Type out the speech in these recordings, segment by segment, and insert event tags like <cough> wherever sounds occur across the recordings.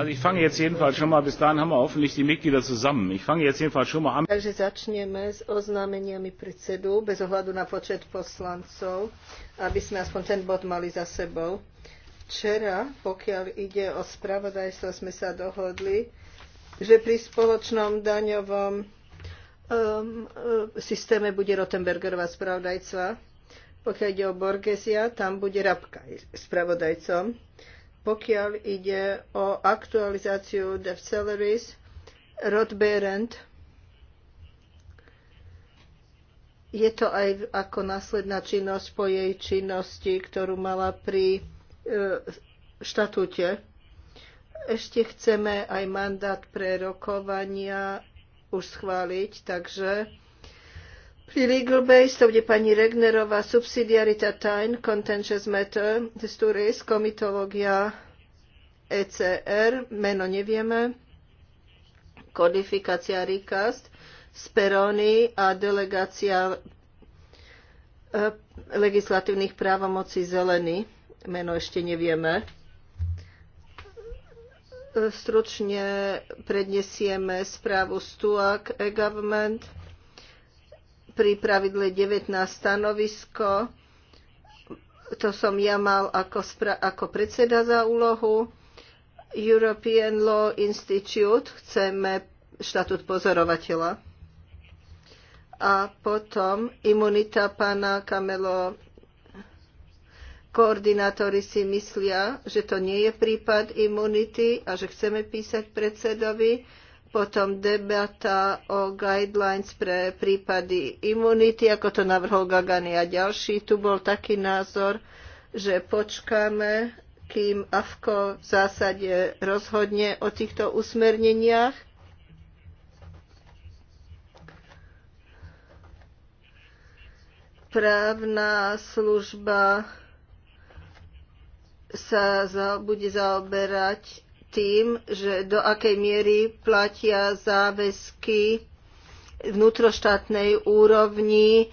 Also ich fange jetzt jedenfalls schon mal, bis dahin haben wir hoffentlich die Mitglieder zusammen. Ich fange jetzt jedenfalls schon mal an. Takže začneme s oznámeniami predsedu, bez ohľadu na počet poslancov, aby sme aspoň ten bod mali za sebou. Včera, pokiaľ ide o spravodajstvo, sme sa dohodli, že pri spoločnom daňovom um, um, systéme bude Rottenbergerová spravodajca. Pokiaľ ide o Borgesia, tam bude Rabka spravodajcom pokiaľ ide o aktualizáciu Dev Celeries, Rod Berend, je to aj ako následná činnosť po jej činnosti, ktorú mala pri e, štatúte. Ešte chceme aj mandát pre rokovania už schváliť, takže pri Legal Base to bude pani Regnerová, Subsidiarita Time, Contentious Matter, Sturis, Komitológia, ECR, meno nevieme, kodifikácia recast, Sperony a delegácia e, legislatívnych právomocí zelený. Meno ešte nevieme. E, stručne predniesieme správu STUAC e-government pri pravidle 19 stanovisko. To som ja mal ako, ako predseda za úlohu. European Law Institute chceme štatút pozorovateľa. A potom imunita pána Kamelo. Koordinátori si myslia, že to nie je prípad imunity a že chceme písať predsedovi potom debata o guidelines pre prípady imunity, ako to navrhol Gagani a ďalší. Tu bol taký názor, že počkáme, kým AFKO v zásade rozhodne o týchto usmerneniach. Právna služba sa za, bude zaoberať tým, že do akej miery platia záväzky vnútroštátnej úrovni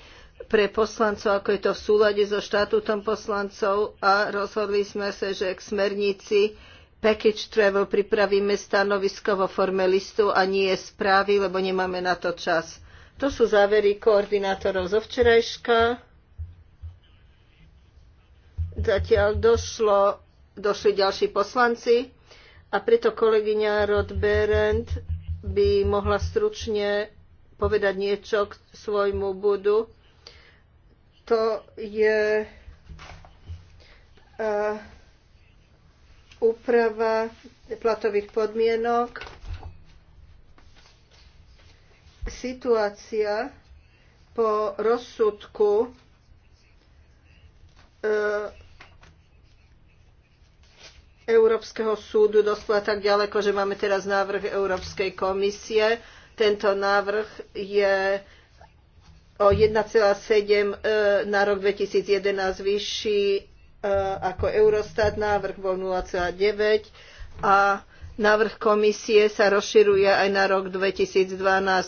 pre poslancov, ako je to v súlade so štatútom poslancov a rozhodli sme sa, že k smernici package travel pripravíme stanovisko vo forme listu a nie správy, lebo nemáme na to čas. To sú závery koordinátorov zo včerajška. Zatiaľ došlo, došli ďalší poslanci. A preto kolegyňa Rod Berend by mohla stručne povedať niečo k svojmu budu. To je uh, úprava platových podmienok, situácia po rozsudku uh, Európskeho súdu dospela tak ďaleko, že máme teraz návrh Európskej komisie. Tento návrh je o 1,7 e, na rok 2011 vyšší e, ako Eurostat, návrh bol 0,9 a návrh komisie sa rozširuje aj na rok 2012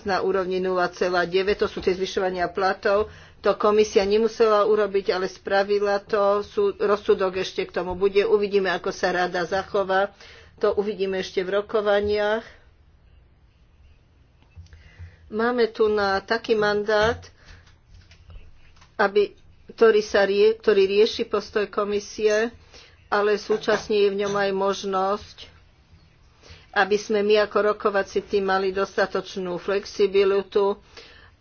na úrovni 0,9, to sú tie zvyšovania platov to komisia nemusela urobiť, ale spravila to. Sú, rozsudok ešte k tomu bude. Uvidíme, ako sa rada zachová. To uvidíme ešte v rokovaniach. Máme tu na taký mandát, aby, ktorý, sa rie, ktorý rieši postoj komisie, ale súčasne je v ňom aj možnosť, aby sme my ako rokovací tým mali dostatočnú flexibilitu,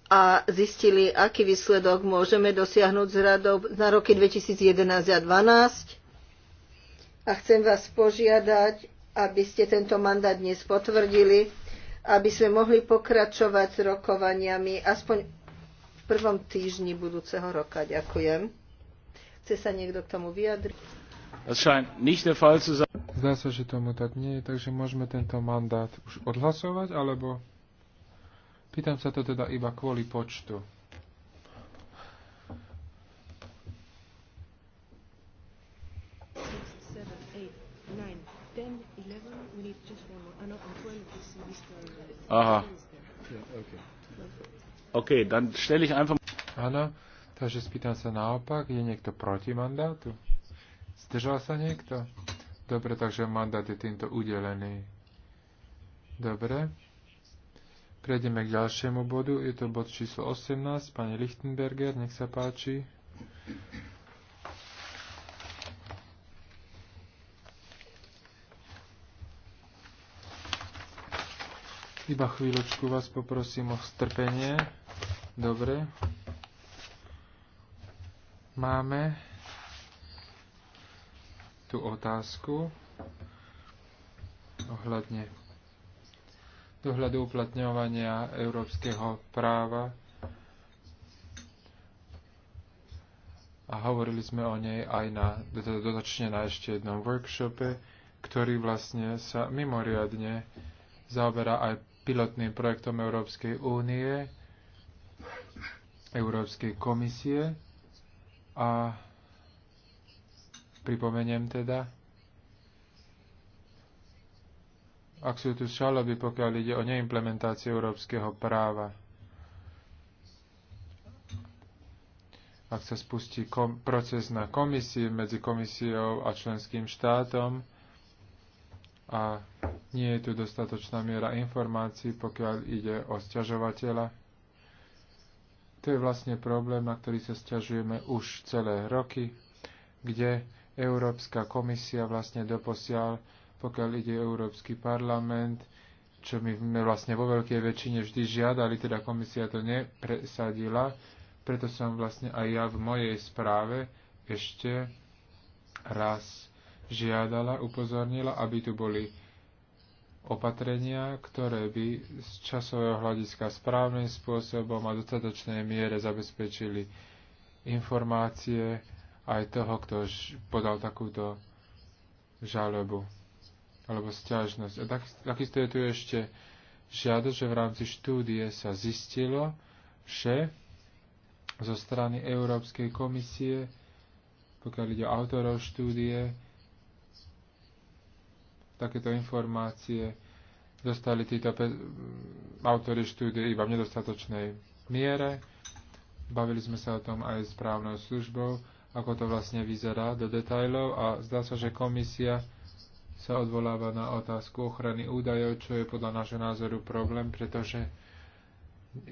a zistili, aký výsledok môžeme dosiahnuť z radov na roky 2011 a 2012. A chcem vás požiadať, aby ste tento mandát dnes potvrdili, aby sme mohli pokračovať s rokovaniami aspoň v prvom týždni budúceho roka. Ďakujem. Chce sa niekto k tomu vyjadriť? Zdá sa, že tomu tak nie je, takže môžeme tento mandát už odhlasovať, alebo Pýtam sa to teda iba kvôli počtu. Aha. OK, dann stelle ich einfach... Áno, takže spýtam sa naopak, je niekto proti mandátu? Zdržal sa niekto? Dobre, takže mandát je týmto udelený. Dobre. Prejdeme k ďalšiemu bodu. Je to bod číslo 18. Pani Lichtenberger, nech sa páči. Iba chvíľočku vás poprosím o strpenie. Dobre. Máme tú otázku ohľadne dohľadu uplatňovania európskeho práva a hovorili sme o nej aj na, teda dodačne na ešte jednom workshope, ktorý vlastne sa mimoriadne zaoberá aj pilotným projektom Európskej únie, Európskej komisie a pripomeniem teda, ak sú tu šaloby, pokiaľ ide o neimplementáciu európskeho práva. Ak sa spustí kom- proces na komisii medzi komisiou a členským štátom a nie je tu dostatočná miera informácií, pokiaľ ide o sťažovateľa, to je vlastne problém, na ktorý sa sťažujeme už celé roky, kde Európska komisia vlastne doposiaľ pokiaľ ide Európsky parlament, čo my sme vlastne vo veľkej väčšine vždy žiadali, teda komisia to nepresadila, preto som vlastne aj ja v mojej správe ešte raz žiadala, upozornila, aby tu boli opatrenia, ktoré by z časového hľadiska správnym spôsobom a dostatočnej miere zabezpečili informácie aj toho, kto podal takúto žalobu alebo stiažnosť. A tak, takisto je tu ešte žiadosť, že v rámci štúdie sa zistilo, že zo strany Európskej komisie, pokiaľ ide o autorov štúdie, takéto informácie dostali títo autory štúdie iba v nedostatočnej miere. Bavili sme sa o tom aj s právnou službou, ako to vlastne vyzerá do detajlov a zdá sa, že komisia sa odvoláva na otázku ochrany údajov, čo je podľa nášho názoru problém, pretože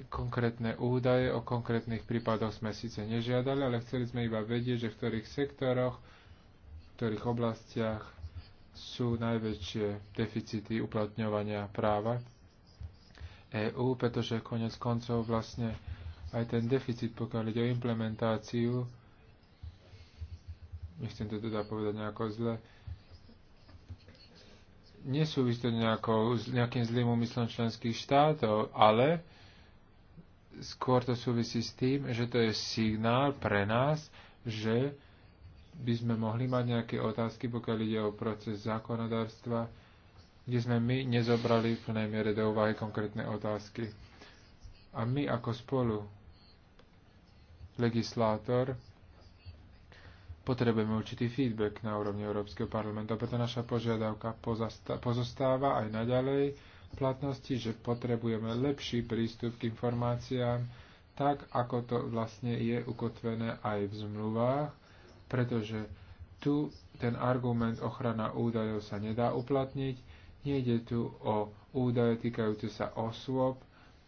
konkrétne údaje o konkrétnych prípadoch sme síce nežiadali, ale chceli sme iba vedieť, že v ktorých sektoroch, v ktorých oblastiach sú najväčšie deficity uplatňovania práva EÚ, pretože konec koncov vlastne aj ten deficit, pokiaľ ide o implementáciu, nechcem to teda povedať nejako zle, nesúvisí to nejakou, nejakým zlým úmyslom členských štátov, ale skôr to súvisí s tým, že to je signál pre nás, že by sme mohli mať nejaké otázky, pokiaľ ide o proces zákonodárstva, kde sme my nezobrali v plnej miere do úvahy konkrétne otázky. A my ako spolu legislátor potrebujeme určitý feedback na úrovni Európskeho parlamentu, preto naša požiadavka pozostáva aj naďalej v platnosti, že potrebujeme lepší prístup k informáciám, tak ako to vlastne je ukotvené aj v zmluvách, pretože tu ten argument ochrana údajov sa nedá uplatniť, nejde tu o údaje týkajúce sa osôb,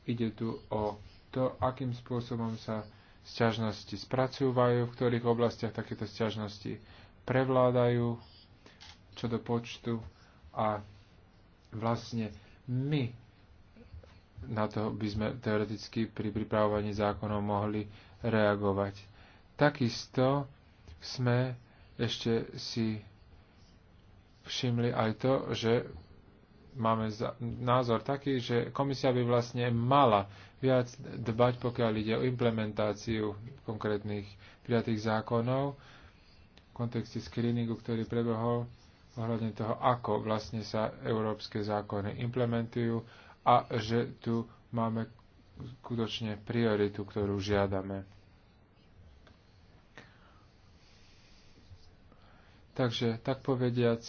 ide tu o to, akým spôsobom sa sťažnosti spracúvajú, v ktorých oblastiach takéto sťažnosti prevládajú, čo do počtu a vlastne my na to by sme teoreticky pri pripravovaní zákonov mohli reagovať. Takisto sme ešte si všimli aj to, že máme názor taký, že komisia by vlastne mala viac dbať, pokiaľ ide o implementáciu konkrétnych prijatých zákonov v kontexte screeningu, ktorý prebehol ohľadne toho, ako vlastne sa európske zákony implementujú a že tu máme skutočne prioritu, ktorú žiadame. Takže, tak povediac,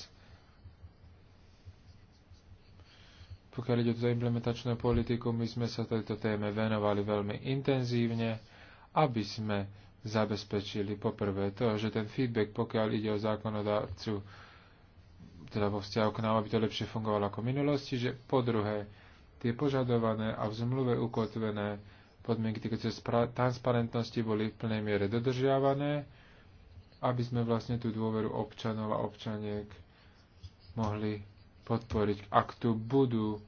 pokiaľ ide o implementačnú politiku, my sme sa tejto téme venovali veľmi intenzívne, aby sme zabezpečili poprvé to, že ten feedback, pokiaľ ide o zákonodárcu, teda vo vzťahu k nám, aby to lepšie fungovalo ako v minulosti, že po druhé, tie požadované a v zmluve ukotvené podmienky týkajúce transparentnosti boli v plnej miere dodržiavané, aby sme vlastne tú dôveru občanov a občaniek mohli podporiť. Ak tu budú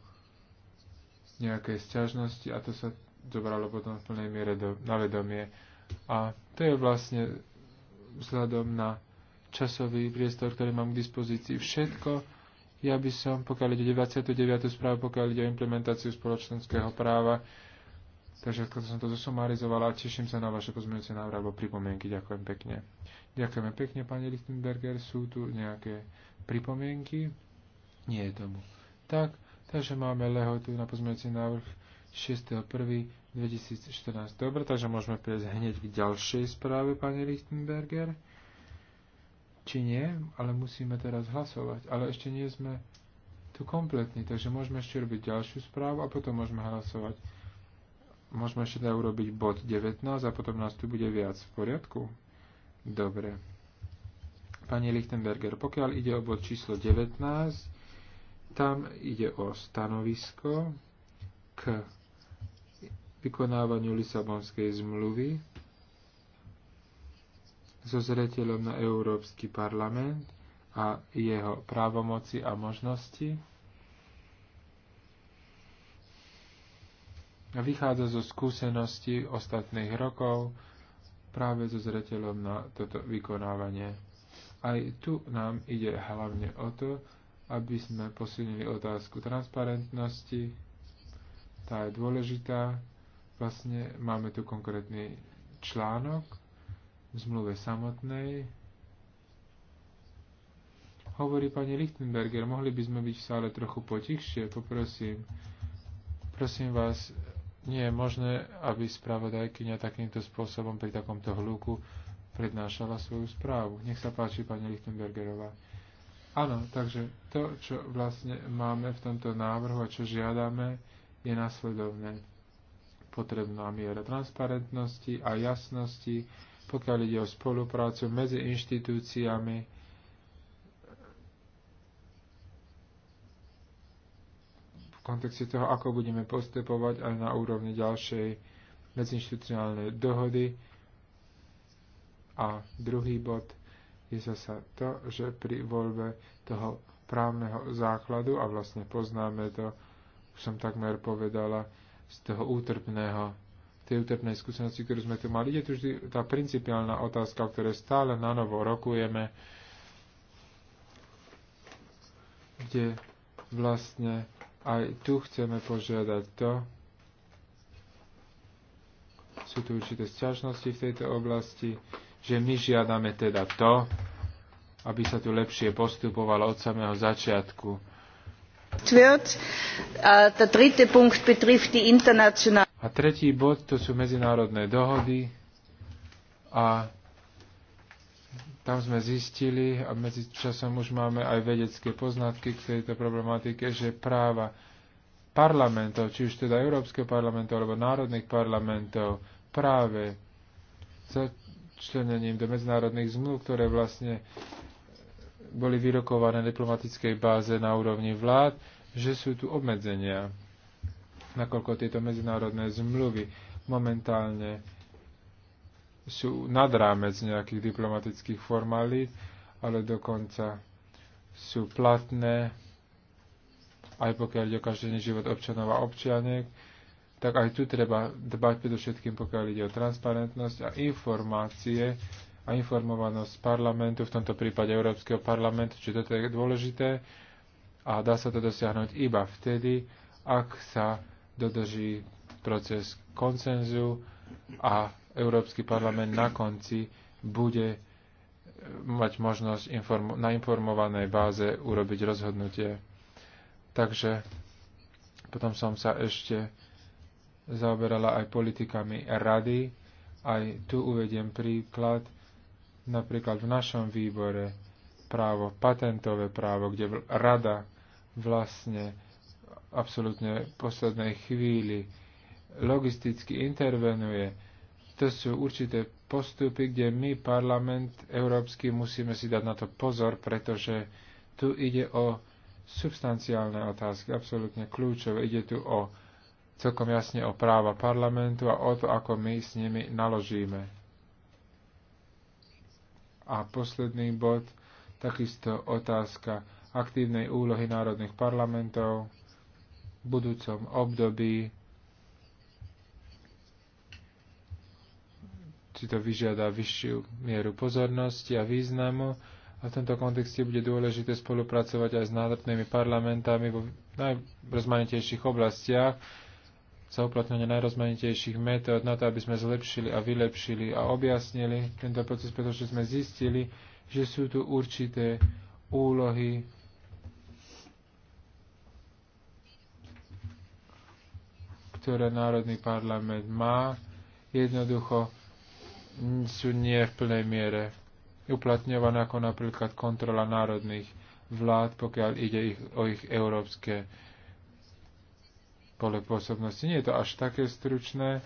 nejakej sťažnosti a to sa zobralo potom v plnej miere do, na vedomie. A to je vlastne vzhľadom na časový priestor, ktorý mám k dispozícii všetko. Ja by som, pokiaľ ide 29. správu, pokiaľ ide o implementáciu spoločenského práva, takže to som to zosumarizovala, teším sa na vaše pozmeňujúce návrhy alebo pripomienky. Ďakujem pekne. Ďakujeme pekne, pani Lichtenberger. Sú tu nejaké pripomienky? Nie je tomu. Tak, Takže máme lehotu na pozmeňujúci návrh 6.1.2014. Dobre, takže môžeme prejsť hneď k ďalšej správe, pani Lichtenberger. Či nie, ale musíme teraz hlasovať. Ale ešte nie sme tu kompletní, takže môžeme ešte robiť ďalšiu správu a potom môžeme hlasovať. Môžeme ešte teda urobiť bod 19 a potom nás tu bude viac v poriadku. Dobre. Pani Lichtenberger, pokiaľ ide o bod číslo 19, tam ide o stanovisko k vykonávaniu Lisabonskej zmluvy so zreteľom na Európsky parlament a jeho právomoci a možnosti. A vychádza zo skúseností ostatných rokov práve so zreteľom na toto vykonávanie. Aj tu nám ide hlavne o to, aby sme posunili otázku transparentnosti. Tá je dôležitá. Vlastne máme tu konkrétny článok v zmluve samotnej. Hovorí pani Lichtenberger, mohli by sme byť v sále trochu potichšie, poprosím. Prosím vás, nie je možné, aby spravodajkyňa takýmto spôsobom pri takomto hľuku prednášala svoju správu. Nech sa páči, pani Lichtenbergerová. Áno, takže to, čo vlastne máme v tomto návrhu a čo žiadame, je následovné Potrebná miera transparentnosti a jasnosti, pokiaľ ide o spoluprácu medzi inštitúciami, v kontexte toho, ako budeme postupovať aj na úrovni ďalšej medziinstitucionálnej dohody. A druhý bod – je zasa to, že pri voľbe toho právneho základu, a vlastne poznáme to, už som takmer povedala, z toho útrpného, tej útrpnej skúsenosti, ktorú sme tu mali, je tu vždy tá principiálna otázka, o ktorej stále na novo rokujeme, kde vlastne aj tu chceme požiadať to, sú tu určité sťažnosti v tejto oblasti, že my žiadame teda to, aby sa tu lepšie postupovalo od samého začiatku. Äh, a tretí bod to sú medzinárodné dohody a tam sme zistili a medzi časom už máme aj vedecké poznatky k tejto problematike, že práva parlamentov, či už teda Európskeho parlamentu alebo národných parlamentov, práve začlenením do medzinárodných zmluv, ktoré vlastne boli vyrokované na diplomatickej báze na úrovni vlád, že sú tu obmedzenia, nakoľko tieto medzinárodné zmluvy momentálne sú nad rámec nejakých diplomatických formalít, ale dokonca sú platné, aj pokiaľ ide o každodenný život občanov a občianek, tak aj tu treba dbať predovšetkým, pokiaľ ide o transparentnosť a informácie, a informovanosť parlamentu, v tomto prípade Európskeho parlamentu, či toto je dôležité a dá sa to dosiahnuť iba vtedy, ak sa dodrží proces koncenzu a Európsky parlament na konci bude e, mať možnosť na informovanej báze urobiť rozhodnutie. Takže potom som sa ešte zaoberala aj politikami rady. Aj tu uvediem príklad napríklad v našom výbore právo, patentové právo, kde rada vlastne absolútne v poslednej chvíli logisticky intervenuje. To sú určité postupy, kde my, parlament európsky, musíme si dať na to pozor, pretože tu ide o substanciálne otázky, absolútne kľúčové. Ide tu o celkom jasne o práva parlamentu a o to, ako my s nimi naložíme. A posledný bod, takisto otázka aktívnej úlohy národných parlamentov v budúcom období či to vyžiada vyššiu mieru pozornosti a významu a v tomto kontexte bude dôležité spolupracovať aj s národnými parlamentami v najrozmanitejších oblastiach, za uplatňovanie najrozmanitejších metód na to, aby sme zlepšili a vylepšili a objasnili tento proces, pretože sme zistili, že sú tu určité úlohy ktoré Národný parlament má, jednoducho sú nie v plnej miere uplatňované ako napríklad kontrola národných vlád, pokiaľ ide ich, o ich európske pole pôsobnosti. Nie je to až také stručné,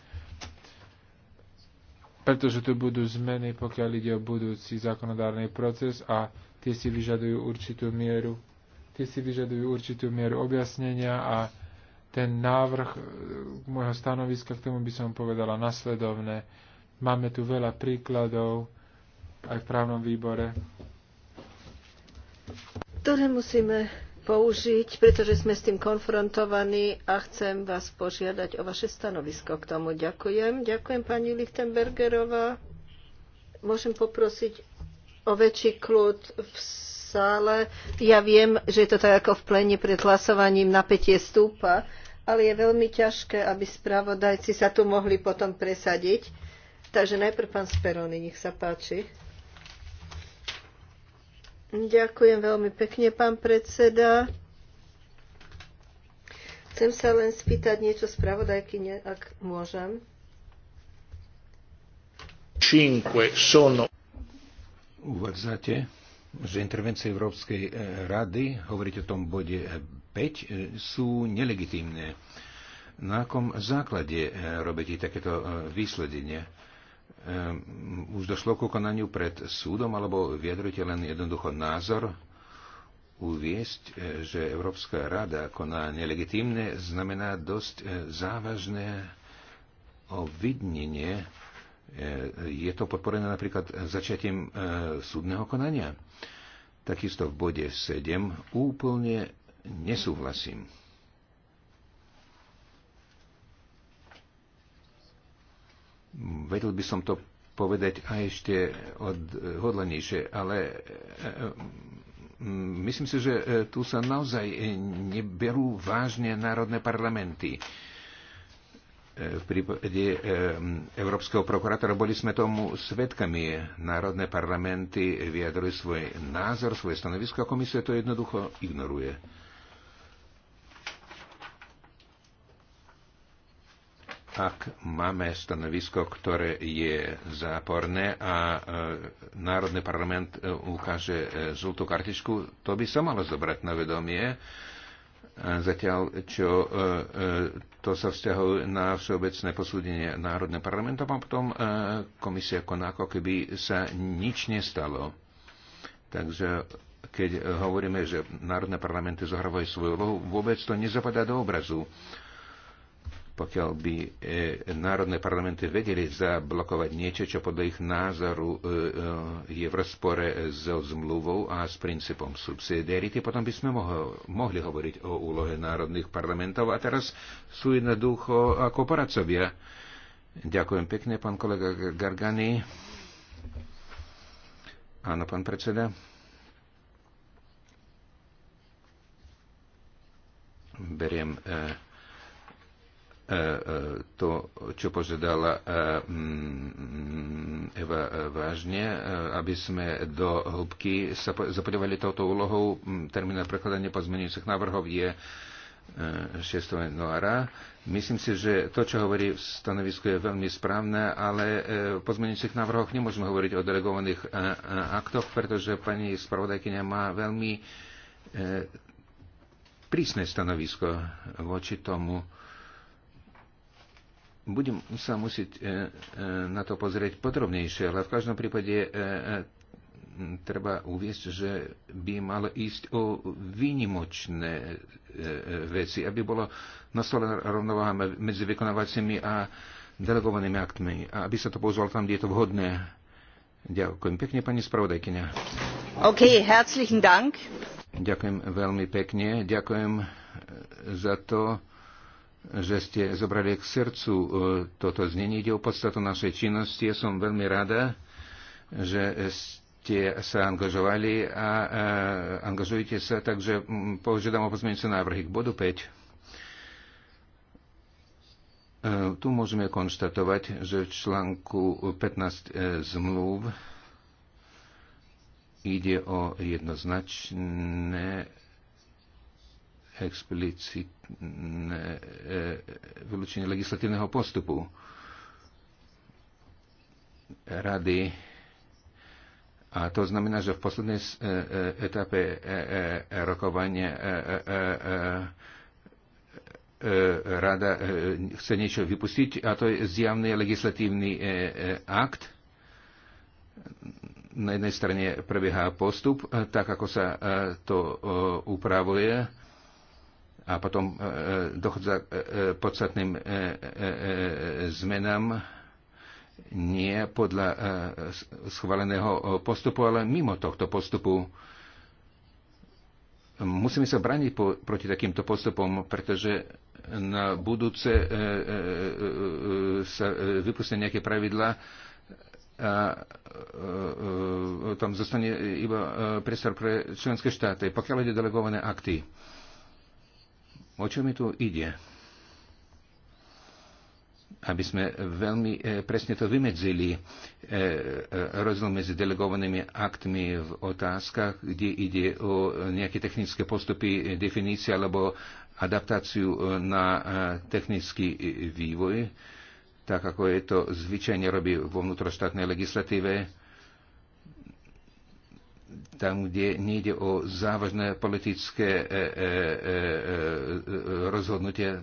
pretože tu budú zmeny, pokiaľ ide o budúci zákonodárny proces a tie si vyžadujú určitú mieru tie si vyžadujú určitú mieru objasnenia a ten návrh e, môjho stanoviska, k tomu by som povedala nasledovné. Máme tu veľa príkladov aj v právnom výbore, ktoré musíme použiť, pretože sme s tým konfrontovaní a chcem vás požiadať o vaše stanovisko k tomu. Ďakujem. Ďakujem pani Lichtenbergerová. Môžem poprosiť o väčší kľud v sále. Ja viem, že je to tak ako v plene pred hlasovaním napätie stúpa, ale je veľmi ťažké, aby spravodajci sa tu mohli potom presadiť. Takže najprv pán Speroni, nech sa páči. Ďakujem veľmi pekne, pán predseda. Chcem sa len spýtať niečo spravodajky, ak môžem. sono. Uvádzate, že intervencie Európskej eh, rady, hovoríte o tom bode 5, eh, eh, sú nelegitímne. Na akom základe robíte takéto výsledenie? Ehm, už došlo ku konaniu pred súdom, alebo vyjadrujete len jednoducho názor? Uviesť, e, že Európska rada koná nelegitímne, znamená dosť e, závažné ovidnenie, e, Je to podporené napríklad začiatím súdneho konania. Takisto v bode 7 úplne nesúhlasím. Vedel by som to povedať aj ešte odhodlanejšie, ale e, e, myslím si, že e, tu sa naozaj neberú vážne národné parlamenty. V prípade Európskeho prokurátora boli sme tomu svetkami. Národné parlamenty vyjadrujú svoj názor, svoje stanovisko a komisia to jednoducho ignoruje. ak máme stanovisko, ktoré je záporné a e, Národný parlament e, ukáže e, žltú kartičku, to by sa malo zobrať na vedomie. Zatiaľ, čo to sa vzťahuje na všeobecné posúdenie Národného parlamentu a potom komisia koná, ako keby sa nič nestalo. Takže keď hovoríme, že Národné parlamenty zohrávajú svoju úlohu, vôbec to nezapadá do obrazu. Pokiaľ by e, národné parlamenty vedeli zablokovať niečo, čo podľa ich názoru e, e, je v rozpore so zmluvou a s princípom subsidiarity, potom by sme moho, mohli hovoriť o úlohe národných parlamentov a teraz sú jednoducho ako poradcovia. Ďakujem pekne, pán kolega Gargani. Áno, pán predseda. Beriem e, E, e, to, čo požiadala e, mm, Eva vážne, aby sme do hĺbky sa zapodovali touto úlohou. Mm, termín na prekladanie pozmenujúcich návrhov je 6. januára. Myslím si, že to, čo hovorí v stanovisku, je veľmi správne, ale v pozmenujúcich návrhoch nemôžeme hovoriť o delegovaných aktoch, pretože pani spravodajkynia má veľmi prísne stanovisko voči tomu, budem sa musieť e, e, na to pozrieť podrobnejšie, ale v každom prípade e, treba uviesť, že by malo ísť o výnimočné veci, aby bola nastolená rovnováha medzi vykonávacími a delegovanými aktmi a aby sa to používalo tam, kde je to vhodné. Ďakujem pekne, pani spravodajkyňa. OK, herzlichen Dank. Ďakujem veľmi pekne. Ďakujem za to, že ste zobrali k srdcu e, toto znenie. Ide o podstatu našej činnosti. Ja som veľmi rada, že ste sa angažovali a e, angažujete sa, takže požiadam o pozmeňujúce návrhy k bodu 5. E, tu môžeme konštatovať, že v článku 15 zmluv ide o jednoznačné explicitné eh, vylúčenie legislatívneho postupu rady. A to znamená, že v poslednej etape rokovania rada chce niečo vypustiť a to je zjavný legislatívny eh, eh, akt. Na jednej strane prebieha postup, tak ako sa to upravuje a potom e, e, dochádza k e, podstatným zmenám nie podľa schváleného postupu, ale mimo tohto postupu. Musíme sa braniť po, proti takýmto postupom, pretože na budúce sa vypustia nejaké pravidla a tam zostane iba priestor pre členské štáty, pokiaľ ide delegované akty. O čo mi tu ide? Aby sme veľmi e, presne to vymedzili e, e, rozdiel medzi delegovanými aktmi v otázkach, kde ide o nejaké technické postupy, definície alebo adaptáciu na technický vývoj, tak ako je to zvyčajne robí vo vnútroštátnej legislatíve tam, kde nejde o závažné politické e, e, e, rozhodnutie,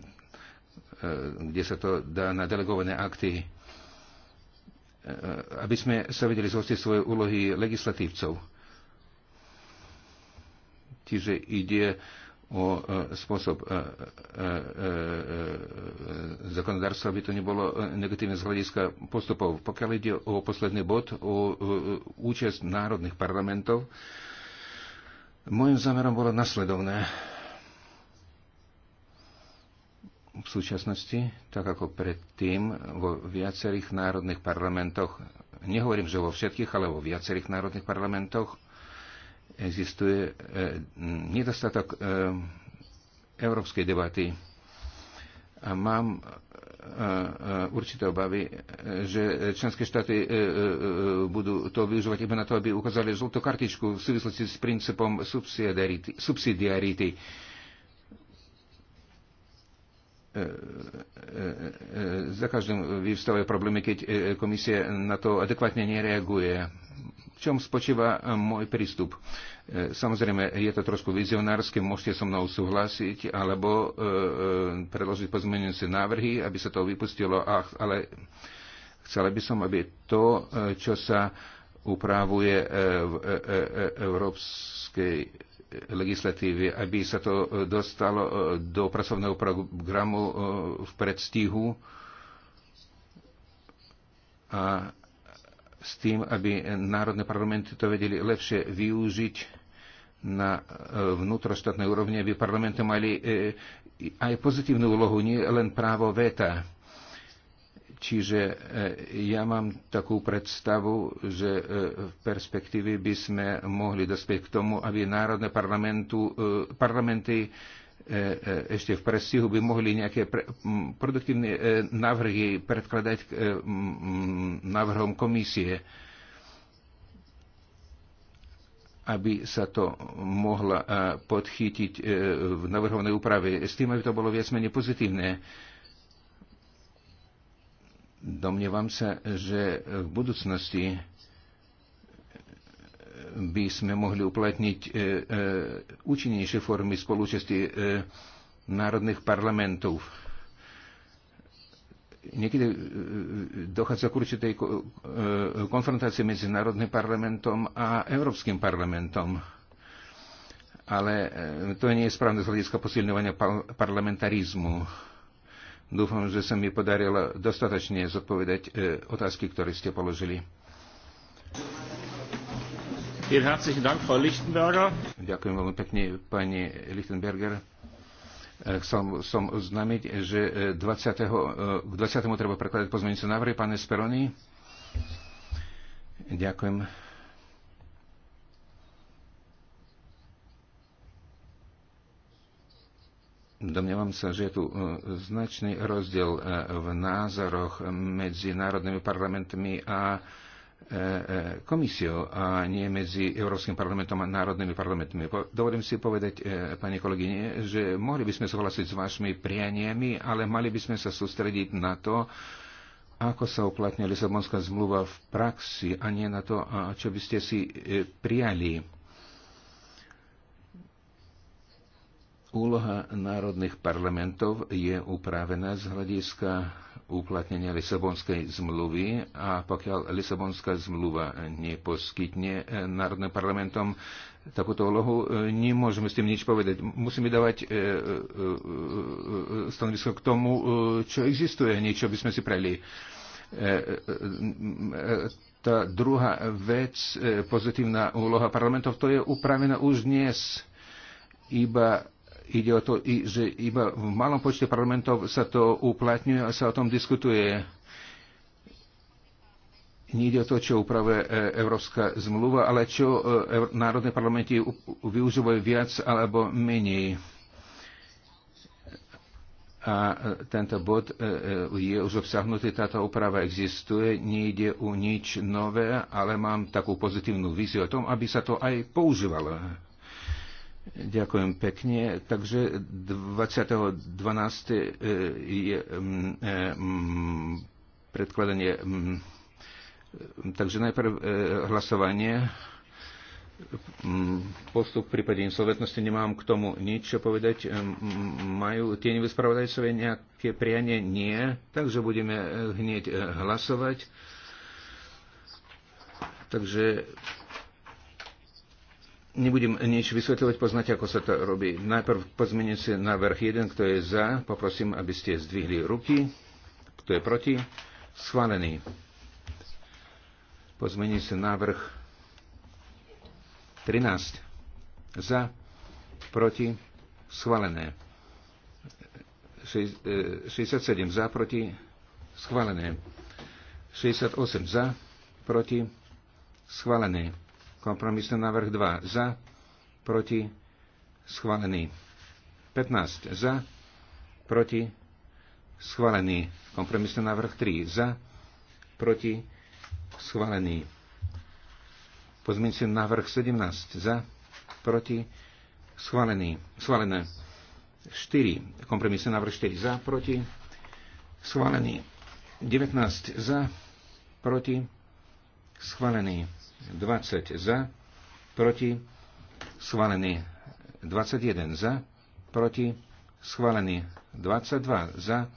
kde sa to dá na delegované akty, aby sme sa vedeli zhostiť svoje úlohy legislatívcov. Čiže ide o e, spôsob e, e, zákonodárstva, aby to nebolo negatívne z hľadiska postupov. Pokiaľ ide o posledný bod, o účasť národných parlamentov, môjim zámerom bolo nasledovné. V súčasnosti, tak ako predtým, vo viacerých národných parlamentoch, nehovorím, že vo všetkých, ale vo viacerých národných parlamentoch, existuje e, nedostatok e, európskej debaty. A mám e, určité obavy, že členské štáty budú to využívať iba na to, aby ukázali žltú kartičku v súvislosti s princípom subsidiarity. Za každým vyvstávajú problémy, keď komisia na to adekvátne nereaguje čom spočíva e, môj prístup. E, samozrejme, je to trošku vizionárske, môžete so mnou súhlasiť alebo e, e predložiť pozmenujúce návrhy, aby sa to vypustilo, Ach, ale chcela by som, aby to, čo sa upravuje v európskej legislatívy, aby sa to dostalo do pracovného programu v predstihu a s tým, aby národné parlamenty to vedeli lepšie využiť na e, vnútroštátnej úrovni, aby parlamenty mali e, e, aj pozitívnu úlohu, nie len právo veta. Čiže ja mám takú predstavu, že v perspektíve by sme mohli dospieť k tomu, aby národné parlamentu, parlamenty E, e, ešte v presihu by mohli nejaké pre, m, produktívne e, návrhy predkladať k e, návrhom komisie, aby sa to mohla e, podchytiť e, v navrhovanej úprave. S tým, aby to bolo viac menej pozitívne. Domnievam sa, že v budúcnosti e, by sme mohli uplatniť e, e, účinnejšie formy spolúčasti e, národných parlamentov. Niekedy dochádza k určitej konfrontácii medzi Národným parlamentom a Európskym parlamentom. Ale to nie je správne z hľadiska posilňovania parlamentarizmu. Dúfam, že sa mi podarilo dostatočne zodpovedať otázky, ktoré ste položili. Vielen herzlichen Dank, Frau Lichtenberger. Ďakujem veľmi pekne, pani Lichtenberger. Eh, Chcel som oznámiť, že 20. Eh, eh, k 20. treba prekladať pozmeňujúce návrhy. Pane Speroni. Ďakujem. Domnievam sa, že je tu značný rozdiel v názoroch medzi národnými parlamentmi a E, e, komisiou a nie medzi Európskym parlamentom a národnými parlamentmi. Dovolím si povedať, e, pani kolegyne, že mohli by sme súhlasiť s vašimi prianiami, ale mali by sme sa sústrediť na to, ako sa uplatňuje Lisabonská zmluva v praxi a nie na to, čo by ste si prijali. Úloha národných parlamentov je upravená z hľadiska uplatnenia Lisabonskej zmluvy a pokiaľ Lisabonská zmluva neposkytne eh, národným parlamentom takúto úlohu, eh, nemôžeme s tým nič povedať. Musíme dávať eh, stanovisko k tomu, čo existuje, niečo by sme si prali tá druhá vec, pozitívna úloha parlamentov, to je upravená už dnes. Iba ide o to, že iba v malom počte parlamentov sa to uplatňuje a sa o tom diskutuje. Nie ide o to, čo upravuje e, Európska zmluva, ale čo e, národné parlamenty využívajú viac alebo menej. A e, tento bod je už obsahnutý, táto úprava existuje, nejde o nič nové, ale mám takú pozitívnu víziu o tom, aby sa to aj používalo Ďakujem pekne. Takže 20.12. Eh, je mm, eh, mm, predkladanie. Mm, takže najprv eh, hlasovanie. Postup v prípade insolventnosti nemám k tomu nič čo povedať. Majú tie nevyspravodajcovia nejaké prianie? Nie. Takže budeme hneď hlasovať. Takže Nebudem nič vysvetľovať, poznáte, ako sa to robí. Najprv pozmením si návrh 1, kto je za. Poprosím, aby ste zdvihli ruky. Kto je proti? Schválený. Pozmením si návrh 13. Za, proti, schválené. 67 e, za, proti, schválené. 68 za, proti, schválené. Kompromisný návrh 2 za, proti, schválený. 15 za, proti, schválený. Kompromisný návrh 3 za, proti, schválený. Pozmeňte návrh 17 za, proti, schválený. Schválené. 4. Kompromisný návrh 4 za, proti, schválený. 19 za, proti, schválený. 20 za, proti, schválený 21 za, proti, schválený 22 za,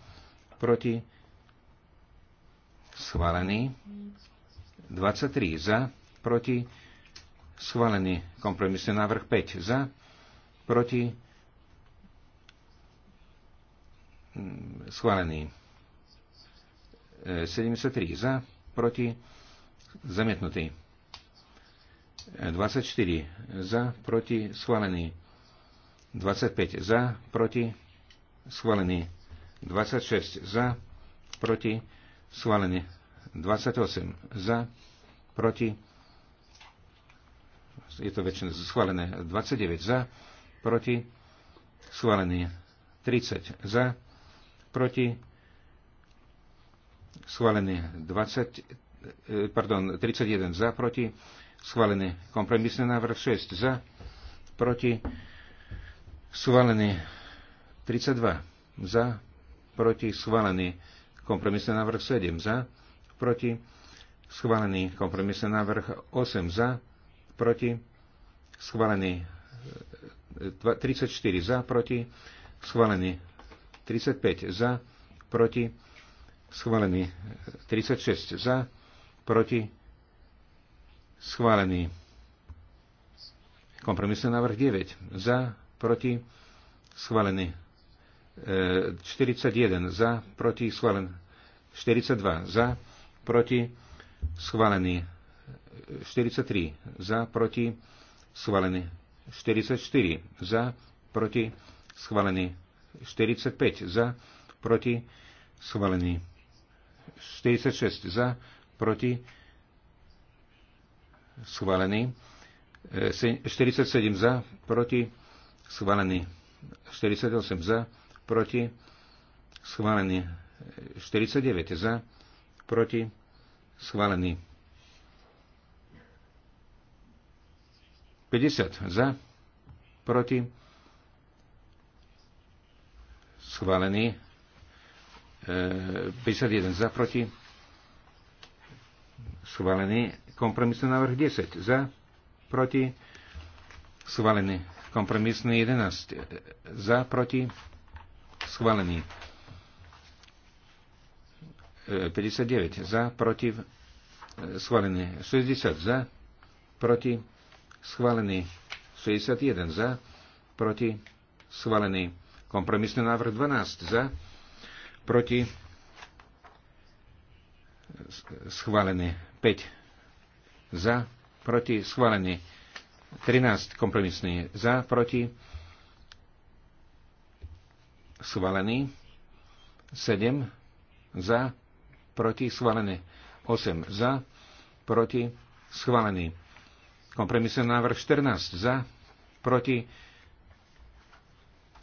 proti, schválený 23 za, proti, schválený kompromisný návrh 5 za, proti, schválený 73 e, za, proti, zamietnutý. 24 za, proti, schválený. 25 za, proti, schválený. 26 za, proti, schválený. 28 za, proti, je to väčšina schválené. 29 za, proti, schválený. 30 za, proti, schválený. 20, eh, pardon, 31 za, proti, schválený. Kompromisný návrh 6 za, proti, schválený. 32 za, proti, schválený. Kompromisný návrh 7 za, proti, schválený. Kompromisný návrh 8 za, proti, schválený. 34 za, proti, schválený. 35 za, proti, schválený. 36 za, proti, Schválený. Kompromisný návrh 9. Za, proti, schválený. 41 e, za, proti, schválený. 42 za, proti, schválený. 43 za, proti, schválený. 44 za, proti, schválený. 45 za, proti, schválený. 46 za, proti, schválený schválený. 47 e, za, proti, schválený. 48 za, proti, schválený. 49 za, proti, schválený. 50 za, proti, schválený. 51 e, za, proti, schválený. Kompromisný návrh 10 za, proti, schválený. Kompromisný 11 za, proti, schválený. 59 e, e, za, proti, schválený. 60 za, proti, schválený. 61 za, proti, schválený. Kompromisný návrh 12 za, proti, schválený. 5 za, proti, schválený. 13 kompromisný za, proti, schválený. 7 za, proti, schválený. 8 za, proti, schválený. Kompromisný návrh 14 za, proti,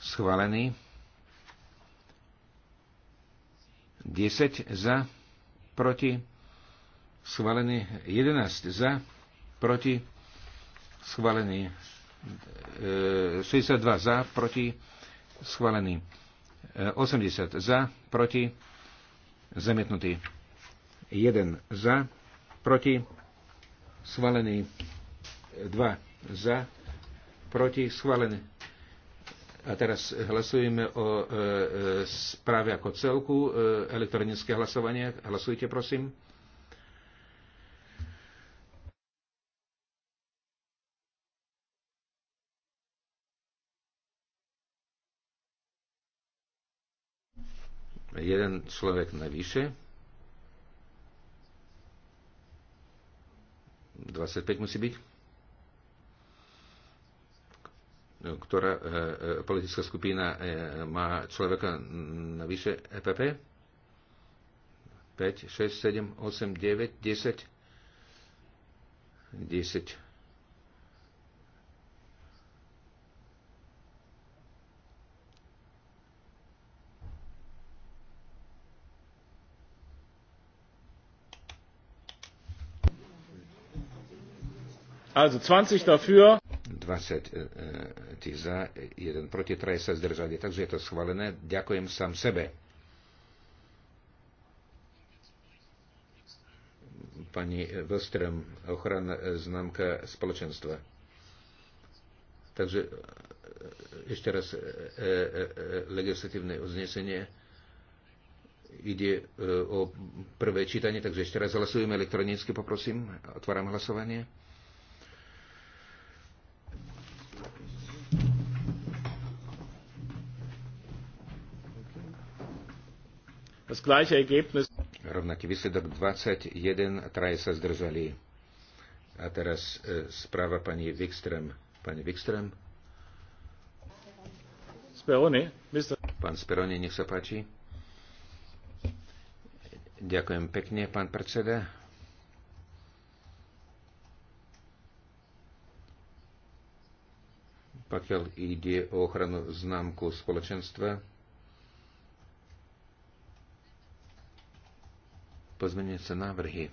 schválený. 10 za, proti, schválený 11 za, proti, schválený 62 e, za, proti, schválený 80 e, za, proti, zamietnutý 1 za, proti, schválený 2 za, proti, schválený. A teraz hlasujeme o e, e, správe ako celku, e, elektronické hlasovanie. Hlasujte, prosím. Jeden človek najvyššie, 25 musí byť. Ktorá e, e, politická skupina e, má človeka navyše EPP? 5, 6, 7, 8, 9, 10. 10 Also 20 dafür. 20 e, e, tých za, e, jeden proti, traje sa zdržali. Takže je to schválené. Ďakujem sám sebe. Pani Vostrem, ochranná známka spoločenstva. Takže ešte raz e, e, e, legislatívne uznesenie ide e, o prvé čítanie, takže ešte raz hlasujeme elektronicky, poprosím. Otváram hlasovanie. Das gleiche Ergebnis. Rovnaký výsledok 21, traje sa zdržali. A teraz e, správa pani Wikström. Pani Wikström. Speroni, mister. Pán Speroni, nech sa páči. Ďakujem pekne, pán predseda. Pokiaľ ide o ochranu známku spoločenstva, Pozmenujúce návrhy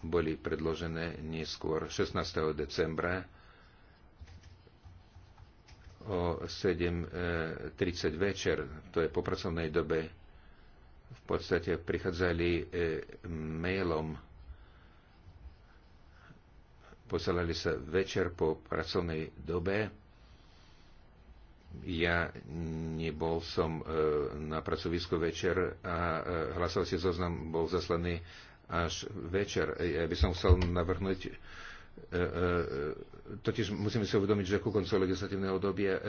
boli predložené neskôr 16. decembra o 7.30 večer, to je po pracovnej dobe, v podstate prichádzali e, mailom, posielali sa večer po pracovnej dobe ja nebol som e, na pracovisku večer a e, hlasovací zoznam bol zaslaný až večer. Ja by som chcel navrhnúť e, totiž musíme si uvedomiť, že ku koncu legislatívneho obdobia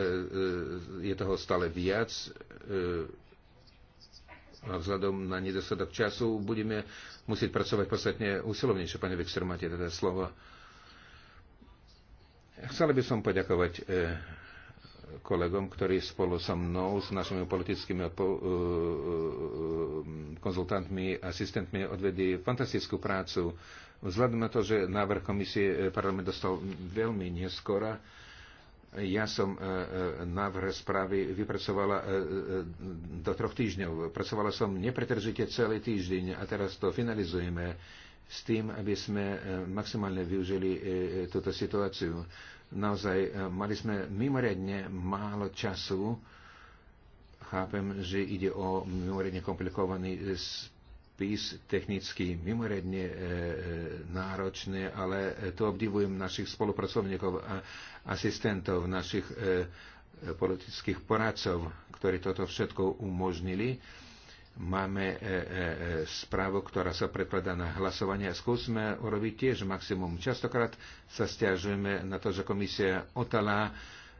je toho stále viac. A vzhľadom na nedostatok času budeme musieť pracovať podstatne usilovnejšie. Pane Vexer, máte teda slovo. Chcel by som poďakovať kolegom, ktorí spolu so mnou, s našimi politickými eh, eh, konzultantmi, asistentmi odvedli fantastickú prácu. Vzhľadom na to, že návrh komisie eh, parlament dostal veľmi neskoro, ja som návrh správy vypracovala do troch týždňov. Pracovala som nepretržite celý týždeň a teraz to finalizujeme s tým, aby sme maximálne využili túto situáciu. Naozaj e, mali sme mimoriadne málo času. Chápem, že ide o mimoriadne komplikovaný spis, technicky mimoriadne e, e náročné, ale to obdivujem našich spolupracovníkov a asistentov, našich e, e politických poradcov, ktorí toto všetko umožnili. E, Máme e, e, e, správu, ktorá sa prekladá na hlasovanie. Skúsme urobiť tiež maximum. Častokrát sa stiažujeme na to, že komisia otala.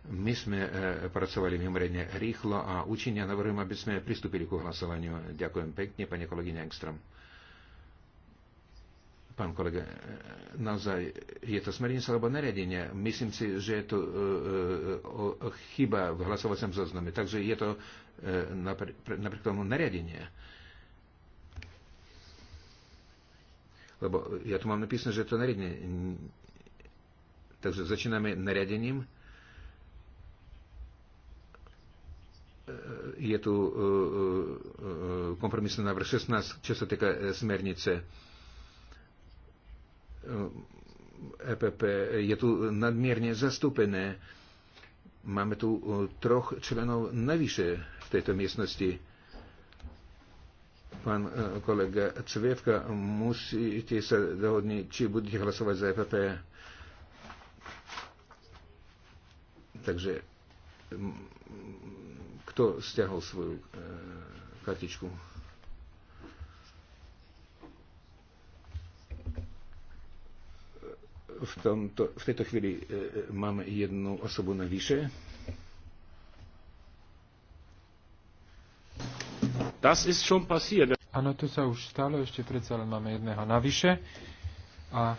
My sme pracovali mimoriadne rýchlo a účinne navrhujem, aby sme pristúpili ku hlasovaniu. Ďakujem pekne, pani kolegyňa Engstrom pán kolega, naozaj je to smernica alebo nariadenie. Myslím si, že je to e, e, chyba v hlasovacom zozname. Takže je to E, napr- napriek tomu nariadenia. Lebo ja tu mám napísané, že to nariadenie. Takže začíname nariadením. E, je tu e, kompromisný návrh 16, čo sa týka smernice EPP. Je tu nadmierne zastúpené Máme tu e, troch členov najvyššie v tejto miestnosti. Pán e, kolega Cvievka, musíte sa dohodniť, či budete hlasovať za EPP. Takže kto stiahol svoju e, kartičku? v, tomto, v tejto chvíli e, e máme jednu osobu navyše. Das ist schon passiert. Áno, to sa už stalo, ešte predsa len máme jedného navyše. A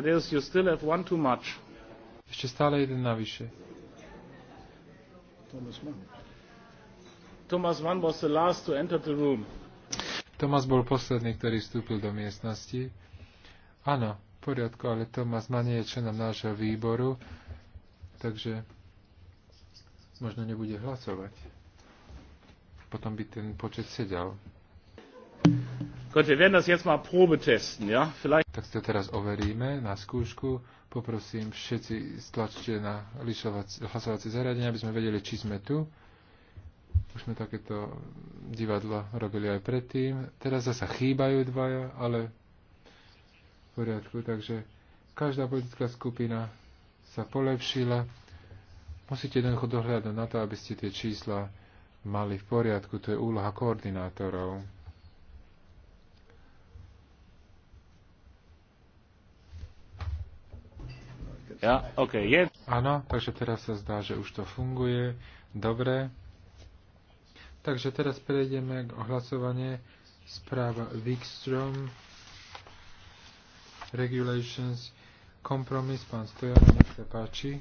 That is, you still have one too much. Ešte stále jeden navyše. Thomas Mann. Thomas Mann was the last to enter the room. Thomas bol posledný, ktorý vstúpil do miestnosti. Áno, v poriadku, ale Thomas Mann nie je členom nášho výboru, takže možno nebude hlasovať. Potom by ten počet sedel. Tak si to teraz overíme na skúšku. Poprosím, všetci stlačte na hlasovacie zariadenie, aby sme vedeli, či sme tu. Už sme takéto divadlo robili aj predtým. Teraz zasa chýbajú dvaja, ale v poriadku. Takže každá politická skupina sa polepšila. Musíte jednoducho dohľadať na to, aby ste tie čísla mali v poriadku. To je úloha koordinátorov. Ja, okay, je. Áno, takže teraz sa zdá, že už to funguje. Dobre. Takže teraz prejdeme k ohlasovanie správa Wikstrom Regulations Compromise. pán Stojan, nech sa páči.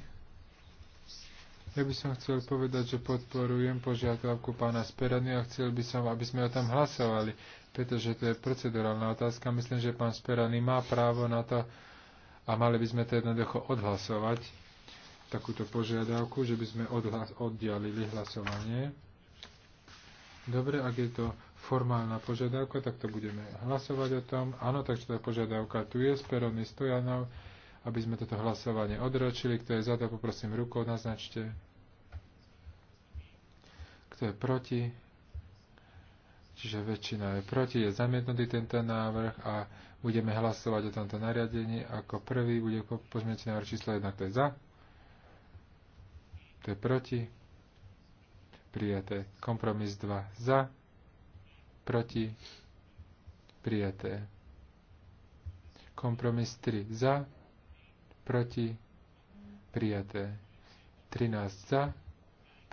Ja by som chcel povedať, že podporujem požiadavku pána Sperany a chcel by som, aby sme o tom hlasovali, pretože to je procedurálna otázka. Myslím, že pán Sperany má právo na to a mali by sme to jednoducho odhlasovať, takúto požiadavku, že by sme odhlas- oddialili hlasovanie. Dobre, ak je to formálna požiadavka, tak to budeme hlasovať o tom. Áno, takže tá požiadavka tu je, Sperovný Stojanov, aby sme toto hlasovanie odročili. Kto je za to, poprosím rukou, naznačte. Kto je proti? Čiže väčšina je proti, je zamietnutý tento návrh a budeme hlasovať o tomto nariadení. Ako prvý bude pozmeňujúci návrh číslo 1, to je za, to je proti, prijaté. Kompromis 2 za, proti, prijaté. Kompromis 3 za, proti, prijaté. 13 za,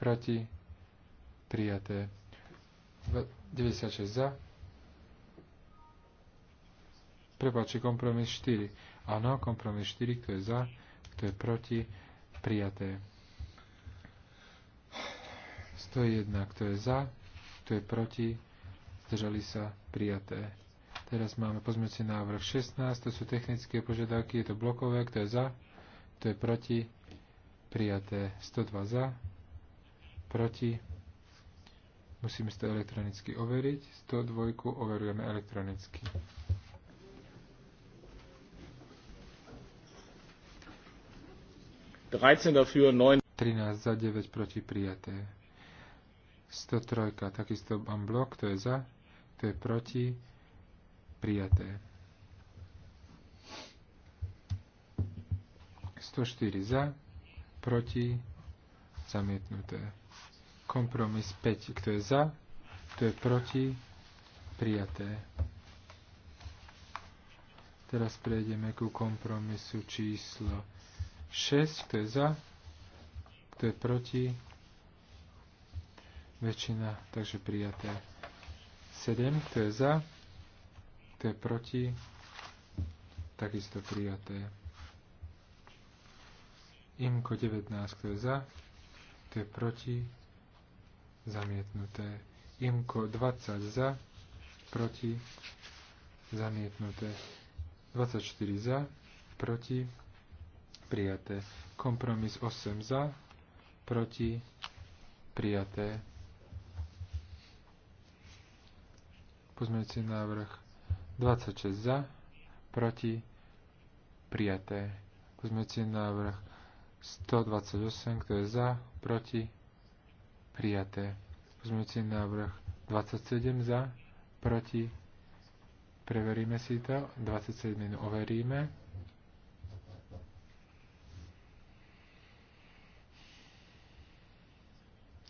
proti, prijaté. 96 za. Prepáči, kompromis 4. Áno, kompromis 4, kto je za, kto je proti, prijaté. 101, kto je za, kto je proti, zdržali sa, prijaté. Teraz máme pozmeci návrh 16, to sú technické požiadavky, je to blokové, kto je za, kto je proti, prijaté. 102 za, proti, Musíme si to elektronicky overiť. 102 overujeme elektronicky. Dafür, 9. 13 za 9 proti prijaté. 103, takisto mám blok, to je za, to je proti, prijaté. 104 za, proti, zamietnuté. Kompromis 5. Kto je za? Kto je proti? Prijaté. Teraz prejdeme ku kompromisu číslo 6. Kto je za? Kto je proti? Väčšina, takže prijaté. 7. Kto je za? Kto je proti? Takisto prijaté. Imko 19. Kto je za? Kto je proti? zamietnuté. Imko 20 za, proti, zamietnuté. 24 za, proti, prijaté. Kompromis 8 za, proti, prijaté. Pozmeňujúci návrh 26 za, proti, prijaté. Pozmeňujúci návrh 128, kto je za, proti, prijaté prijaté. Pozmeňujúci návrh 27 za, proti, preveríme si to, 27 overíme.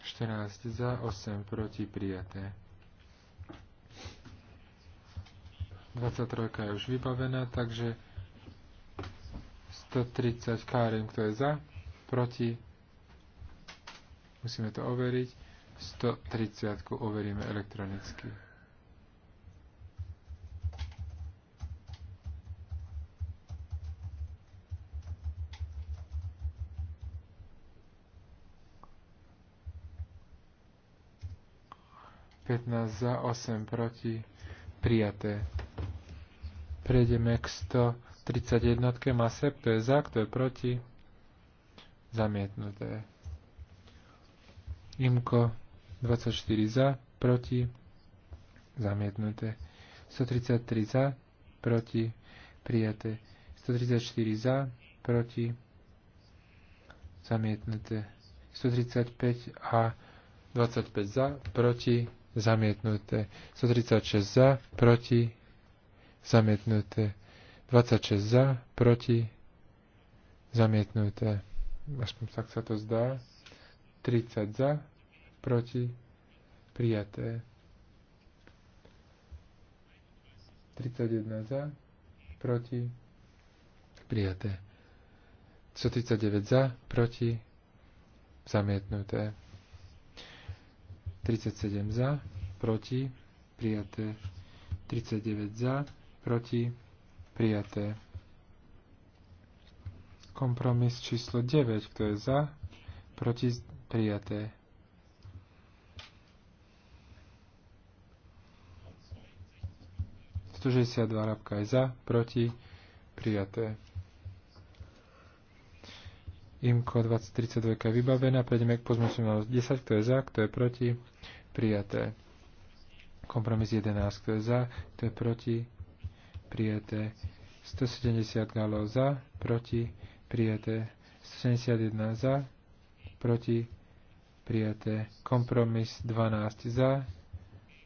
Štrnáct za, 8 proti, prijaté. 23 je už vybavená, takže 130 kárem, kto je za, proti, Musíme to overiť. 130 overíme elektronicky. za, 8 proti, prijaté. Prejdeme k 131. Masep, to je za, kto je proti, zamietnuté. Imko 24 za, proti, zamietnuté. 133 za, proti, prijaté. 134 za, proti, zamietnuté. 135 a 25 za, proti, zamietnuté. 136 za, proti, zamietnuté. 26 za, proti, zamietnuté. Aspoň tak sa to zdá. 30 za, proti, prijaté. 31 za, proti, prijaté. 139 za, proti, zamietnuté. 37 za, proti, prijaté. 39 za, proti, prijaté. Kompromis číslo 9, kto je za, proti, prijaté. dva rabka je za, proti, prijaté. Imko 2032 je vybavená, prejdeme k pozmúšeniu 10, kto je za, kto je proti, prijaté. Kompromis 11, kto je za, kto je proti, prijaté. 170 galov za, proti, prijaté. 171 za, proti, prijaté. Kompromis 12 za,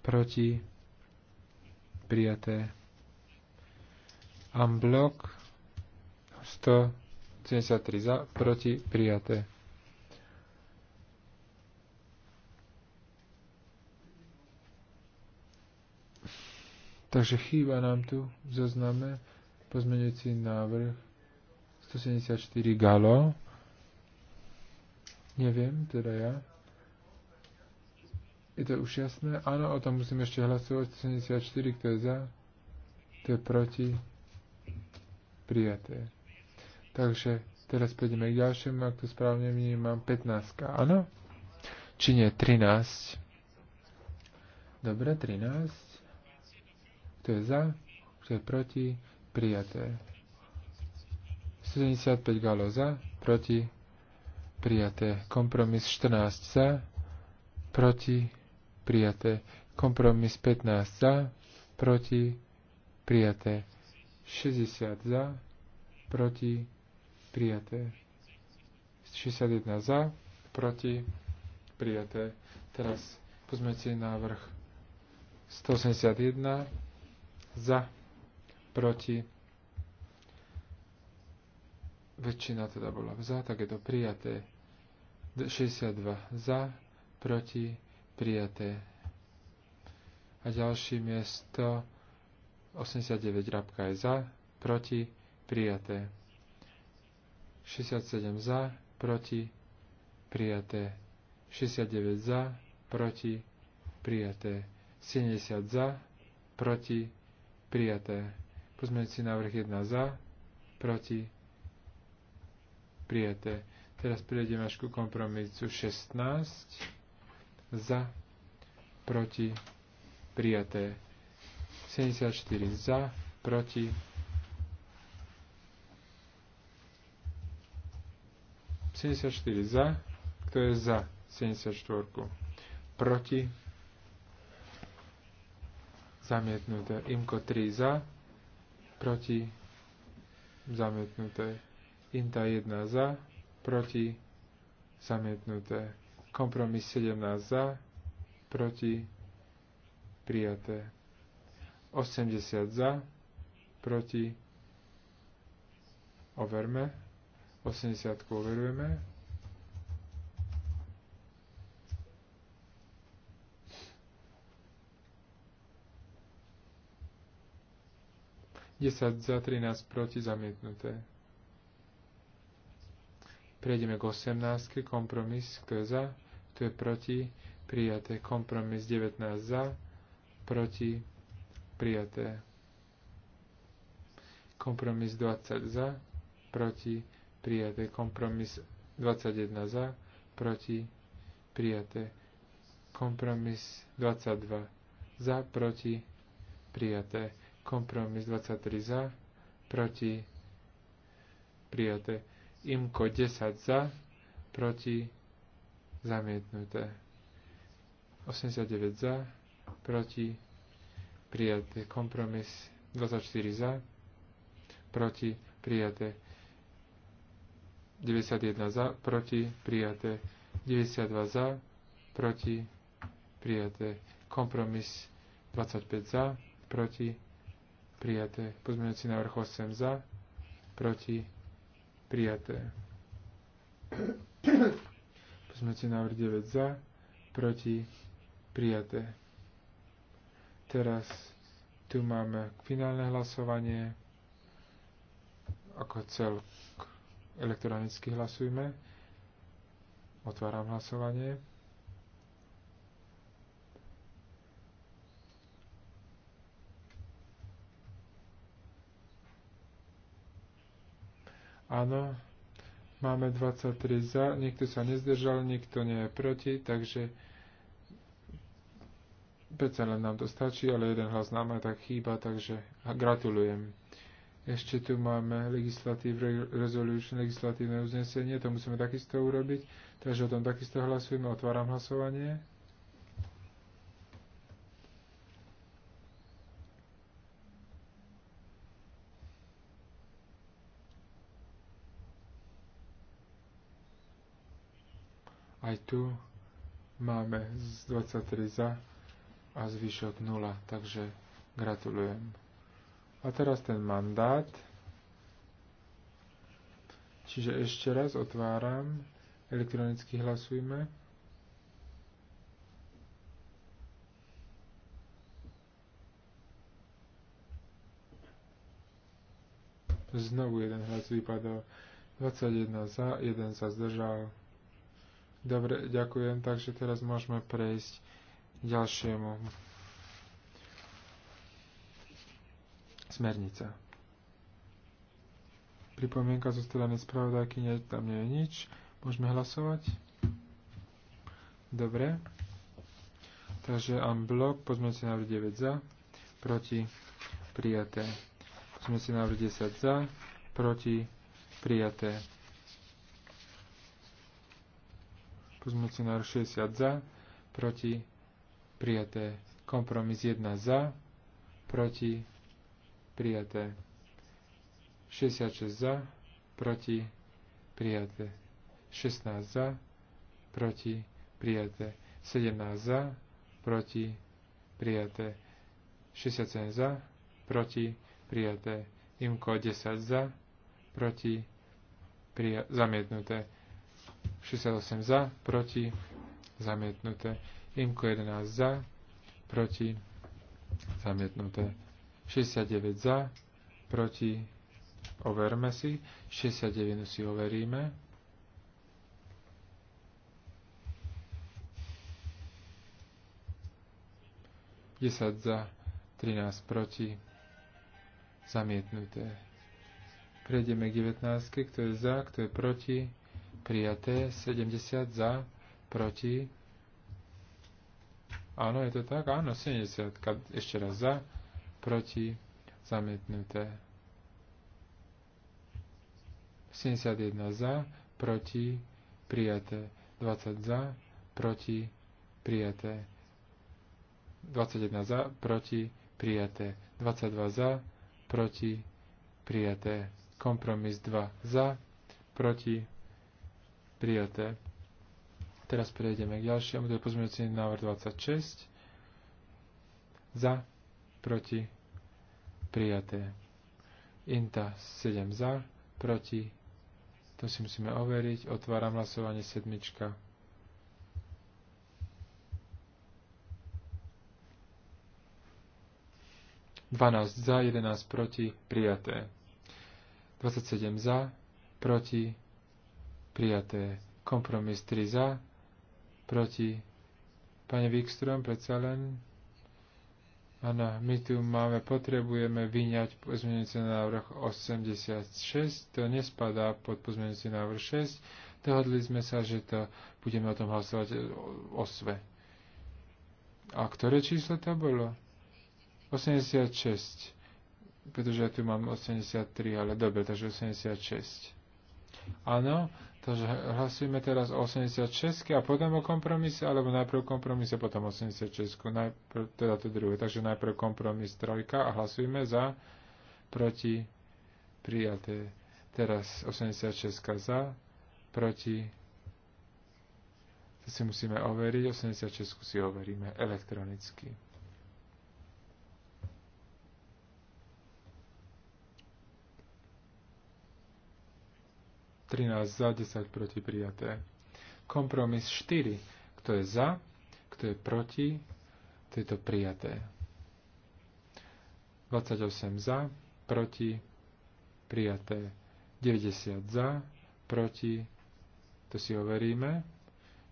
proti, prijaté. Amblok 173 za, proti, prijaté. Takže chýba nám tu v zozname pozmeňujúci návrh 174 galo. Neviem, teda ja. Je to už jasné? Áno, o tom musím ešte hlasovať. 74, kto je za, kto je proti, prijaté. Takže teraz pôjdeme k ďalšiemu, ak to správne vnímam, 15, áno? Či nie, 13. Dobre, 13. Kto je za, kto je proti, prijaté. 75 galo za, proti, prijaté. Kompromis 14 za, proti, prijaté. Kompromis 15 za, proti, prijaté. 60 za, proti, prijaté. 61 za, proti, prijaté. Teraz pozmete návrh 181 za, proti, prijaté väčšina teda bola za, tak je to prijaté 62 za, proti, prijaté. A ďalšie miesto 89 rabka je za, proti, prijaté. 67 za, proti, prijaté. 69 za, proti, prijaté. 70 za, proti, prijaté. Pozmeňujúci návrh 1 za, proti, prijaté prijaté. Teraz prejdeme až ku kompromisu 16 za, proti, prijaté. 74 za, proti, ...74 za, kto je za 74, proti, zamietnuté, IMKO 3 za, proti, zamietnuté, Inta 1 za, proti, zamietnuté. Kompromis 17 za, proti, prijaté. 80 za, proti, overme. 80 overujeme. Desať za, 13 proti, zamietnuté. Prejdeme k 18. Kompromis Kto je za. Kto je proti? Prijaté. Kompromis 19 za. Proti. Prijaté. Kompromis 20 za. Proti. Prijaté. Kompromis 21 za. Proti. Prijaté. Kompromis 22 za. Proti. Prijaté. Kompromis 23 za. Proti. Prijaté IMKO 10 za, proti, zamietnuté. 89 za, proti, prijaté. Kompromis 24 za, proti, prijaté. 91 za, proti, prijaté. 92 za, proti, prijaté. Kompromis 25 za, proti, prijaté. Pozmeňujúci návrh 8 za, proti, prijaté Prijaté. Pozmete návrh 9 za, proti, prijaté. Teraz tu máme finálne hlasovanie ako cel Elektronicky hlasujme. Otváram hlasovanie. Áno, máme 23 za, nikto sa nezdržal, nikto nie je proti, takže predsa len nám to stačí, ale jeden hlas nám aj tak chýba, takže gratulujem. Ešte tu máme legislatív, resolution, legislatívne uznesenie, to musíme takisto urobiť, takže o tom takisto hlasujeme, otváram hlasovanie. Aj tu máme z 23 za a zvyšok 0, takže gratulujem. A teraz ten mandát. Čiže ešte raz otváram, elektronicky hlasujme. Znovu jeden hlas vypadal. 21 za, jeden sa zdržal. Dobre, ďakujem. Takže teraz môžeme prejsť k ďalšiemu. Smernica. Pripomienka zo strany spravodajky, nie, tam nie je nič. Môžeme hlasovať? Dobre. Takže unblock, si návrh 9 za, proti, prijaté. si návrh 10 za, proti, prijaté. Pozmeňujúci na 60 za, proti, prijaté. Kompromis 1 za, proti, prijaté. 66 za, proti, prijaté. 16 za, proti, prijaté. 17 za, proti, prijaté. 67 za, proti, prijaté. Imko 10 za, proti, prija- zamietnuté. 68 za, proti, zamietnuté. Imko 11 za, proti, zamietnuté. 69 za, proti, overme si. 69 si overíme. Desať za, 13 proti, zamietnuté. Prejdeme k 19, kto je za, kto je proti, prijaté, 70 za, proti, áno, je to tak, áno, 70, ešte raz za, proti, zamietnuté. 71 za, proti, prijaté. 20 za, proti, prijaté. 21 za, proti, prijaté. 22 za, proti, prijaté. Kompromis 2 za, proti, prijaté prijaté. Teraz prejdeme k ďalšiemu, to je pozmeňujúci návrh 26. Za, proti, prijaté. Inta 7 za, proti, to si musíme overiť. Otváram hlasovanie sedmička. Dvanásť za, jedenásť proti, prijaté. 27 za, proti, prijaté. Kompromis 3 za, proti. Pane Wikström, predsa len. Áno, my tu máme, potrebujeme vyňať pozmeňujúci návrh 86, to nespadá pod pozmeňujúci návrh 6. Dohodli sme sa, že to budeme o tom hlasovať o, o sve. A ktoré číslo to bolo? 86. Pretože ja tu mám 83, ale dobre, takže 86. Áno, Takže hlasujeme teraz 86 a potom o kompromise, alebo najprv kompromis a potom 86, najprv, teda to druhé. Takže najprv kompromis trojka a hlasujeme za, proti, prijaté. Teraz 86 za, proti, to si musíme overiť, 86 si overíme elektronicky. 13 za, 10 proti prijaté. Kompromis 4. Kto je za, kto je proti, to je to prijaté. 28 za, proti, prijaté. 90 za, proti, to si overíme.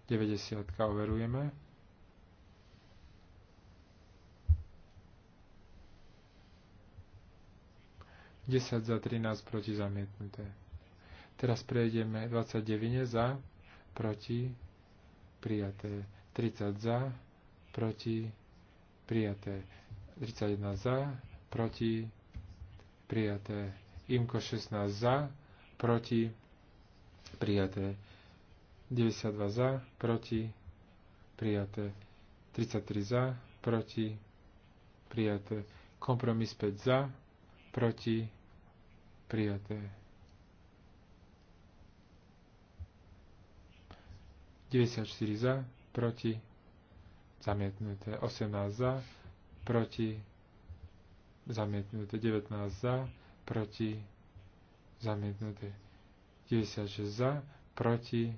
90 overujeme. Десять za 13 proti zamietnuté. Teraz prejdeme 29 za, proti, prijaté. 30 za, proti, prijaté. 31 za, proti, prijaté. Imko 16 za, proti, prijaté. 92 za, proti, prijaté. 33 za, proti, prijaté. Kompromis 5 za, proti, prijaté. 94 za, proti, zamietnuté. 18 za, proti, zamietnuté. 19 za, proti, zamietnuté. 96 za, proti,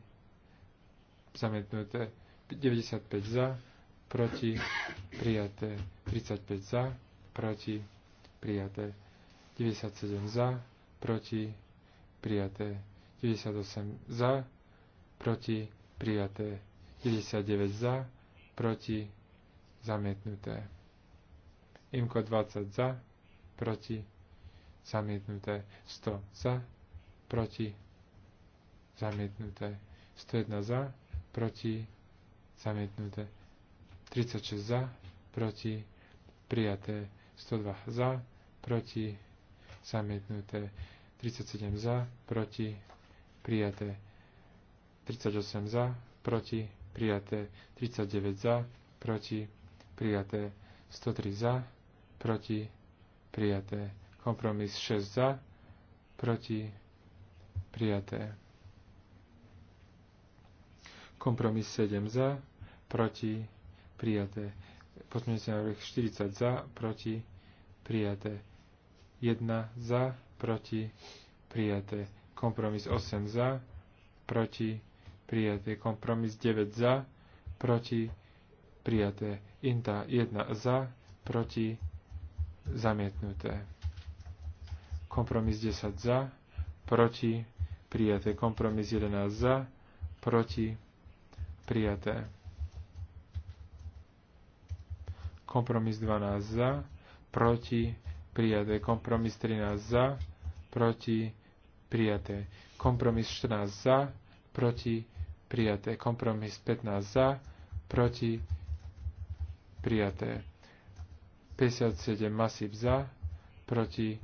zamietnuté. 95 za, proti, prijaté. 35 za, proti, prijaté. 97 za, proti, prijaté. 98 za, proti, prijaté prijaté. 99 za, proti, zamietnuté. Imko 20 za, proti, zamietnuté. 100 za, proti, zamietnuté. 101 za, proti, zamietnuté. 36 za, proti, prijaté. 102 za, proti, zamietnuté. 37 za, proti, prijaté. 38 za, proti, prijaté 39 za, proti, prijaté 103 za, proti, prijaté kompromis 6 za, proti, prijaté kompromis 7 za, proti, prijaté pozmeňujúci návrh 40 za, proti, prijaté 1 za, proti, prijaté kompromis 8 za, proti, prijaté prijaté. Kompromis 9 za, proti, prijaté. Inta 1 za, proti, zamietnuté. Kompromis 10 za, proti, prijaté. Kompromis 11 za, proti, prijaté. Kompromis 12 za, proti, prijaté. Kompromis 13 za, proti, prijaté. Kompromis 14 za, proti, prijaté prijaté. Kompromis 15 za, proti, prijaté. 57 masív za, proti,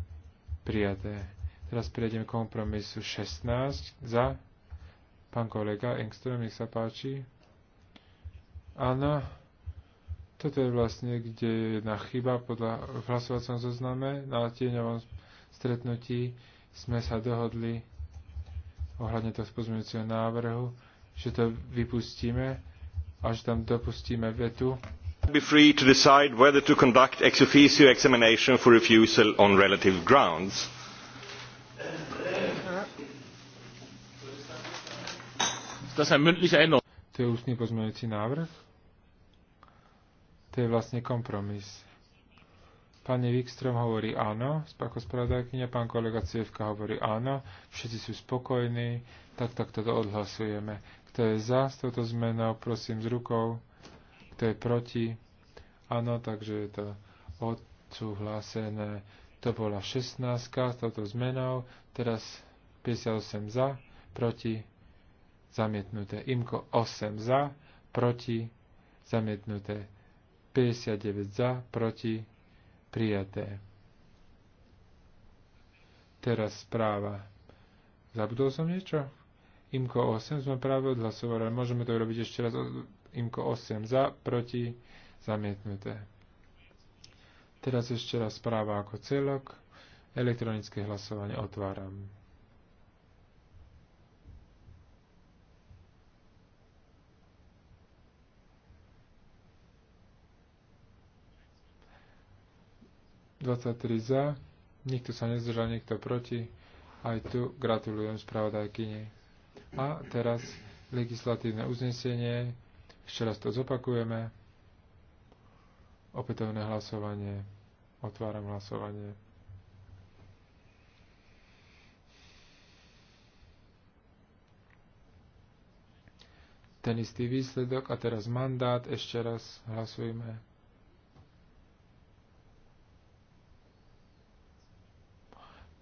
prijaté. Teraz prejdem k kompromisu 16 za. Pán kolega Engström, nech sa páči. Áno, toto je vlastne, kde je jedna chyba podľa v hlasovacom zozname. Na tieňovom stretnutí sme sa dohodli ohľadne toho spozmeňujúceho návrhu že to vypustíme a že tam dopustíme vetu. Be free to decide whether to conduct ex officio examination for refusal on relative grounds. Das To je ústny pozmeňujúci návrh. To je vlastne kompromis. Pani Wikström hovorí áno, ako spravodajkynia, pán kolega Cievka hovorí áno, všetci sú spokojní, tak takto to odhlasujeme. Kto je za s touto zmenou, prosím z rukou. Kto je proti? Áno, takže je to odsúhlasené. To bola 16 s touto zmenou. Teraz 58 za, proti, zamietnuté. Imko 8 za, proti, zamietnuté. 59 za, proti, prijaté. Teraz správa. Zabudol som niečo? IMKO 8 sme práve odhlasovali, ale môžeme to urobiť ešte raz. IMKO 8 za, proti, zamietnuté. Teraz ešte raz správa ako celok. Elektronické hlasovanie otváram. za, nikto sa nezdržal, nikto proti. Aj tu gratulujem spravodajkyni. A teraz legislatívne uznesenie. Ešte raz to zopakujeme. Opätovné hlasovanie. Otváram hlasovanie. Ten istý výsledok a teraz mandát. Ešte raz hlasujeme.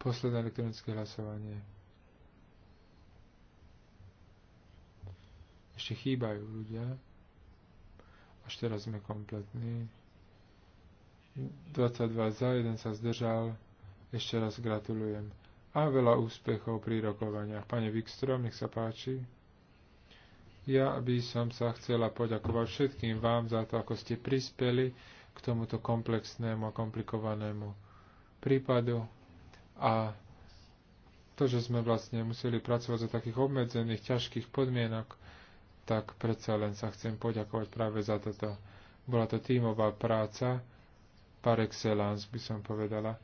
Posledné elektronické hlasovanie. Ešte chýbajú ľudia. Až teraz sme kompletní. 22 za, jeden sa zdržal. Ešte raz gratulujem. A veľa úspechov pri rokovaniach. Pane Wikström, nech sa páči. Ja by som sa chcela poďakovať všetkým vám za to, ako ste prispeli k tomuto komplexnému a komplikovanému prípadu a to, že sme vlastne museli pracovať za takých obmedzených, ťažkých podmienok, tak predsa len sa chcem poďakovať práve za toto. Bola to tímová práca, par excellence by som povedala.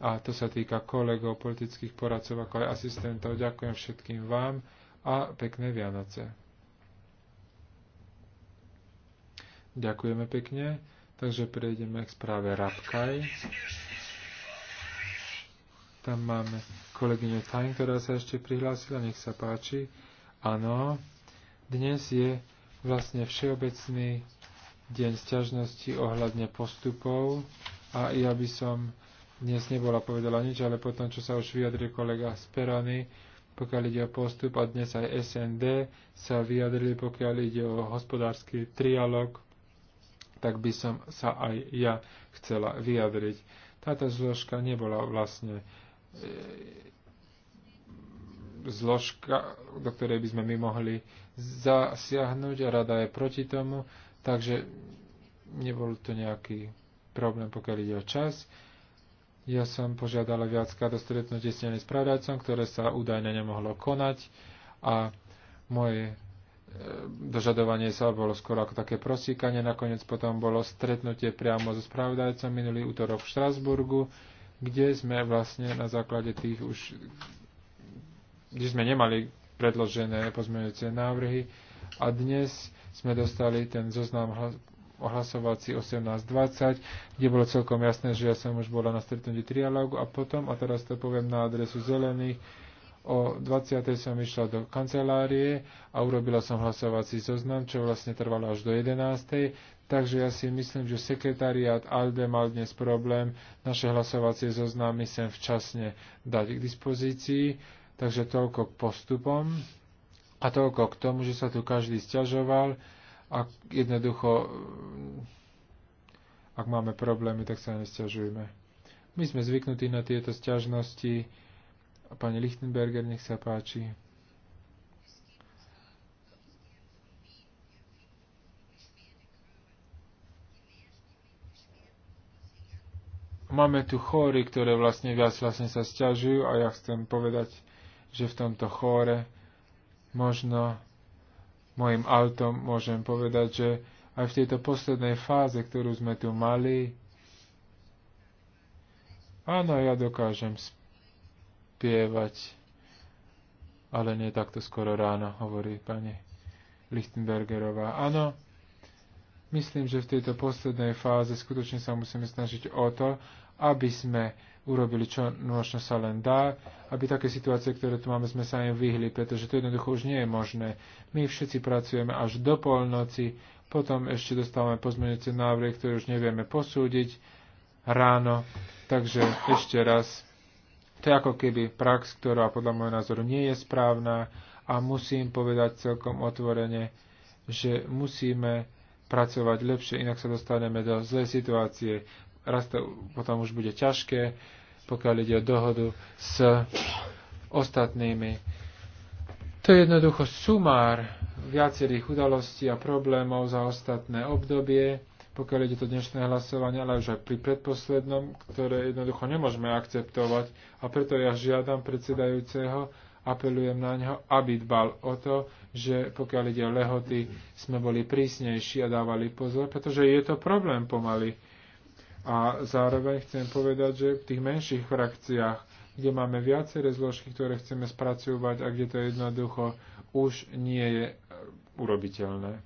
A to sa týka kolegov, politických poradcov, ako aj asistentov. Ďakujem všetkým vám a pekné Vianoce. Ďakujeme pekne. Takže prejdeme k správe Rabkaj. Tam máme kolegyňu Tajn, ktorá sa ešte prihlásila. Nech sa páči. Áno. Dnes je vlastne Všeobecný deň sťažnosti ohľadne postupov a ja by som dnes nebola povedala nič, ale potom, čo sa už vyjadril kolega Perony, pokiaľ ide o postup a dnes aj SND sa vyjadrili, pokiaľ ide o hospodársky trialog, tak by som sa aj ja chcela vyjadriť. Táto zložka nebola vlastne e, zložka, do ktorej by sme my mohli zasiahnuť a rada je proti tomu, takže nebol to nejaký problém, pokiaľ ide o čas. Ja som požiadala viacka do stretnutie s spravodajcom, ktoré sa údajne nemohlo konať a moje e, dožadovanie sa bolo skoro ako také prosíkanie. Nakoniec potom bolo stretnutie priamo so spravodajcom minulý útorok v Štrasburgu, kde sme vlastne na základe tých už kde sme nemali predložené pozmeňujúce návrhy a dnes sme dostali ten zoznam ohlasovací 18.20, kde bolo celkom jasné, že ja som už bola na stretnutí trialógu a potom, a teraz to poviem na adresu zelených, o 20. som išla do kancelárie a urobila som hlasovací zoznam, čo vlastne trvalo až do 11. Takže ja si myslím, že sekretariát ALDE mal dnes problém naše hlasovacie zoznamy sem včasne dať k dispozícii Takže toľko k postupom a toľko k tomu, že sa tu každý stiažoval a jednoducho, mm, ak máme problémy, tak sa nestiažujme. My sme zvyknutí na tieto stiažnosti. Pani Lichtenberger, nech sa páči. máme tu chóry, ktoré vlastne viac vlastne sa stiažujú a ja chcem povedať že v tomto chóre možno mojim autom môžem povedať, že aj v tejto poslednej fáze, ktorú sme tu mali, áno, ja dokážem spievať, ale nie takto skoro ráno, hovorí pani Lichtenbergerová. Áno, myslím, že v tejto poslednej fáze skutočne sa musíme snažiť o to, aby sme urobili čo možno sa len dá, aby také situácie, ktoré tu máme, sme sa im vyhli, pretože to jednoducho už nie je možné. My všetci pracujeme až do polnoci, potom ešte dostávame pozmeňujúce návrhy, ktoré už nevieme posúdiť ráno, takže ešte raz, to je ako keby prax, ktorá podľa môjho názoru nie je správna a musím povedať celkom otvorene, že musíme pracovať lepšie, inak sa dostaneme do zlej situácie raz to potom už bude ťažké, pokiaľ ide o dohodu s ostatnými. To je jednoducho sumár viacerých udalostí a problémov za ostatné obdobie, pokiaľ ide to dnešné hlasovanie, ale už aj pri predposlednom, ktoré jednoducho nemôžeme akceptovať. A preto ja žiadam predsedajúceho, apelujem na ňo, aby dbal o to, že pokiaľ ide o lehoty, sme boli prísnejší a dávali pozor, pretože je to problém pomaly a zároveň chcem povedať, že v tých menších frakciách, kde máme viaceré zložky, ktoré chceme spracovať a kde to jednoducho už nie je e, urobiteľné.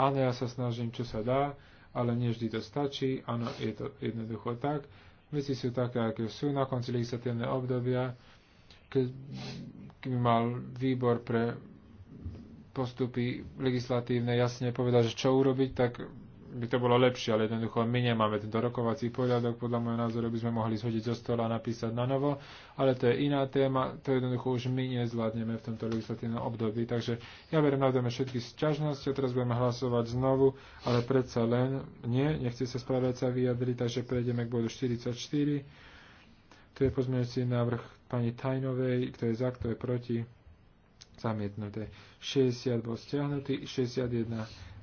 Áno, ja sa snažím, čo sa dá, ale nie vždy to stačí. Áno, je to jednoducho tak. Veci sú také, aké sú. Na konci legislatívne obdobia, keď mal výbor pre postupy legislatívne jasne povedať, že čo urobiť, tak by to bolo lepšie, ale jednoducho my nemáme tento rokovací poriadok, podľa môjho názoru by sme mohli zhodiť zo stola a napísať na novo, ale to je iná téma, to jednoducho už my nezvládneme v tomto legislatívnom období, takže ja verím na téme všetky sťažnosti, teraz budeme hlasovať znovu, ale predsa len nie, nechce sa sa vyjadriť, takže prejdeme k bodu 44. To je pozmeňujúci návrh pani Tajnovej, kto je za, kto je proti, zamietnuté. 60 bol stiahnutý, 61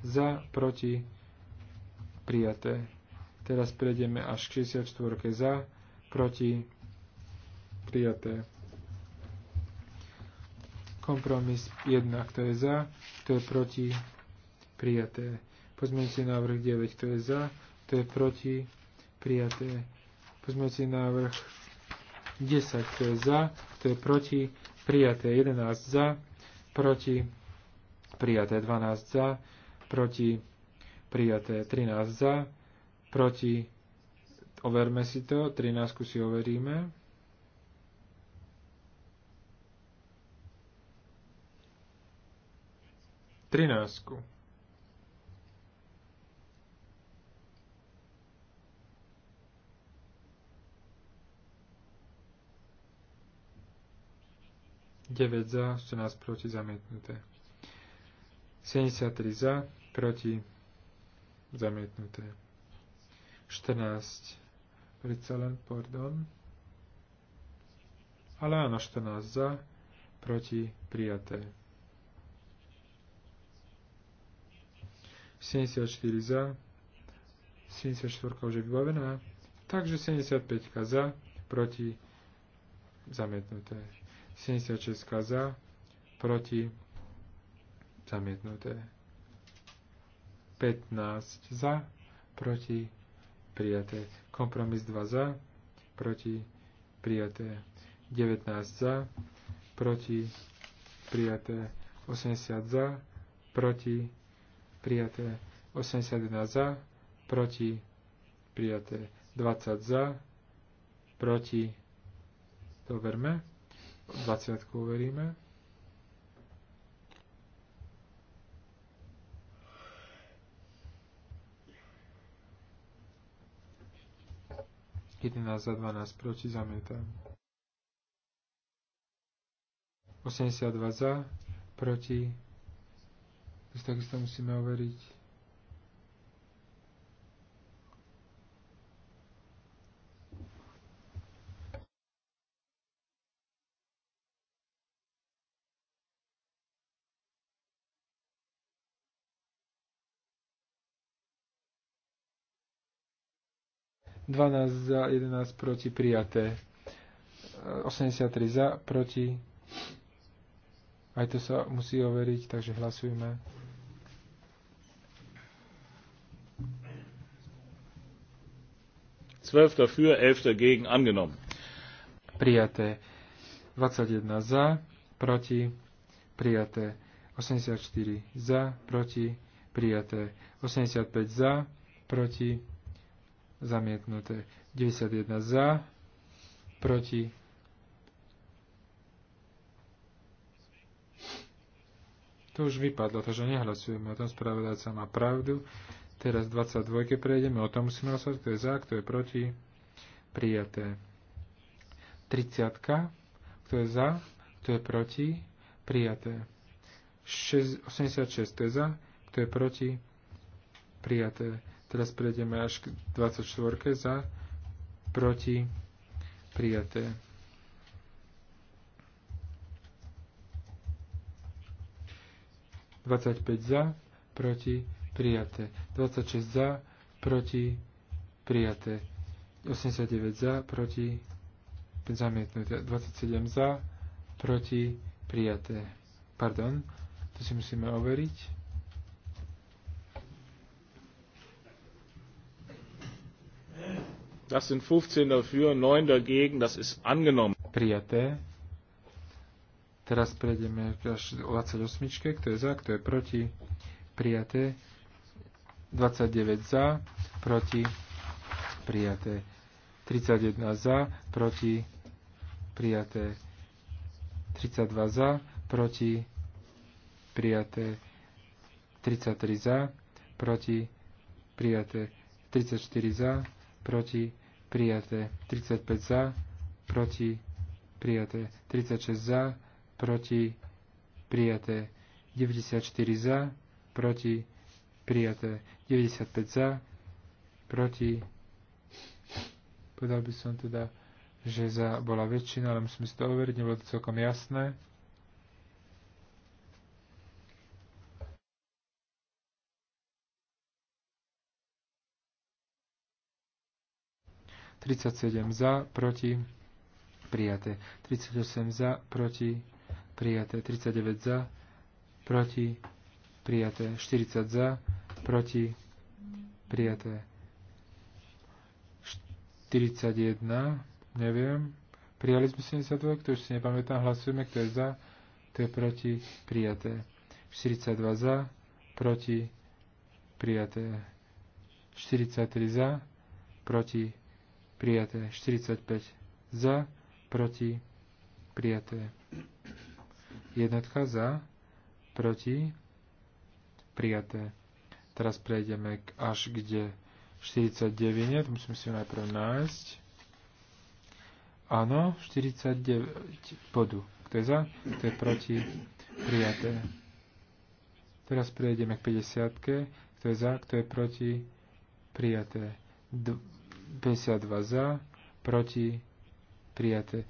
za, proti, prijaté. Teraz prejdeme až k 64 za, proti, prijaté. Kompromis 1, kto je za, kto je proti, prijaté. Pozmeňujúci návrh 9, kto je za, kto je proti, prijaté. Pozmeňujúci návrh 10, kto je za, kto je proti, prijaté. 11 za, proti, prijaté. 12 za, proti, prijaté prijaté 13 za, proti, overme si to, 13 si overíme. Trinásku. Devet za, 14 proti zamietnuté. 73 za, proti Zamietnuté. 14. Predsa len, pardon. Ale áno, 14 za, proti, prijaté. 74 za, 74 už je vybavená, takže 75 za, proti, zamietnuté. 76 za, proti, zamietnuté. 15 za, proti prijaté. Kompromis 2 za, proti prijaté. 19 za, proti prijaté. 80 za, proti prijaté. 81 za, proti prijaté. 20 za, proti to verme. 20 overíme. 11 za 12 proti zamietam. 82 za, proti. takisto musíme overiť. 12 za, 11 proti, prijaté. 83 e, za, proti. Aj to sa musí overiť, takže hlasujme. dafür, 11 dagegen angenommen. Prijaté. 21 za, proti, prijaté. 84 za, proti, prijaté. 85 za, proti, zamietnuté. 91 za, proti, To už vypadlo, takže nehlasujeme o tom, spravodajca má pravdu. Teraz 22 prejdeme, o tom musíme hlasovať, kto je za, kto je proti. Prijaté. 30 kto je za, kto je proti. Prijaté. 86, kto je za, kto je proti. Prijaté. Teraz prejdeme až k 24 za, proti, prijaté. 25 za, proti, prijaté. 26 za, proti, prijaté. 89 za, proti, zamietnuté. 27 za, proti, prijaté. Pardon, to si musíme overiť. Das sind 15 dafür, 9 dagegen, das ist angenommen. Prijaté. Teraz prejdeme k 28, kto je za, kto je proti. Prijaté. 29 za, proti. Prijaté. 31 za, proti. Prijaté. 32 za, proti. Prijaté. 33 za, proti. Prijaté. 34 za, proti prijaté 35 za, proti, prijaté 36 za, proti, prijaté 94 za, proti, prijaté 95 za, proti, povedal by som teda, že za bola väčšina, ale musíme si to overiť, nebolo to celkom jasné. 37 za, proti, prijaté. 38 za, proti, prijaté. 39 za, proti, prijaté. 40 za, proti, prijaté. 41, neviem. Prijali sme 72, kto už si nepamätám, hlasujeme, kto je za, kto je proti, prijaté. 42 za, proti, prijaté. 43 za, proti, prijaté prijaté 45 za, proti, prijaté. Jednotka za, proti, prijaté. Teraz prejdeme k až kde 49, to musím si ju najprv nájsť. Áno, 49 bodu. Kto je za, kto je proti, prijaté. Teraz prejdeme k 50, kto je za, kto je proti, prijaté. 52 za, proti, prijaté.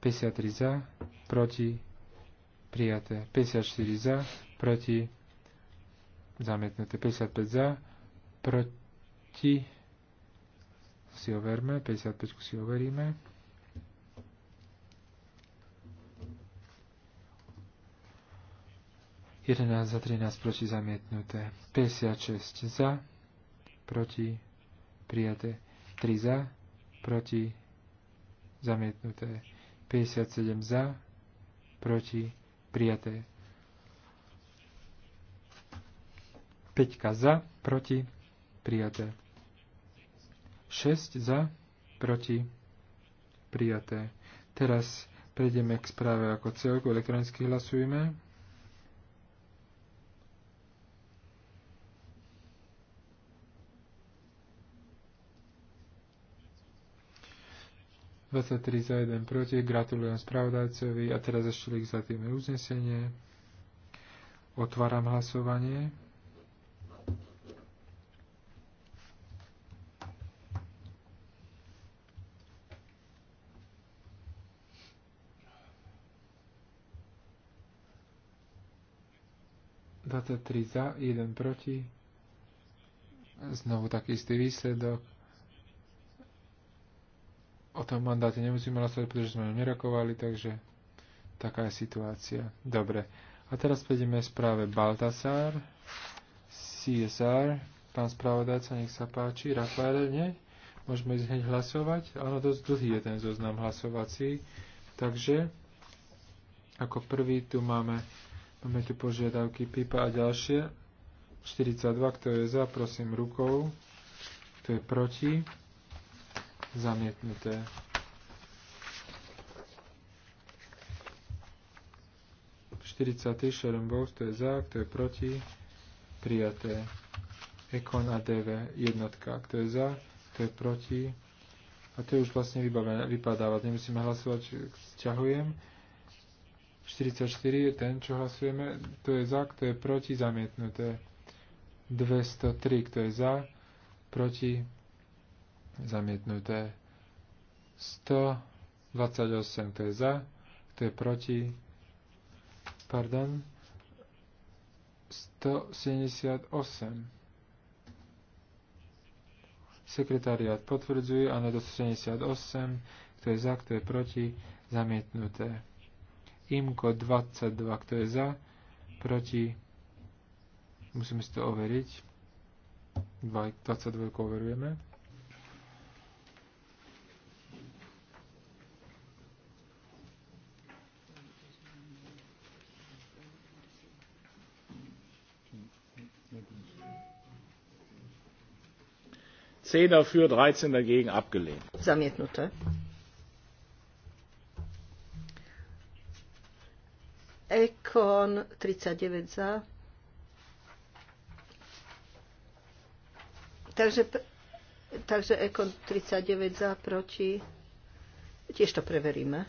53 za, proti, prijaté. 54 za, proti, zamietnuté. 55 za, proti, si overme, 55 si overíme. Jedenáct za 13 proti zamietnuté. 56 za, proti prijaté. 3 za, proti, zamietnuté. 57 za, proti, prijaté. 5 za, proti, prijaté. 6 za, proti, prijaté. Teraz prejdeme k správe ako celku, elektronicky hlasujeme. 23 za 1 proti. Gratulujem spravodajcovi a teraz ešte legislatívne uznesenie. Otváram hlasovanie. Data 3 za, 1 proti. Znovu taký istý výsledok o tom mandáte nemusíme hlasovať, pretože sme ho nerokovali, takže taká je situácia. Dobre. A teraz prejdeme správe Baltasar, CSR, pán spravodajca, nech sa páči, Rafael, nie? Môžeme ísť hneď hlasovať? Áno, dosť dlhý je ten zoznam hlasovací. Takže, ako prvý tu máme, máme tu požiadavky PIPA a ďalšie. 42, kto je za, prosím rukou. Kto je proti? Zamietnuté. Štyridsaťtý Sharon Bowles, to je za, kto je proti. Prijaté. Ekon a DV jednotka, kto je za, kto je proti. A to je už vlastne vybavené, vypadávať. Nemusíme hlasovať, sťahujem. 44 je ten, čo hlasujeme. To je za, kto je proti, zamietnuté. 203, kto je za, proti, zamietnuté. 128, to je za, to je proti, pardon, 178. Sekretariat potvrdzuje, áno, do 78, kto je za, kto je proti, zamietnuté. IMKO 22, kto je za, proti, musíme si to overiť, 22 overujeme. 10 dafür, 13 dagegen abgelehnt. Zamietnuté. Ekon 39 za. Takže, takže Ekon 39 za proti. Tiež to preveríme.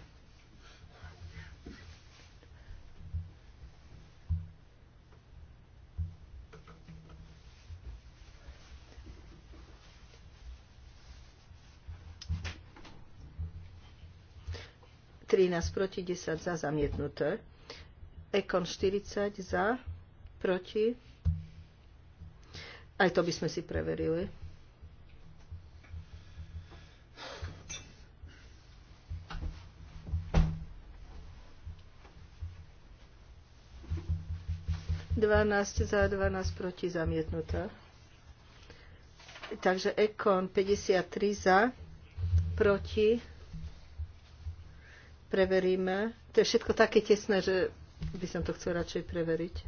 13 proti, 10 za, zamietnuté. Ekon 40 za, proti. Aj to by sme si preverili. Dvanásť za, 12 proti, zamietnutá. Takže Ekon 53 za, proti, preveríme. To je všetko také tesné, že by som to chcel radšej preveriť.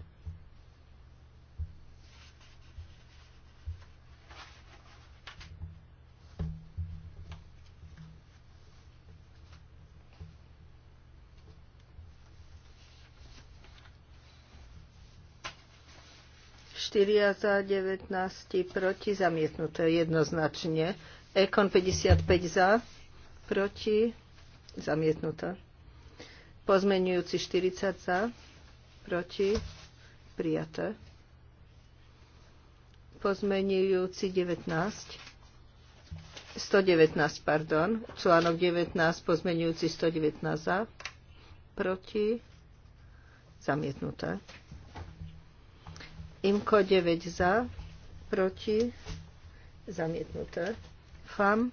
Štyria za 19 proti, zamietnuté jednoznačne. Ekon 55 za, proti zamietnutá. Pozmenujúci 40 za. Proti. Prijaté. Pozmenujúci 19. 119, pardon. Článok 19, pozmenujúci 119 za. Proti. Zamietnuté. Imko 9 za. Proti. Zamietnuté. FAM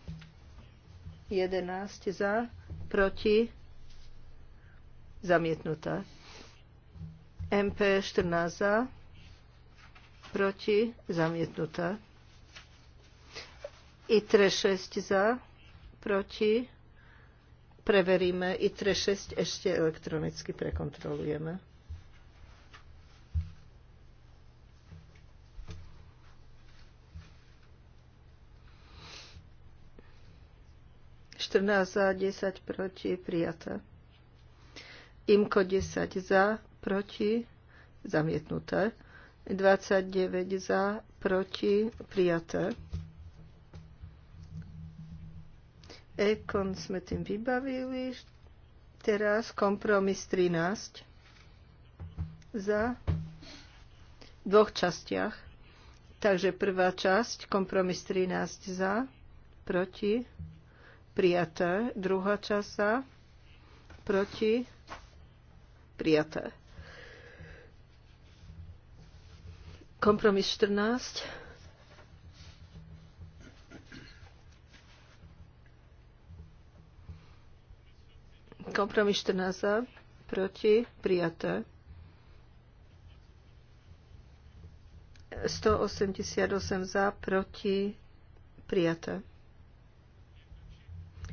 11 za proti, zamietnuté. MP 14 za, proti, zamietnuté. ITRE 6 za, proti, preveríme. ITRE 6 ešte elektronicky prekontrolujeme. 14 za, 10 proti, prijaté. Imko 10 za, proti, zamietnuté. 29 za, proti, prijaté. Ekon sme tým vybavili. Teraz kompromis 13 za v dvoch častiach. Takže prvá časť, kompromis 13 za, proti, Prijaté. Druhá časť za. Proti. Prijaté. Kompromis 14. Kompromis 14 za. Proti. Prijaté. 188 za. Proti. Prijaté.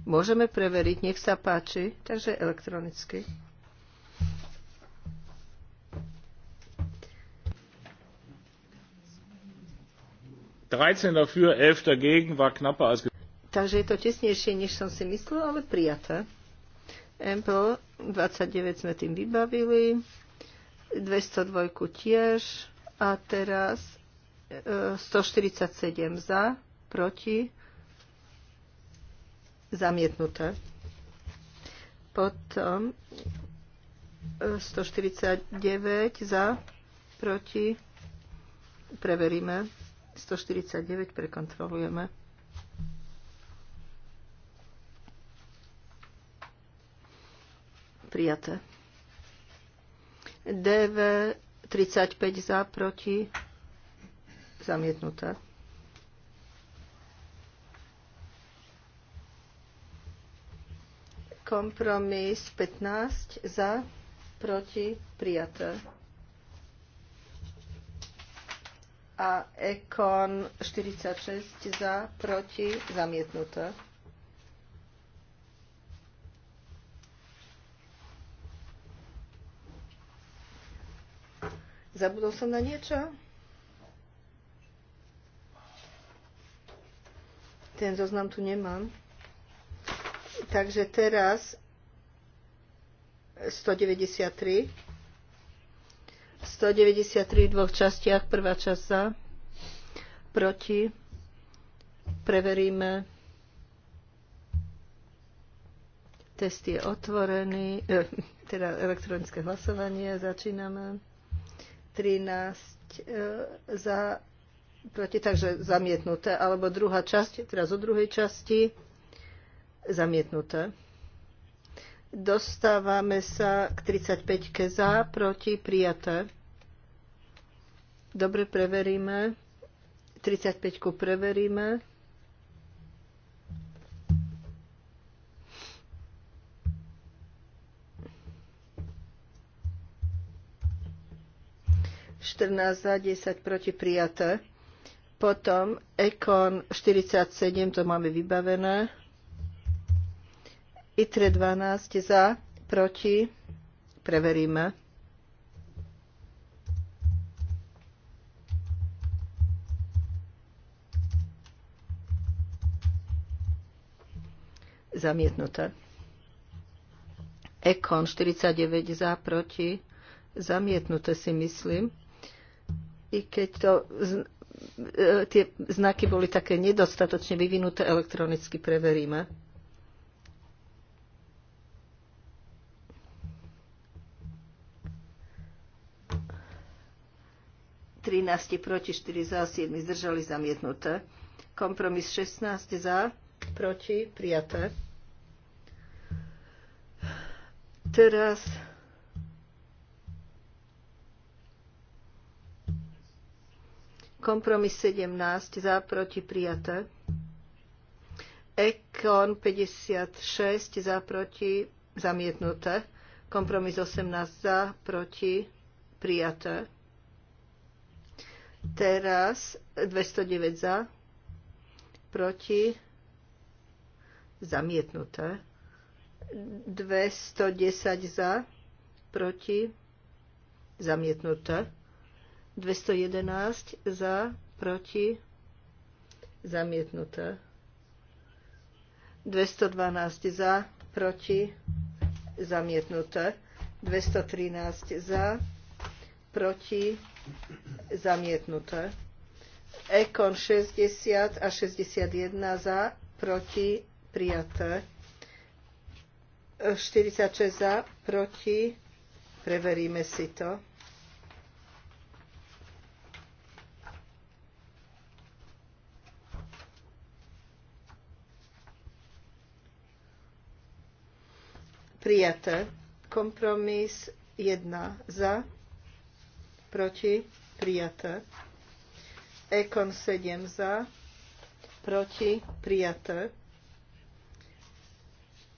Môžeme preveriť, nech sa páči, takže elektronicky. Takže je to tesnejšie, než som si myslel, ale prijaté. MPO 29 sme tým vybavili, 202 tiež a teraz 147 e, za, proti, zamietnuté. Potom 149 e, za, proti, preveríme. 149 prekontrolujeme. Prijaté. DV 35 za, proti, zamietnuté. Kompromis 15 za, proti, prijaté. A Ekon 46 za, proti, zamietnuté. Zabudol som na niečo? Ten zoznam tu nemám. Takže teraz 193. 193 v dvoch častiach. Prvá časť za. Proti. Preveríme. Test je otvorený. <laughs> teda elektronické hlasovanie. Začíname. 13 e, za. Proti. Takže zamietnuté. Alebo druhá časť. Teraz o druhej časti zamietnuté. Dostávame sa k 35-ke za, proti, prijaté. Dobre, preveríme. 35-ku preveríme. za, 10 proti prijaté. Potom Ekon 47, to máme vybavené. ITRE 12 za, proti, preveríme. Zamietnuté. Ekon 49 za, proti, zamietnuté si myslím. I keď to e, tie znaky boli také nedostatočne vyvinuté, elektronicky preveríme. 13 proti, 4 za, 7 zdržali zamietnuté. Kompromis 16 za, proti, prijaté. Teraz kompromis 17 za, proti, prijaté. Ekon 56 za, proti, zamietnuté. Kompromis 18 za, proti, prijaté. Teraz 209 za, proti, zamietnuté. 210 za, proti, zamietnuté. 211 za, proti, zamietnuté. 212 za, proti, zamietnuté. 213 za, proti, zamietnuté. Ekon 60 a 61 za, proti, prijaté. 46 za, proti, preveríme si to. Prijaté. Kompromis 1 za, proti, prijaté. Ekon 7 za, proti, prijaté.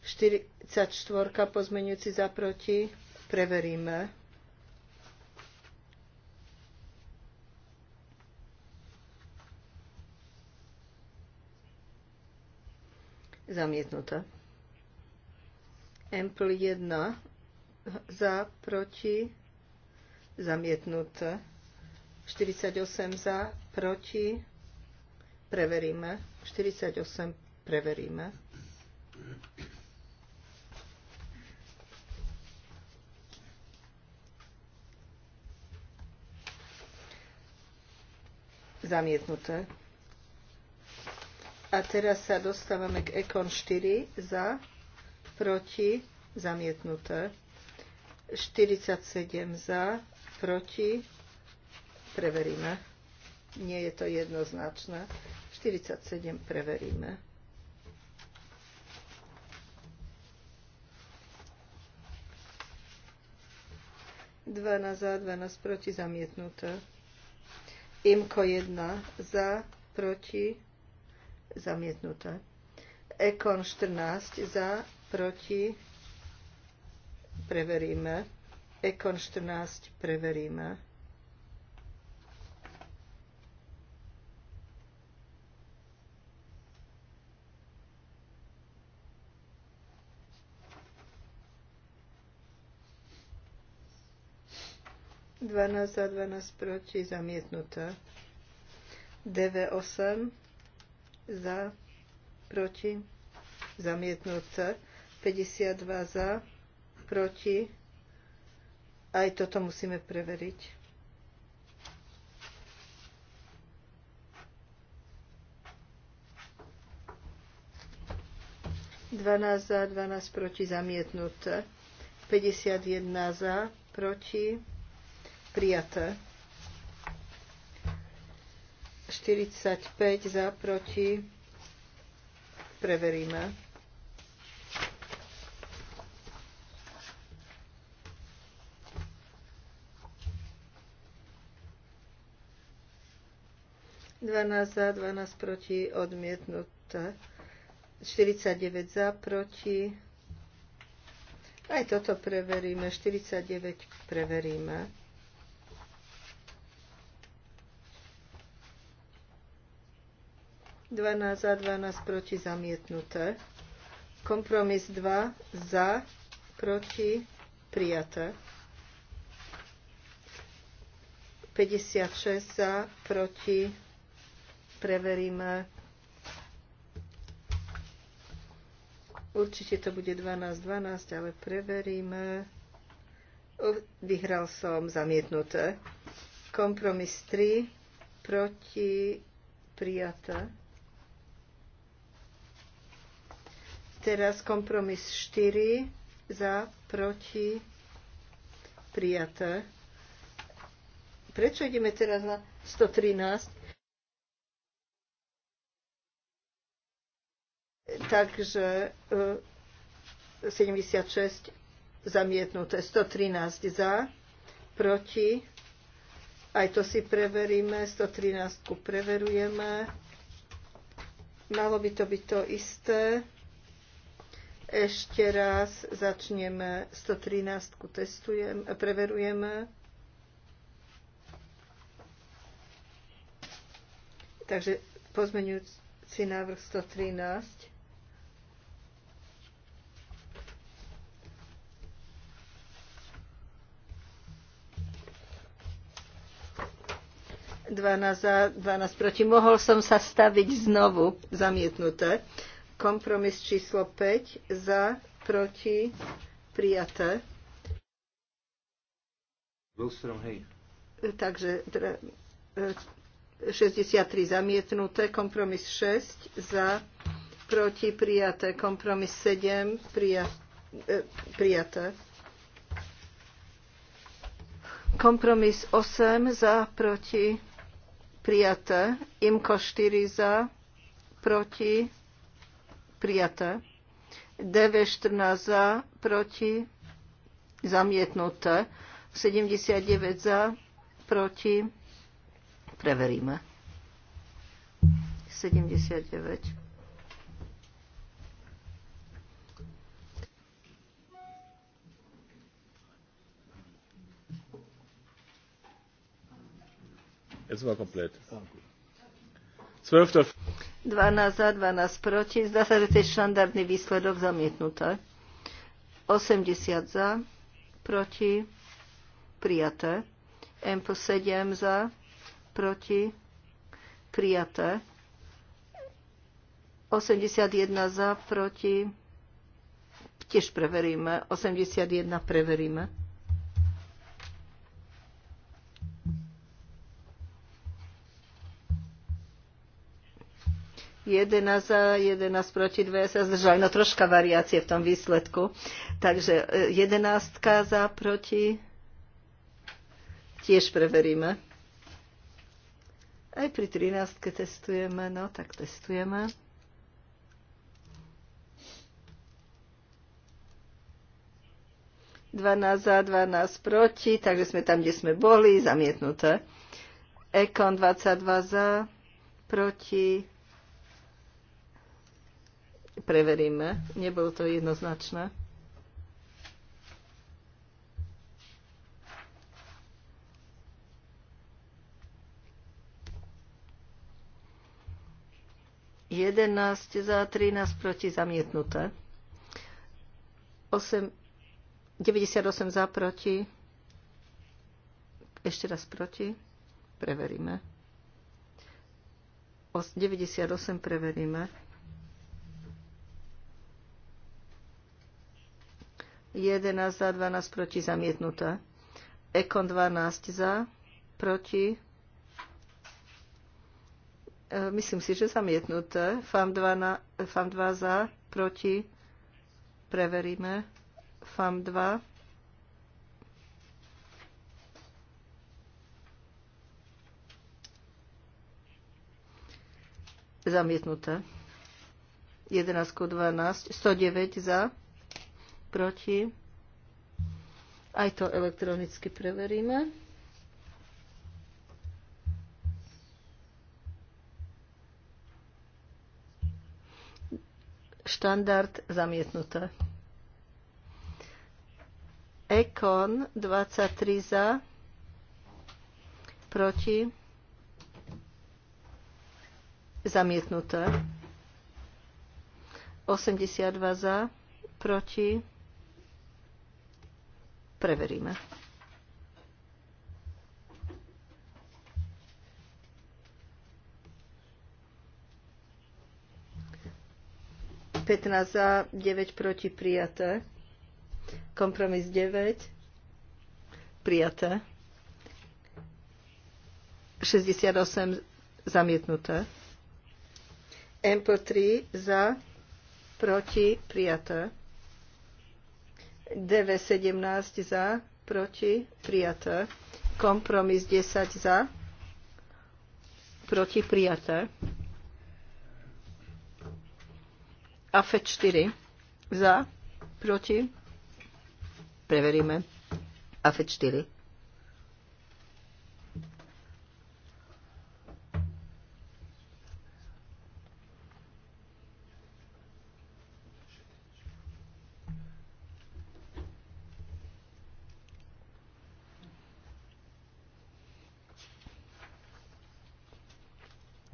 44 pozmeňujúci za proti, preveríme. Zamietnuté. Ample 1 za proti zamietnuté. 48 za, proti, preveríme. 48 preveríme. Zamietnuté. A teraz sa dostávame k Ekon 4 za, proti, zamietnuté. 47 za, proti, preveríme. Nie je to jednoznačné. 47 preveríme. Dva na za, 12 proti, zamietnuté. Imko 1 za, proti, zamietnuté. Ekon 14 za, proti, preveríme. Ekon 14 preveríme. Dvanásť za dvanásť proti, zamietnuté. DV8 za, proti, zamietnuté. 52 za, proti, aj toto musíme preveriť. Dvanásť za, 12 proti zamietnuté. 51 za, proti prijaté. 45 za, proti preveríme. 12 za, 12 proti, odmietnuté. 49 za, proti. Aj toto preveríme. 49 preveríme. Dvaná za, 12 proti zamietnuté. Kompromis 2 za, proti prijaté. 56 za, proti preveríme. Určite to bude 12-12, ale preveríme. Vyhral som zamietnuté. Kompromis 3 proti prijaté. Teraz kompromis 4 za proti prijaté. Prečo ideme teraz na 113? Takže 76 e, zamietnuté, 113 za, proti. Aj to si preveríme, 113 preverujeme. Malo by to byť to isté. Ešte raz začneme, 113 testujem, preverujeme. Takže pozmeňujúci návrh 113. 12 za, 12 proti. Mohol som sa staviť znovu, zamietnuté. Kompromis číslo 5 za, proti, prijaté. Wilstrom, hej. Takže 63 teda, e, zamietnuté, kompromis 6 za, proti prijaté, kompromis 7 prija, eh, prijaté. Kompromis 8 za, proti prijaté. Imko 4 za, proti, prijaté. DV 14 za, proti, zamietnuté. 79 za, proti, preveríme. 79. Jetzt sind wir komplett. 12 za, 12 proti. Zdá sa, že to je štandardný výsledok zamietnuté. 80 za, proti, prijaté. M 7 za, proti, prijaté. 81 za, proti, tiež preveríme. 81 preveríme. 11 za, 11 proti 2 sa zdržali. No troška variácie v tom výsledku. Takže 11 e, za, proti. Tiež preveríme. Aj pri 13 testujeme, no tak testujeme. Dvanásť za, 12 proti, takže sme tam, kde sme boli, zamietnuté. Ekon 22 za, proti, preveríme. Nebolo to jednoznačné. Jedenáct za 13 proti zamietnuté. 8, 98 za proti. Ešte raz proti. Preveríme. 98 preveríme. 11 za, 12 proti, zamietnuté. Ekon 12 za, proti. E, myslím si, že zamietnuté. FAM 2, FAM 2 za, proti. Preveríme. FAM 2. Zamietnuté. 11 12, 109 za proti. Aj to elektronicky preveríme. Štandard zamietnuté. Ekon 23 za, proti, zamietnuté. 82 za, proti, Preveríme. za, 9 proti prijaté. Kompromis 9. Prijaté. 68 zamietnuté. MP3 za, proti prijaté. DV17 za, proti, prijaté. Kompromis 10 za, proti, prijaté. AFE 4 za, proti, preveríme. AFE 4.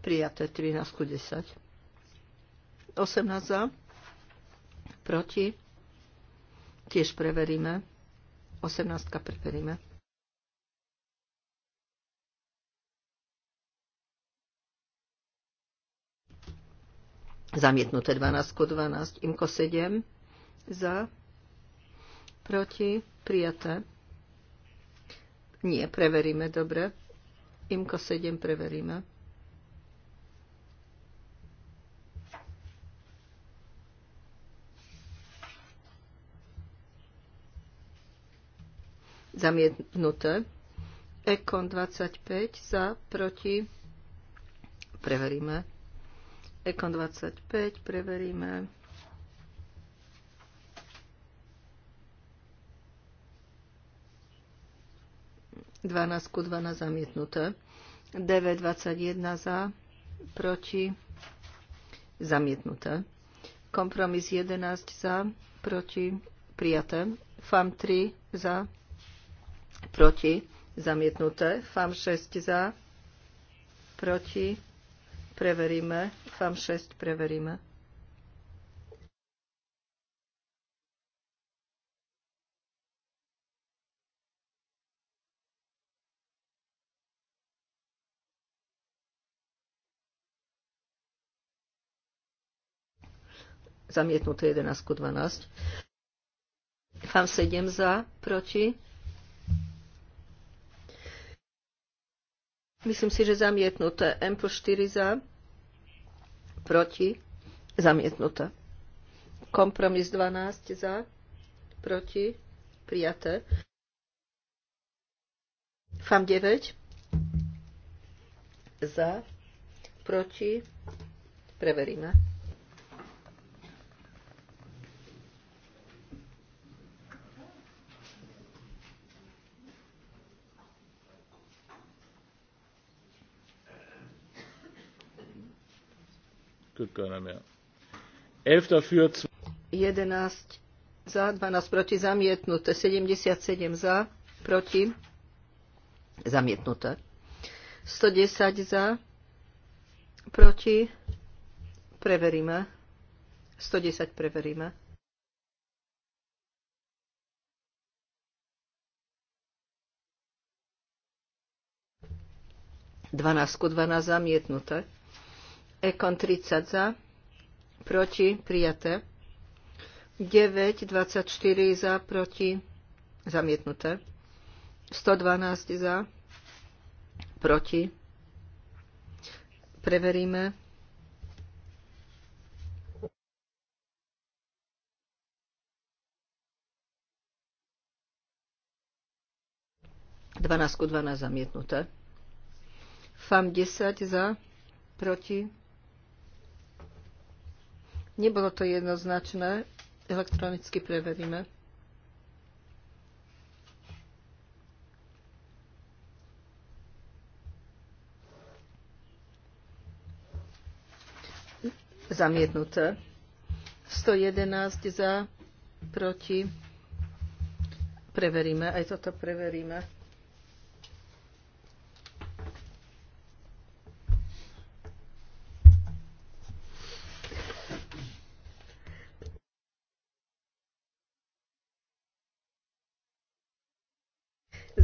prijaté 13 ku 10. 18 za, proti, tiež preveríme. 18 preveríme. Zamietnuté 12 ku 12. Imko 7 za, proti, prijaté. Nie, preveríme, dobre. Imko 7 preveríme. zamietnuté. Ekon 25 za, proti, preveríme. Ekon 25, preveríme. Dvanáctku 12 zamietnuté. DV 21 za, proti, zamietnuté. Kompromis 11 za, proti, prijaté. FAM 3 za, proti, zamietnuté. FAM 6 za, proti, preveríme. FAM 6 preveríme. Zamietnuté 11 ku 12. FAM 7 za, proti, Myslím si, že zamietnuté. M plus 4 za. Proti. Zamietnuté. Kompromis 12 za. Proti. Prijaté. FAM 9. Za. Proti. Preveríme. 11 za, 12 proti, zamietnuté. 77 za, proti, zamietnuté. 110 za, proti, preveríme. 110 preveríme. Dvanásť ku 12 zamietnuté. Ekon 30 za, proti, prijaté. 9, 24 za, proti, zamietnuté. 112 za, proti. Preveríme. Dvanáctku 12 zamietnuté. FAM 10 za, proti. Nebolo to jednoznačné. Elektronicky preveríme. Zamietnuté. 111 za, proti. Preveríme, aj toto preveríme.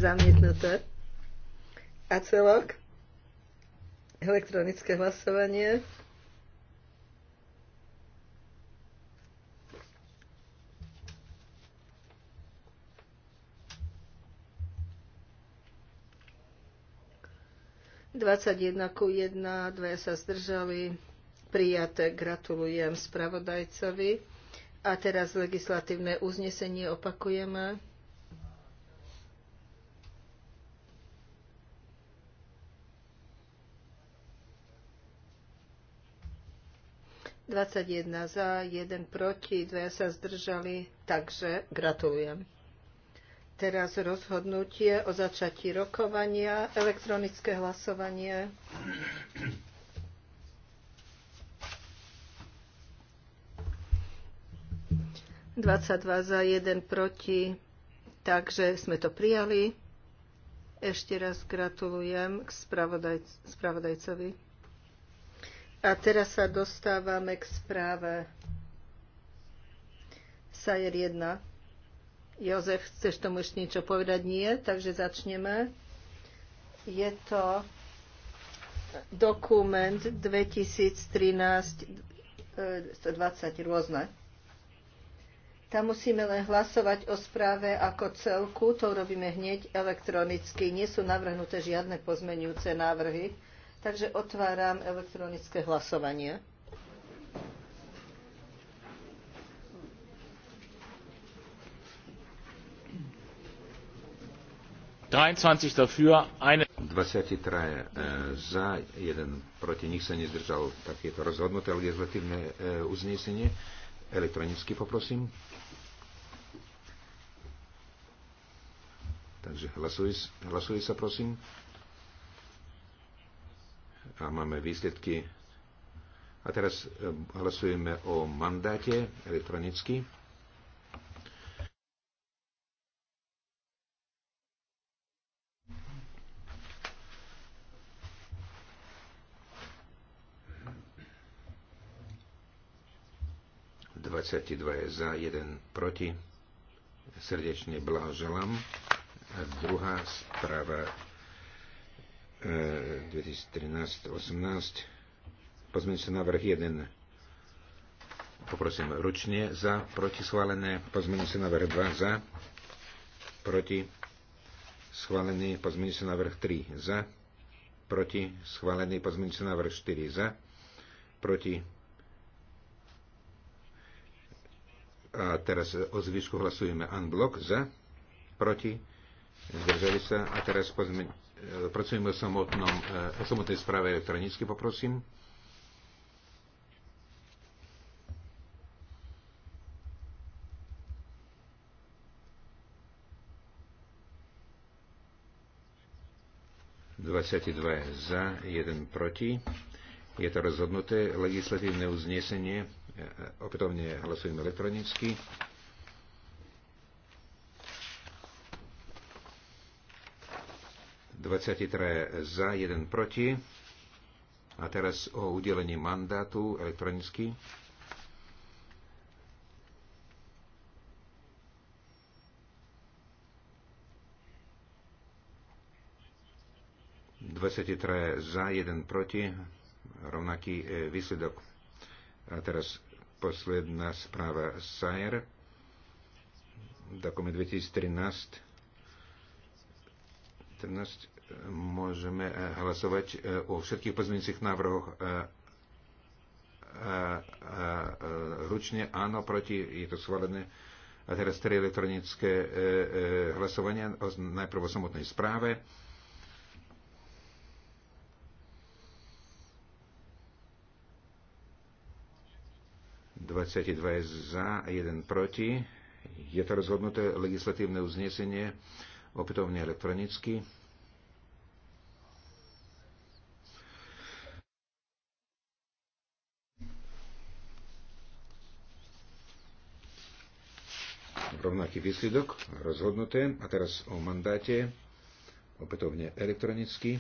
zamietnuté. A celok, elektronické hlasovanie. jedna ku jedna, dvaja sa zdržali. Prijaté, gratulujem spravodajcovi. A teraz legislatívne uznesenie opakujeme. 21 za, 1 proti, 2 sa zdržali, takže gratulujem. Teraz rozhodnutie o začatí rokovania, elektronické hlasovanie. Dvadsaťdva za, jeden proti, takže sme to prijali. Ešte raz gratulujem k spravodajcovi. A teraz sa dostávame k správe Sajer 1. Jozef, chceš tomu ešte niečo povedať? Nie, takže začneme. Je to dokument 2013-120 e, rôzne. Tam musíme len hlasovať o správe ako celku, to robíme hneď elektronicky. Nie sú navrhnuté žiadne pozmenujúce návrhy. Takže otváram elektronické hlasovanie. Dafür, eine... 23 e, za, jeden proti, nich sa nezdržal takéto rozhodnuté legislatívne uznesenie. Elektronicky poprosím. Takže hlasuj, hlasuje sa prosím a máme výsledky. A teraz e, hlasujeme o mandáte elektronicky. je za, jeden proti. Srdečne blahoželám. druhá správa 2013-18, pozmeňujúci návrh 1, poprosím ručne za, proti schválené, pozmeňujúci návrh 2 za, proti schválený, pozmeňujúci návrh 3 za, proti schválený, pozmeňujúci návrh 4 za, proti a teraz o zvyšku hlasujeme unblock za, proti, zdržali sa a teraz pozmeňujúci E, pracujeme o, samotnom, e, o samotnej správe elektronicky, poprosím. za, jeden proti. Je to rozhodnuté legislatívne uznesenie. E, opätovne hlasujeme elektronicky. 23 za, 1 proti. A teraz o udelení mandátu elektronicky. za, jeden proti, rovnaký e, výsledok. A teraz posledná správa SAER, dokument 2013, 13, môžeme eh, hlasovať eh, o všetkých pozmeňujúcich návrhoch eh, ručne áno, proti, je to schválené. A teraz tri elektronické hlasovania, najprv o samotnej správe. Dvadsaťdva je za, jeden proti. Je to rozhodnuté legislatívne uznesenie opätovne elektronicky. rovnaký výsledok, rozhodnuté. A teraz o mandáte, opätovne elektronicky.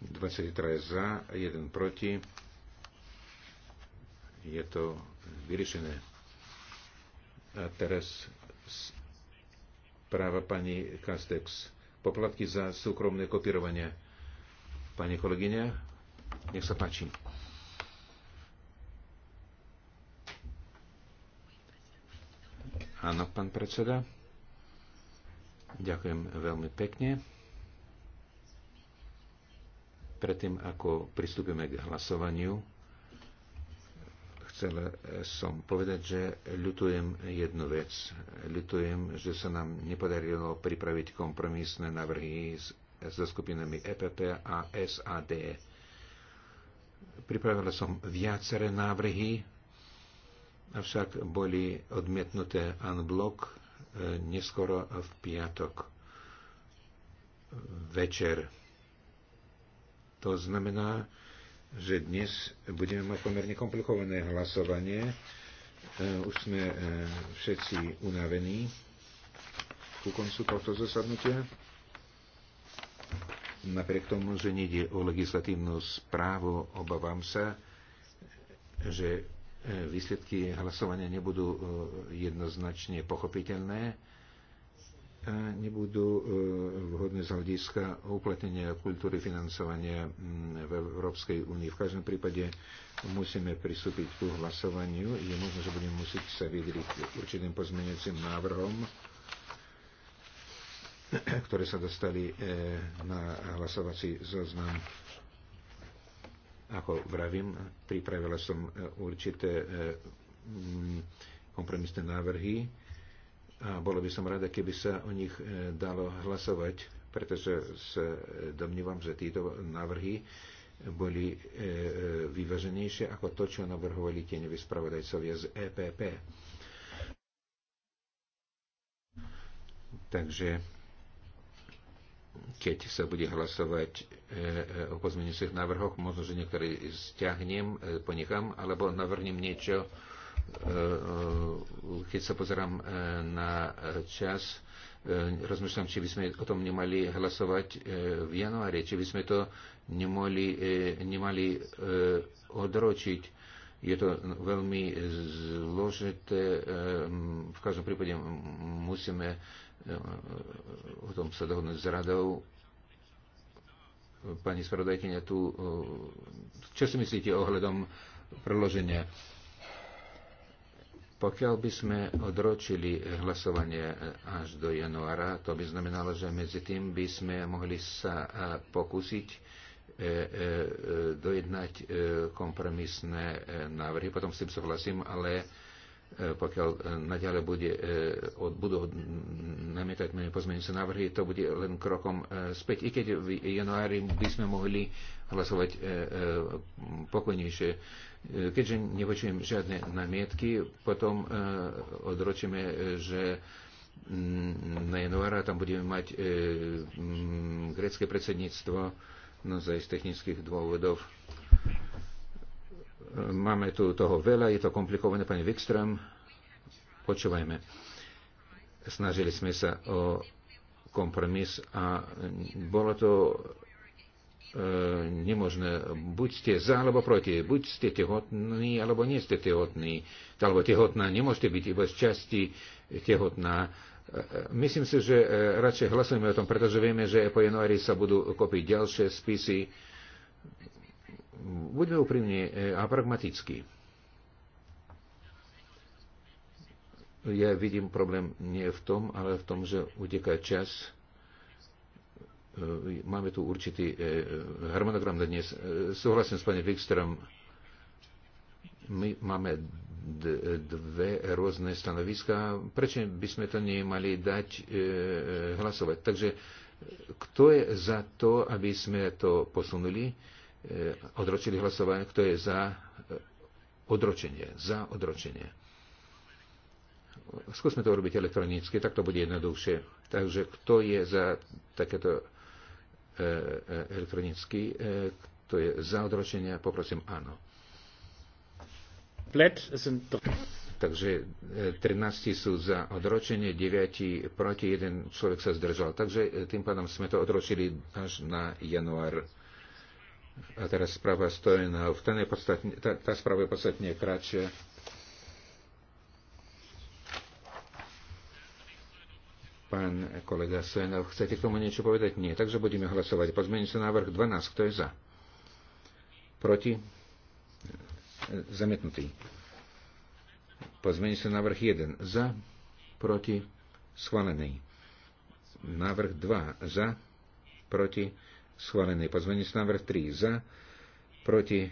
Dvadsaťtraja za, jeden proti. Je to vyriešené. A teraz práva pani Kastex. Poplatky za súkromné kopírovanie. Pani kolegyňa, nech sa páči. Áno, pán predseda. Ďakujem veľmi pekne. Predtým, ako pristúpime k hlasovaniu, chcel som povedať, že ľutujem jednu vec. Ľutujem, že sa nám nepodarilo pripraviť kompromisné navrhy so skupinami EPP a SAD. Pripravila som viaceré návrhy, avšak boli odmietnuté unblock e, neskoro v piatok večer. To znamená, že dnes budeme mať pomerne komplikované hlasovanie. E, už sme e, všetci unavení ku koncu tohto zasadnutia. Napriek tomu, že nejde o legislatívnu správu, obávam sa, že E, výsledky hlasovania nebudú e, jednoznačne pochopiteľné a e, nebudú vhodné z hľadiska uplatnenia kultúry financovania v Európskej únii. V každom prípade musíme pristúpiť ku hlasovaniu. Je možno, že budeme musieť sa vydriť určitým pozmeňujúcim návrhom, ktoré sa dostali na hlasovací zoznam ako vravím, pripravila som e, určité e, mm, kompromisné návrhy a bola by som rada, keby sa o nich e, dalo hlasovať, pretože sa domnívam, že tieto návrhy boli vyvaženejšie ako to, čo navrhovali tie spravodajcovia z EPP. Takže keď sa bude hlasovať e, e, o pozmeňujúcich návrhoch, možno, že niektoré stiahnem, e, ponechám, alebo navrhnem niečo, keď sa pozerám na čas, rozmýšľam, či by sme o tom nemali hlasovať v januári, či by sme to nemali, nemali odročiť. Je to veľmi zložité, v každom prípade musíme o tom sa dohodnúť s radou. Pani spravodajkynia tu, e, čo si myslíte ohľadom preloženia? Pokiaľ by sme odročili hlasovanie e, až do januára, to by znamenalo, že medzi tým by sme mohli sa e, pokúsiť dojednať kompromisné návrhy. Potom s tým súhlasím, ale E, pokiaľ e, naďalej bude, e, od, budú namietať menej pozmeňujúce návrhy, to bude len krokom späť. I keď v januári by sme mohli hlasovať pokojnejšie. Keďže nepočujem žiadne namietky, potom odročíme, že na januára tam budeme mať grecké predsedníctvo no, z technických dôvodov. Máme tu toho veľa, je to komplikované, pani Wikström. Počúvajme. Snažili sme sa o kompromis a bolo to e, nemožné. Buď ste za alebo proti, buď ste tehotní alebo nie ste tehotní, alebo tehotná, nemôžete byť iba z časti tehotná. E, myslím si, že e, radšej hlasujeme o tom, pretože vieme, že po januári sa budú kopiť ďalšie spisy buďme úprimní e, a pragmatickí. Ja vidím problém nie v tom, ale v tom, že uteká čas. E, máme tu určitý e, harmonogram na dnes. Súhlasím s pani Wikstrom. My máme dve rôzne stanoviska. Prečo by sme to nemali dať hlasovať? Takže kto je za to, aby sme to posunuli? Eh, odročili hlasovanie, kto je za eh, odročenie, za odročenie. Skúsme to urobiť elektronicky, tak to bude jednoduchšie. Takže kto je za takéto eh, elektronicky, kto je za odročenie, poprosím áno. Takže 13 sú za odročenie, 9 proti, jeden človek sa zdržal. Takže tým pádom sme to odročili až na január a teraz správa Stojanov. Tá, ta, ta sprawa jest podstatne kracie. Pan kolega Senow, chcecie k tomu niečo powiedzieć? Nie. będziemy głosować. hlasovať. się na návrh 12. Kto jest za? Proti? Zamietnutý. się na návrh 1. Za? Proti? Na Návrh 2. Za? Proti? schválený pozmeňujúci návrh 3 za, proti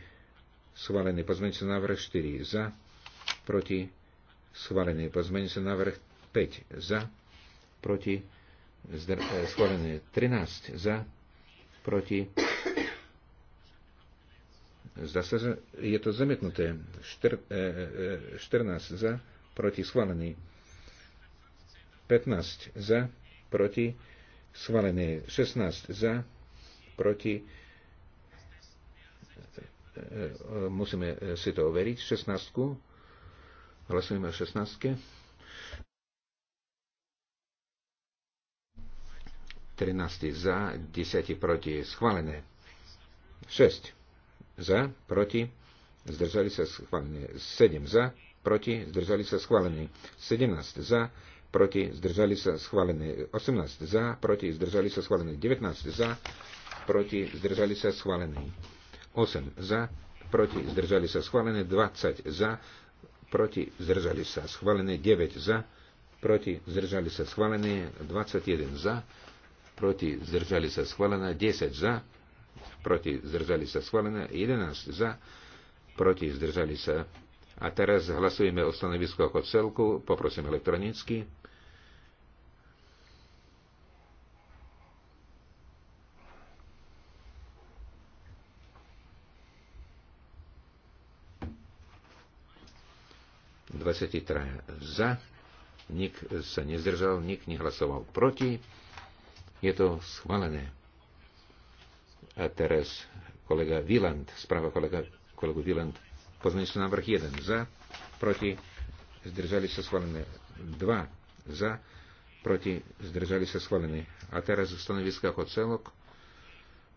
schválený pozmeňujúci návrh 4 za, proti schválený pozmeňujúci návrh 5 za, proti eh, schválený 13 za, proti Zdá sa, že je to zamietnuté. 14 eh, eh, za, proti schválený. 15 za, proti schválený. 16 za, proti. Musíme si to overiť. 16. Hlasujeme o 16. -ke. 13 za, 10 proti, schválené. 6 za, proti, zdržali sa schválené. 7 za, proti, zdržali sa schválené. 17 za, proti, zdržali sa schválené. 18 za, proti, zdržali sa schválené. 19 za, proti, zdržali sa schválený. 8 za, proti, zdržali sa schválené. 20 za, proti, zdržali sa schválené. 9 za, proti, zdržali sa schválené. 21 za, proti, zdržali sa schválené. 10 za, proti, zdržali sa schválené. 11 za, proti, zdržali sa. A teraz hlasujeme o stanovisku ako celku. Poprosím elektronicky. 23 za, nik sa nezdržal, nik nehlasoval proti. Je to schválené. A teraz kolega Wieland, správa kolega, kolegu Wieland, sa návrh 1 za, proti, zdržali sa schválené 2 za, proti, zdržali sa schválené. A teraz stanoviska ako celok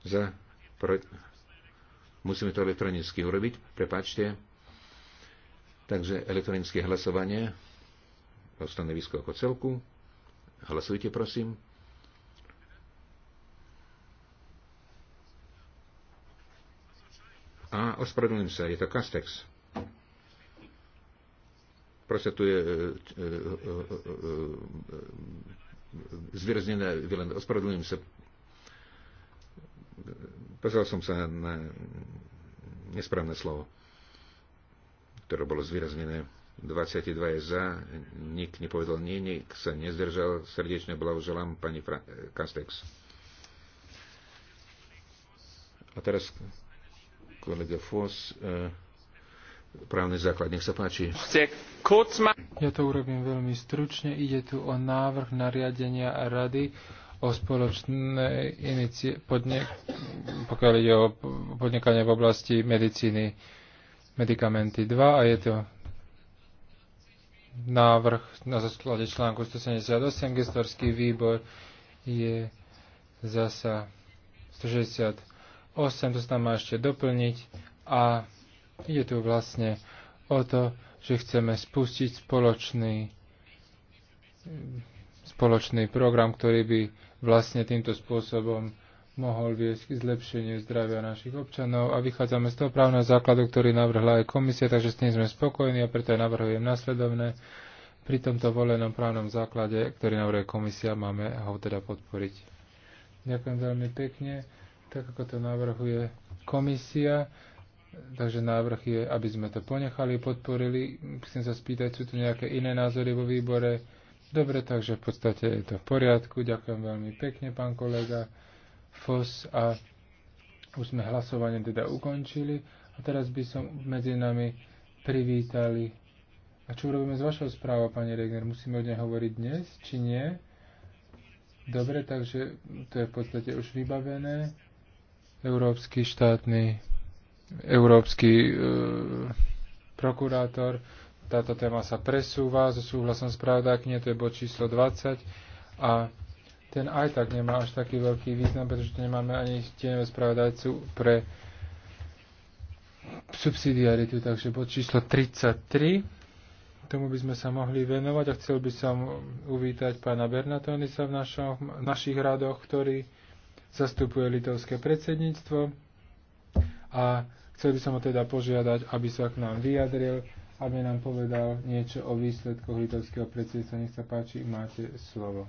za, proti, musíme to elektronicky urobiť, prepáčte, Takže elektronické hlasovanie o stanovisko ako celku. Hlasujte, prosím. A ospravedlňujem sa, je to Castex. Proste tu je e, e, e, e, zvýraznené, len ospravedlňujem sa. Pozrel som sa na nesprávne slovo ktoré bolo zvýraznené 22 je za, nik nepovedal nie, nik sa nezdržal. Srdečne blahoželám pani Fra- Kastex. A teraz kolega Foss, e, eh, právny základ, nech sa páči. Ja to urobím veľmi stručne. Ide tu o návrh nariadenia a rady o spoločnej inicie, podnik, pokiaľ ide o podnikanie v oblasti medicíny medikamenty 2 a je to návrh na základe článku 178. Gestorský výbor je zasa 168, to sa tam má ešte doplniť a ide tu vlastne o to, že chceme spustiť spoločný spoločný program, ktorý by vlastne týmto spôsobom mohol viesť k zlepšeniu zdravia našich občanov a vychádzame z toho právneho základu, ktorý navrhla aj komisia, takže s ním sme spokojní a preto aj navrhujem následovné. Pri tomto volenom právnom základe, ktorý navrhuje komisia, máme ho teda podporiť. Ďakujem veľmi pekne, tak ako to navrhuje komisia. Takže návrh je, aby sme to ponechali, podporili. Chcem sa spýtať, sú tu nejaké iné názory vo výbore? Dobre, takže v podstate je to v poriadku. Ďakujem veľmi pekne, pán kolega. FOS a už sme hlasovanie teda ukončili a teraz by som medzi nami privítali. A čo urobíme s vašou správou, pani Regner? Musíme o nej hovoriť dnes, či nie? Dobre, takže to je v podstate už vybavené. Európsky štátny, európsky e, prokurátor, táto téma sa presúva so súhlasom správodajkyne, to je bod číslo 20 a ten aj tak nemá až taký veľký význam, pretože nemáme ani tieňové spravodajcu pre subsidiaritu. Takže bod číslo 33 tomu by sme sa mohli venovať a chcel by som uvítať pána Bernatonisa v našom, našich radoch, ktorý zastupuje litovské predsedníctvo a chcel by som ho teda požiadať, aby sa k nám vyjadril, aby nám povedal niečo o výsledkoch litovského predsedníctva. Nech sa páči, máte slovo.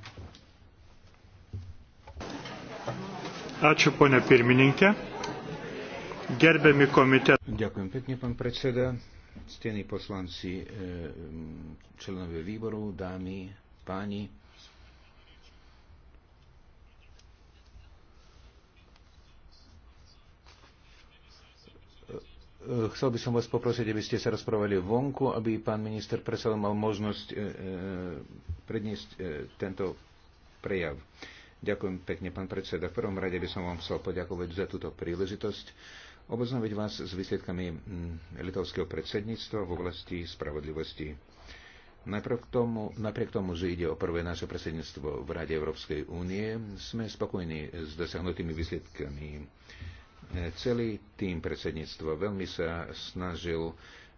Ačiū, ponia pirmininkė. Gerbiami komitetai. Ďakujem pekne, pán predseda. Stení poslanci, eh, členovia výboru, dámy, páni. Eh, chcel by som vás poprosiť, aby ste sa rozprávali vonku, aby pán minister predsa mal možnosť eh, predniesť tento prejav. Ďakujem pekne, pán predseda. V prvom rade by som vám chcel poďakovať za túto príležitosť oboznoviť vás s výsledkami mm, litovského predsedníctva v oblasti spravodlivosti. Napriek tomu, napriek tomu, že ide o prvé naše predsedníctvo v Rade Európskej únie, sme spokojní s dosiahnutými výsledkami. Celý tým predsedníctva veľmi sa snažil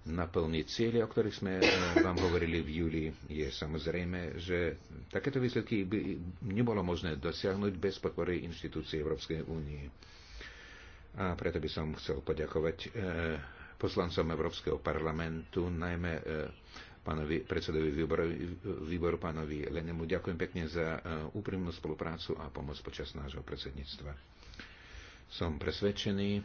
naplniť cieľe, o ktorých sme eh, vám hovorili v júli. Je samozrejme, že takéto výsledky by nebolo možné dosiahnuť bez podpory inštitúcií Európskej únie. A preto by som chcel poďakovať eh, poslancom Európskeho parlamentu, najmä eh, pánovi predsedovi výboru, výboru pánovi Lenemu. Ďakujem pekne za úprimnú spoluprácu a pomoc počas nášho predsedníctva. Som presvedčený,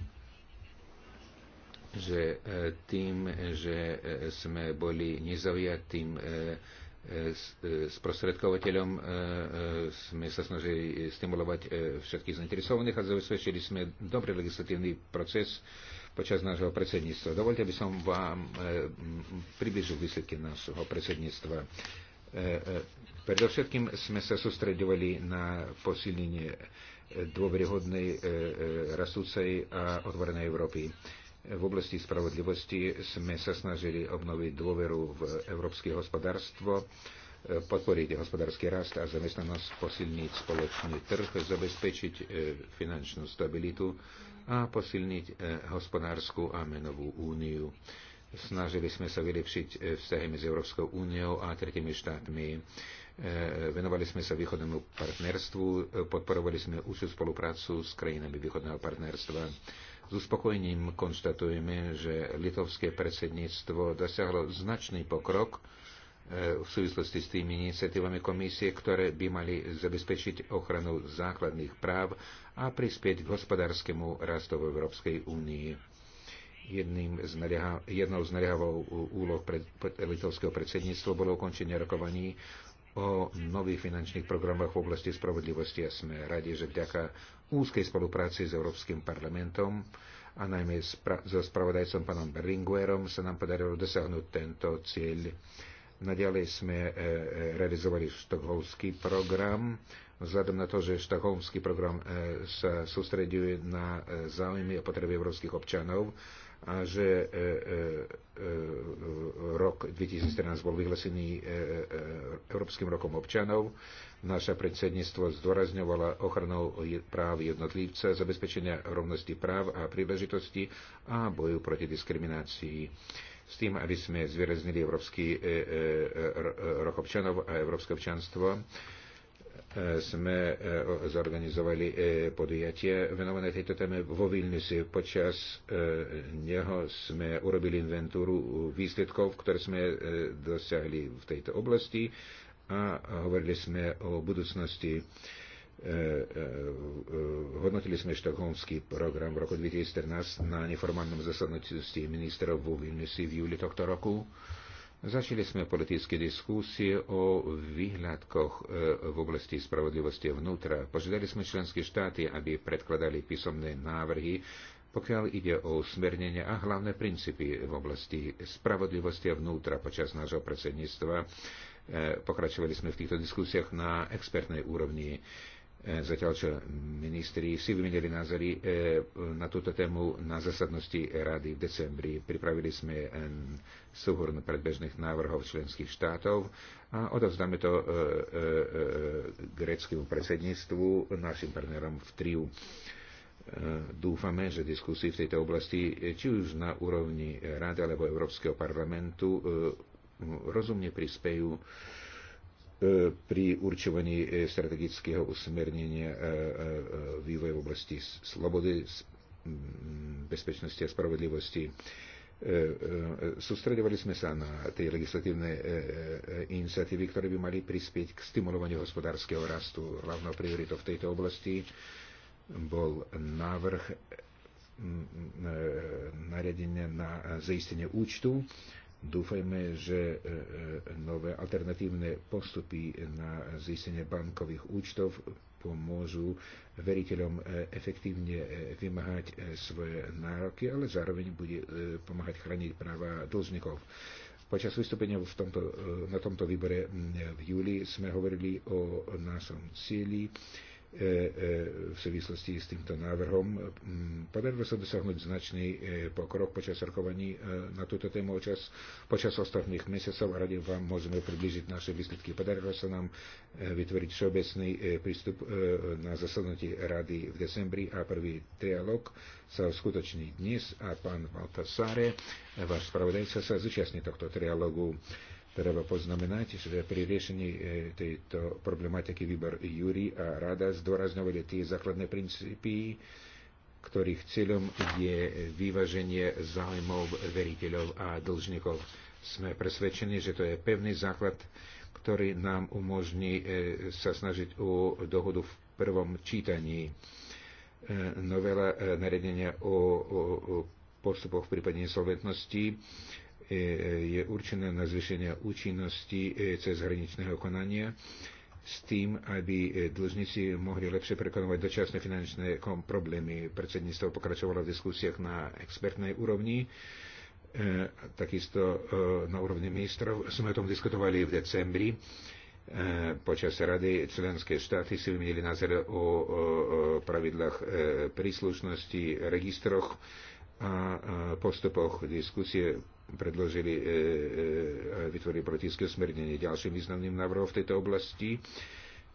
že e, tým, že e, sme boli nezaujatým e, sprostredkovateľom, sme sa snažili stimulovať všetkých zainteresovaných a zabezpečili sme dobrý legislatívny proces počas nášho predsedníctva. Dovolte, aby som vám približil výsledky nášho predsedníctva. Predovšetkým sme sa sústredovali na posilnenie dôveryhodnej, rastúcej a otvorenej Európy. V oblasti spravodlivosti sme sa snažili obnoviť dôveru v európske hospodárstvo, podporiť hospodársky rast a zamestnanosť, posilniť spoločný trh, zabezpečiť e, finančnú stabilitu a posilniť e, hospodárskú a menovú úniu. Snažili sme sa vylepšiť e, vzťahy medzi Európskou úniou a tretimi štátmi. Venovali sme sa východnému partnerstvu, podporovali sme úsiu spoluprácu s krajinami východného partnerstva s uspokojením konštatujeme, že litovské predsedníctvo dosiahlo značný pokrok e, v súvislosti s tými iniciatívami komisie, ktoré by mali zabezpečiť ochranu základných práv a prispieť k hospodárskému rastu v Európskej únii. jednou z naliehavou úloh pred, pred, litovského predsedníctva bolo ukončenie rokovaní o nových finančných programoch v oblasti spravodlivosti a sme radi, že vďaka úzkej spolupráci s Európskym parlamentom a najmä so spravodajcom pánom Berlinguerom sa nám podarilo dosiahnuť tento cieľ. Naďalej sme e, e, realizovali štokholmský program. Vzhľadom na to, že štokholmský program e, sa sústreduje na záujmy a potreby európskych občanov a že e, e, rok 2014 bol vyhlásený e, e, Európskym rokom občanov, naše predsedníctvo zdôrazňovalo ochranou práv jednotlivca, zabezpečenia rovnosti práv a príležitosti a boju proti diskriminácii s tým, aby sme zvýraznili európsky e, e, e rok e, občanov a európske občanstvo. E, sme zorganizovali podujatie venované tejto téme vo Vilniuse. Počas neho sme urobili inventúru výsledkov, ktoré sme dosiahli v tejto oblasti a hovorili sme o budúcnosti e, e, e, hodnotili sme štokholmský program v roku 2014 na neformálnom zasadnutí ministrov vo Vilniusi v júli tohto roku. Začali sme politické diskusie o výhľadkoch v oblasti spravodlivosti vnútra. Požiadali sme členské štáty, aby predkladali písomné návrhy, pokiaľ ide o smernenie a hlavné princípy v oblasti spravodlivosti vnútra počas nášho predsedníctva Eh, pokračovali sme v týchto diskusiách na expertnej úrovni. Eh, zatiaľ, čo ministri si vymenili názory eh, na túto tému na zasadnosti rady v decembri. Pripravili sme súhrn predbežných návrhov členských štátov a odovzdáme to greckému predsedníctvu, našim partnerom v triu dúfame, že diskusie v tejto oblasti, či už na úrovni Rady alebo Európskeho parlamentu, rozumne prispejú e, pri určovaní e, strategického usmernenia e, vývoja v oblasti slobody, bezpečnosti a spravodlivosti. Sústredovali sme sa na tie legislatívne iniciatívy, ktoré by mali prispieť k stimulovaniu hospodárskeho rastu. Hlavnou prioritou v tejto oblasti bol návrh nariadenia na zaistenie účtu Dúfajme, že e, e, nové alternatívne postupy na zistenie bankových účtov pomôžu veriteľom e, efektívne vymáhať svoje nároky, ale zároveň bude pomáhať chrániť práva dlžníkov. Počas vystúpenia v tomto, na tomto výbore v júli sme hovorili o našom cieli E, e, v súvislosti s týmto návrhom. Mm, podarilo sa dosiahnuť značný e, pokrok počas rokovaní na túto tému čas, počas ostatných mesiacov a radi vám môžeme približiť naše výsledky. Podarilo sa nám vytvoriť všeobecný prístup na zasadnutí rady v decembri a prvý dialog sa uskutoční dnes a pán Baltasare, váš spravodajca, sa zúčastní tohto trialogu. Treba poznamenať, že pri riešení e, tejto problematiky výbor Júri a Rada zdôrazňovali tie základné princípy, ktorých cieľom je vyváženie zájmov veriteľov a dlžníkov. Sme presvedčení, že to je pevný základ, ktorý nám umožní e, sa snažiť o dohodu v prvom čítaní. E, novela naredenia o, o postupoch v prípade insolventnosti E, je určené na zvýšenie účinnosti e, cez hraničného konania s tým, aby e, dlžníci mohli lepšie prekonovať dočasné finančné problémy. Predsedníctvo pokračovalo v diskusiách na expertnej úrovni, takisto na úrovni ministrov. Sme o tom diskutovali v decembri. Počas rady členské štáty si vymenili názor o pravidlách príslušnosti, registroch a postupoch diskusie predložili e, e, a vytvorili politické smernenie. Ďalším významným návrhom v tejto oblasti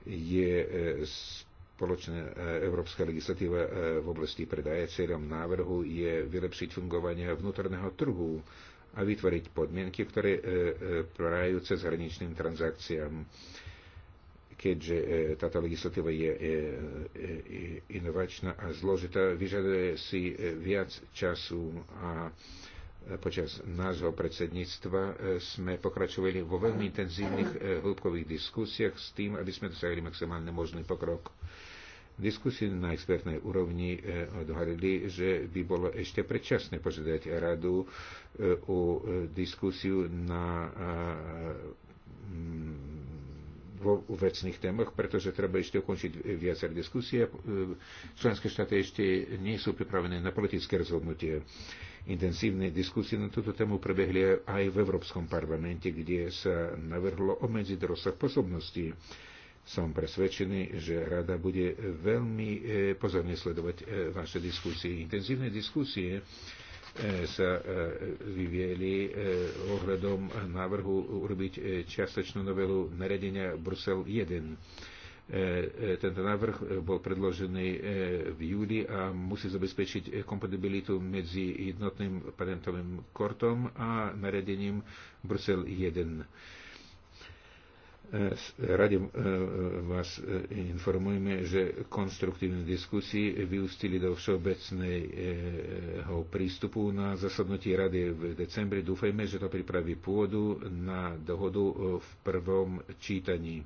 je e, spoločná európska legislatíva v oblasti predaje. Cieľom návrhu je vylepšiť fungovanie vnútorného trhu a vytvoriť podmienky, ktoré prajú cez hraničným transakciám. Keďže táto legislatíva je inovačná a zložitá, vyžaduje si viac času a E, počas nášho predsedníctva e, sme pokračovali vo veľmi intenzívnych e, hĺbkových diskusiách s tým, aby sme dosiahli maximálne možný pokrok. Diskusie na expertnej úrovni odhalili, že by bolo ešte predčasné požiadať radu o diskusiu na vo vecných témach, pretože treba ešte ukončiť viacer diskusie. Členské štáty ešte nie sú pripravené na politické rozhodnutie. Intenzívne diskusie na túto tému prebehli aj v Európskom parlamente, kde sa navrhlo obmedziť rozsah posobností. Som presvedčený, že rada bude veľmi e, pozorne sledovať e, vaše diskusie. Intenzívne diskusie e, sa vyvieli ohľadom návrhu urobiť čiastočnú novelu naredenia Brusel 1 E, e, tento návrh e, bol predložený v júli a musí zabezpečiť kompatibilitu medzi jednotným patentovým kortom a naredením Brusel 1. Rade vás informujeme, že konstruktívne diskusie vyústili do všeobecného prístupu na zasadnutí Rady v decembri. Dúfajme, že to pripraví pôdu na dohodu v prvom čítaní.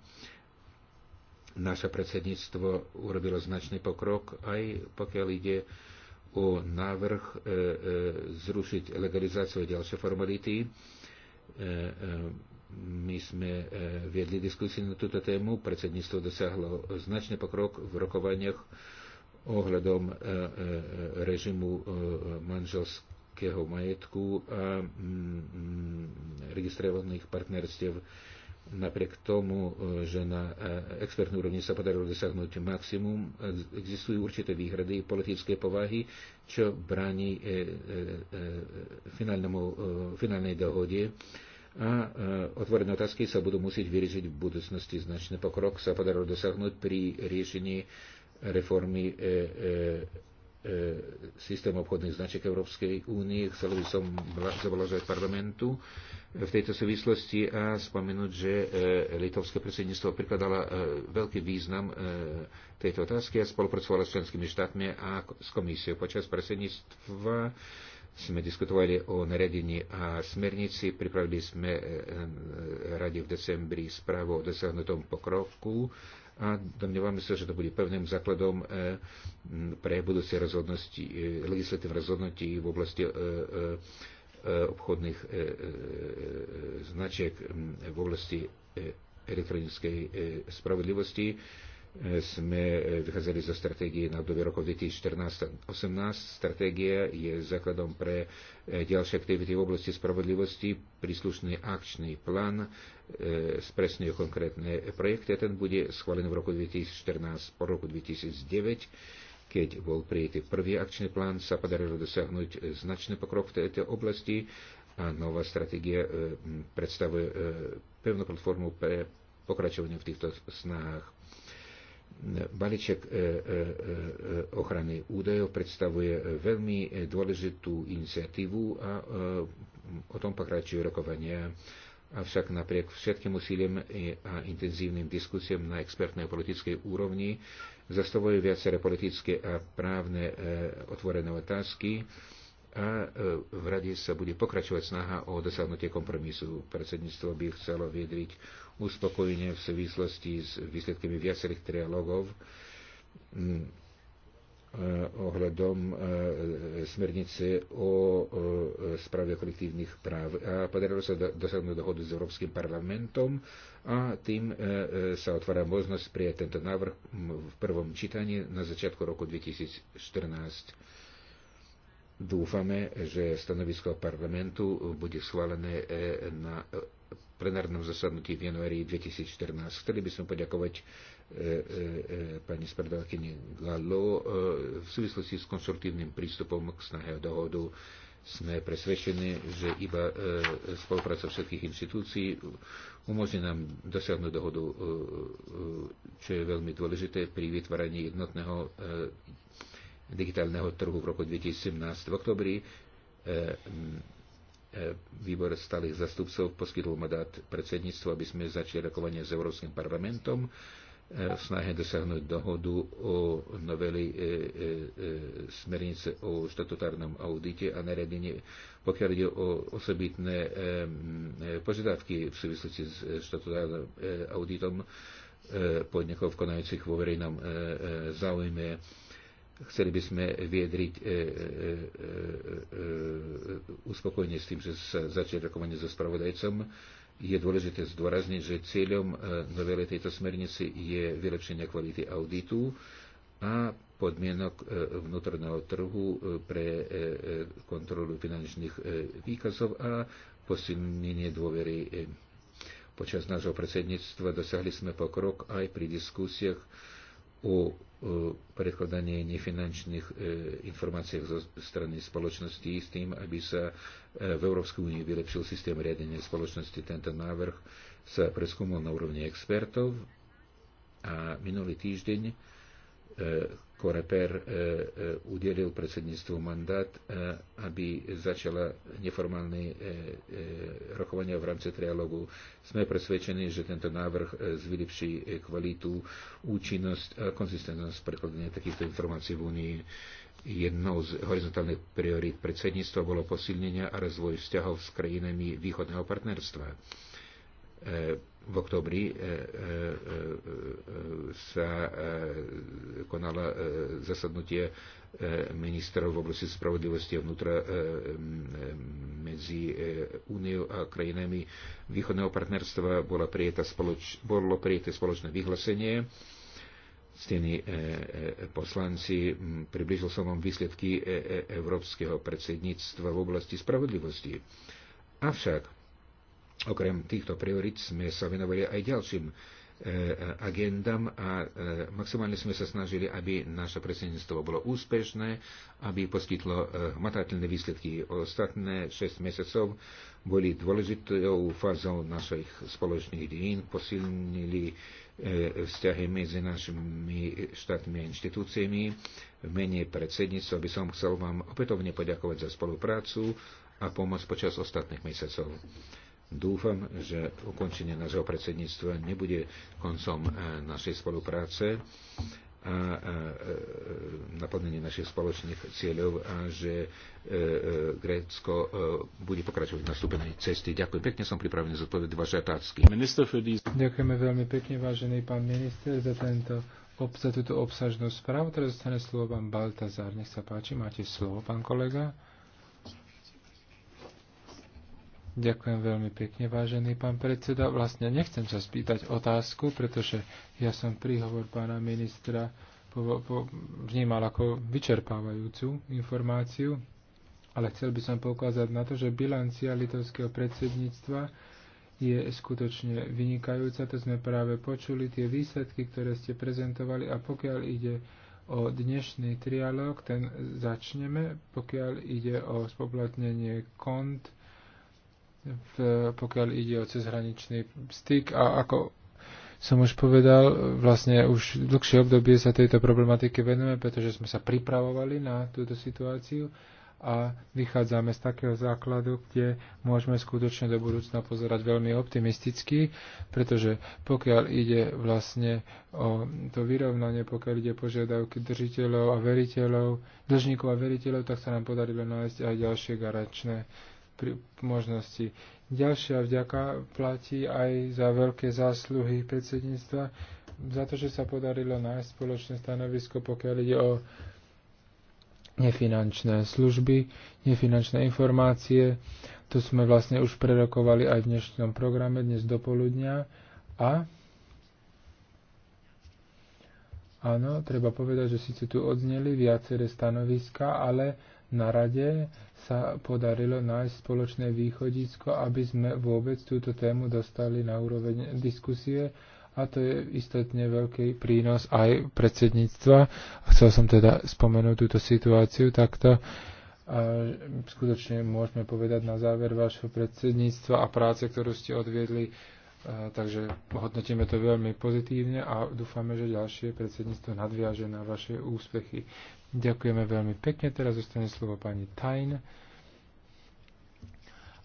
Naše predsedníctvo urobilo značný pokrok, aj pokiaľ ide o návrh e, e, zrušiť legalizáciu a ďalšie formality. E, my sme viedli diskusiu na túto tému. Predsedníctvo dosiahlo značný pokrok v rokovaniach ohľadom režimu manželského majetku a mm, mm, registrovaných partnerstiev Napriek tomu, e, že na e, expertnú úrovni sa podarilo dosiahnuť maximum, e, existujú určité výhrady politickej povahy, čo bráni finálnej dohode a otvorené otázky sa budú musieť vyriešiť v budúcnosti. Značný pokrok sa podarilo dosiahnuť pri riešení reformy systému obchodných značiek Európskej únie. Chcel by som zablažovať parlamentu v tejto súvislosti a spomenúť, že e, litovské predsedníctvo prikladala e, veľký význam e, tejto otázky a spolupracovala s členskými štátmi a s komisiou. Počas predsedníctva sme diskutovali o naredení a smernici, pripravili sme radi v decembri správu o dosiahnutom pokrovku a domnievame sa, že to bude pevným základom pre budúce rozhodnosti, legislatívne rozhodnutí v oblasti E, obchodných e, e, značiek v oblasti elektronickej spravodlivosti. Sme vychádzali zo stratégie na obdobie rokov 2014-2018. Stratégia je základom pre ďalšie aktivity v oblasti spravodlivosti. Príslušný akčný plán spresňuje konkrétne projekty a ten bude schválený v roku 2014 po roku 2009 keď bol prijatý prvý akčný plán, sa podarilo dosiahnuť značný pokrok v tejto oblasti a nová stratégia e, predstavuje e, pevnú platformu pre pokračovanie v týchto snahách. Balíček e, ochrany údajov predstavuje veľmi dôležitú iniciatívu a o tom pokračujú rokovania. Avšak napriek všetkým úsilím a intenzívnym diskusiam na expertnej a politickej úrovni zastavujú viaceré politické a právne e, otvorené otázky a e, v rade sa bude pokračovať snaha o dosiahnutie kompromisu. Predsedníctvo by chcelo vyjadriť uspokojenie v súvislosti s výsledkami viacerých trialogov mm, Eh, ohľadom eh, smernice o eh, správe kolektívnych práv. A podarilo sa dosiahnuť dohodu s Európskym parlamentom a tým sa otvára možnosť prijať tento návrh hm, v prvom čítaní na začiatku roku 2014. Dúfame, že stanovisko parlamentu bude schválené na plenárnom zasadnutí v januári 2014. Chceli by som poďakovať E, e, e, pani spravodajkyni Galo. V súvislosti s konstruktívnym prístupom k snahe o dohodu sme presvedčení, že iba spolupráca všetkých inštitúcií umožní nám dosiahnuť dohodu, čo je veľmi dôležité pri vytváraní jednotného digitálneho trhu v roku 2017. V oktobri výbor stálych zastupcov poskytol mandát predsedníctvu, aby sme začali rokovanie s Európskym parlamentom v snahe dosiahnuť dohodu o noveli e, e, e, smernice o štatutárnom audite a nariadenie, pokiaľ ide o osobitné e, e požiadavky v súvislosti s štatutárnym e, e, auditom e, podnikov konajúcich vo verejnom e, e, záujme. Chceli by sme viedriť e, e, e, e, e uspokojenie s tým, že sa začali rokovanie so spravodajcom. E, je dôležité zdôrazniť, že cieľom e, novele tejto smernice je vylepšenie kvality auditu a podmienok e, vnútorného trhu e, pre kontrolu finančných výkazov a posilnenie dôvery. Počas nášho predsedníctva dosiahli sme pokrok aj pri diskusiách o predkladaní nefinančných informácií zo strany spoločnosti s tým, aby sa E, v Európskej únii vylepšil systém riadenia spoločnosti. Tento návrh sa preskúmal na úrovni expertov a minulý týždeň e, Koreper e, udelil predsedníctvu mandát, aby začala neformálne rokovania v rámci trialogu. Sme presvedčení, že tento návrh zvylepší kvalitu, účinnosť a konzistentnosť prekladania takýchto informácií v Únii. Jednou z horizontálnych priorít predsedníctva bolo posilnenie a rozvoj vzťahov s krajinami východného partnerstva. E, v oktobri e, e, sa konala zasadnutie ministrov v oblasti spravodlivosti a vnútra medzi Úniou a krajinami východného partnerstva. Bolo prijaté spoločné vyhlásenie stení e, e, poslanci, približil som vám výsledky e, európskeho predsedníctva v oblasti spravodlivosti. Avšak, okrem týchto priorit sme sa venovali aj ďalším agendám a maximálne sme sa snažili, aby naše predsedníctvo bolo úspešné, aby poskytlo hmatateľné výsledky. Ostatné 6 mesiacov boli dôležitou fázou našich spoločných dejín, posilnili E, vzťahy medzi našimi štátmi a inštitúciami. V mene predsedníctva by som chcel vám opätovne poďakovať za spoluprácu a pomoc počas ostatných mesiacov. Dúfam, že ukončenie nášho predsedníctva nebude koncom e, našej spolupráce a naplnenie našich spoločných cieľov a že e, e, Grécko e, bude pokračovať na stúpenej ceste. Ďakujem pekne, som pripravený zodpovedať vaše otázky. Ďakujeme veľmi pekne, vážený pán minister, za, tento, za túto obsažnú správu. Teraz zostane slovo pán Baltazár. Nech sa páči, máte slovo, pán kolega. Ďakujem veľmi pekne, vážený pán predseda. Vlastne nechcem sa spýtať otázku, pretože ja som príhovor pána ministra po, po, vnímal ako vyčerpávajúcu informáciu, ale chcel by som poukázať na to, že bilancia litovského predsedníctva je skutočne vynikajúca. To sme práve počuli, tie výsledky, ktoré ste prezentovali a pokiaľ ide o dnešný trialog, ten začneme, pokiaľ ide o spoplatnenie kont, v, pokiaľ ide o cezhraničný styk a ako som už povedal, vlastne už dlhšie obdobie sa tejto problematike venujeme, pretože sme sa pripravovali na túto situáciu a vychádzame z takého základu, kde môžeme skutočne do budúcna pozerať veľmi optimisticky, pretože pokiaľ ide vlastne o to vyrovnanie, pokiaľ ide požiadavky držiteľov a veriteľov, dlžníkov a veriteľov, tak sa nám podarilo nájsť aj ďalšie garačné pri možnosti. Ďalšia vďaka platí aj za veľké zásluhy predsedníctva, za to, že sa podarilo nájsť spoločné stanovisko, pokiaľ ide o nefinančné služby, nefinančné informácie. To sme vlastne už prerokovali aj v dnešnom programe dnes do poludnia. A áno, treba povedať, že síce tu odzneli viaceré stanoviska, ale na rade sa podarilo nájsť spoločné východisko, aby sme vôbec túto tému dostali na úroveň diskusie a to je istotne veľký prínos aj predsedníctva. Chcel som teda spomenúť túto situáciu takto. A skutočne môžeme povedať na záver vášho predsedníctva a práce, ktorú ste odviedli, takže hodnotíme to veľmi pozitívne a dúfame, že ďalšie predsedníctvo nadviaže na vaše úspechy. Ďakujeme veľmi pekne. Teraz zostane slovo pani Tajn.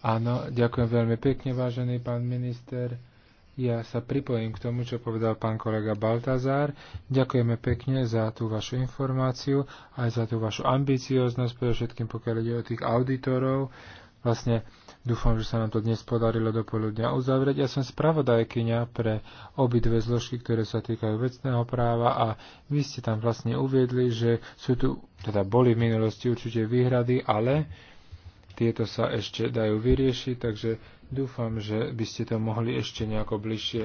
Áno, ďakujem veľmi pekne, vážený pán minister. Ja sa pripojím k tomu, čo povedal pán kolega Baltazár. Ďakujeme pekne za tú vašu informáciu, aj za tú vašu ambicioznosť, predovšetkým pokiaľ ide o tých auditorov. Vlastne Dúfam, že sa nám to dnes podarilo do poludňa uzavrieť. Ja som spravodajkyňa pre obidve zložky, ktoré sa týkajú vecného práva a vy ste tam vlastne uviedli, že sú tu, teda boli v minulosti určite výhrady, ale tieto sa ešte dajú vyriešiť, takže dúfam, že by ste to mohli ešte nejako bližšie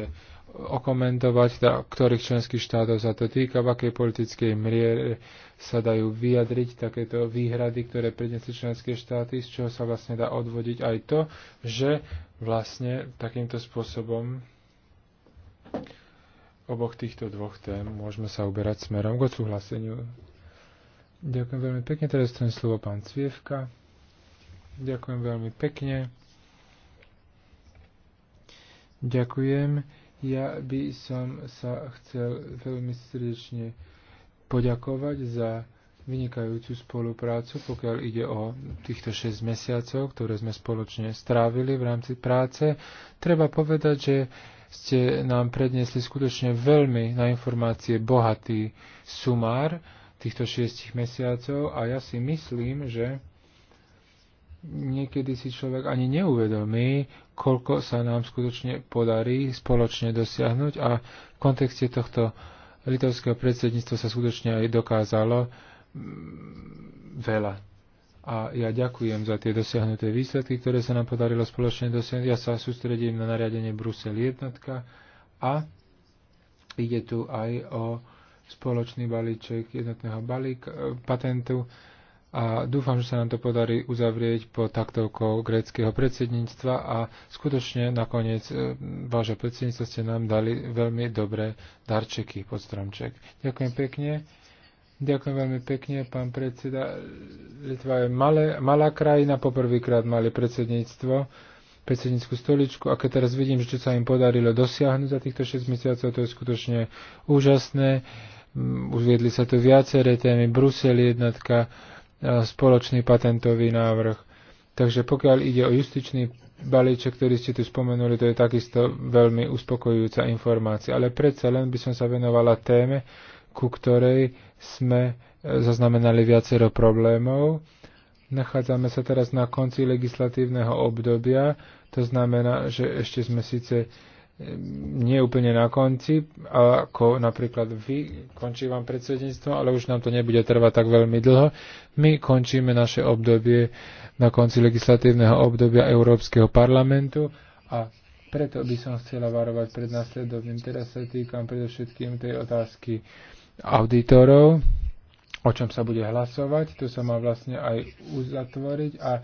okomentovať, ktorých členských štátov sa to týka, v akej politickej miere sa dajú vyjadriť takéto výhrady, ktoré prednesli členské štáty, z čoho sa vlastne dá odvodiť aj to, že vlastne takýmto spôsobom oboch týchto dvoch tém môžeme sa uberať smerom k odsúhlaseniu. Ďakujem veľmi pekne, teraz ten slovo pán Cvievka. Ďakujem veľmi pekne. Ďakujem. Ja by som sa chcel veľmi srdečne poďakovať za vynikajúcu spoluprácu, pokiaľ ide o týchto 6 mesiacov, ktoré sme spoločne strávili v rámci práce. Treba povedať, že ste nám predniesli skutočne veľmi na informácie bohatý sumár týchto 6 mesiacov a ja si myslím, že niekedy si človek ani neuvedomí, koľko sa nám skutočne podarí spoločne dosiahnuť a v kontexte tohto litovského predsedníctva sa skutočne aj dokázalo mm, veľa. A ja ďakujem za tie dosiahnuté výsledky, ktoré sa nám podarilo spoločne dosiahnuť. Ja sa sústredím na nariadenie Brusel jednotka a ide tu aj o spoločný balíček jednotného balík, patentu a dúfam, že sa nám to podarí uzavrieť pod taktovko gréckého predsedníctva a skutočne nakoniec e, vášho predsedníctva ste nám dali veľmi dobré darčeky pod stromček. Ďakujem pekne. Ďakujem veľmi pekne, pán predseda. Litva je malé, malá krajina, poprvýkrát mali predsedníctvo, predsedníckú stoličku a keď teraz vidím, že čo sa im podarilo dosiahnuť za týchto 6 mesiacov, to je skutočne úžasné. Mm, uviedli sa tu viaceré témy, Brusel jednotka, spoločný patentový návrh. Takže pokiaľ ide o justičný balíček, ktorý ste tu spomenuli, to je takisto veľmi uspokojujúca informácia. Ale predsa len by som sa venovala téme, ku ktorej sme e, zaznamenali viacero problémov. Nachádzame sa teraz na konci legislatívneho obdobia, to znamená, že ešte sme síce nie úplne na konci, ako napríklad vy, končí vám predsedníctvo, ale už nám to nebude trvať tak veľmi dlho. My končíme naše obdobie na konci legislatívneho obdobia Európskeho parlamentu a preto by som chcela varovať pred následovným. Teraz sa týkam predovšetkým tej otázky auditorov, o čom sa bude hlasovať. tu sa má vlastne aj uzatvoriť a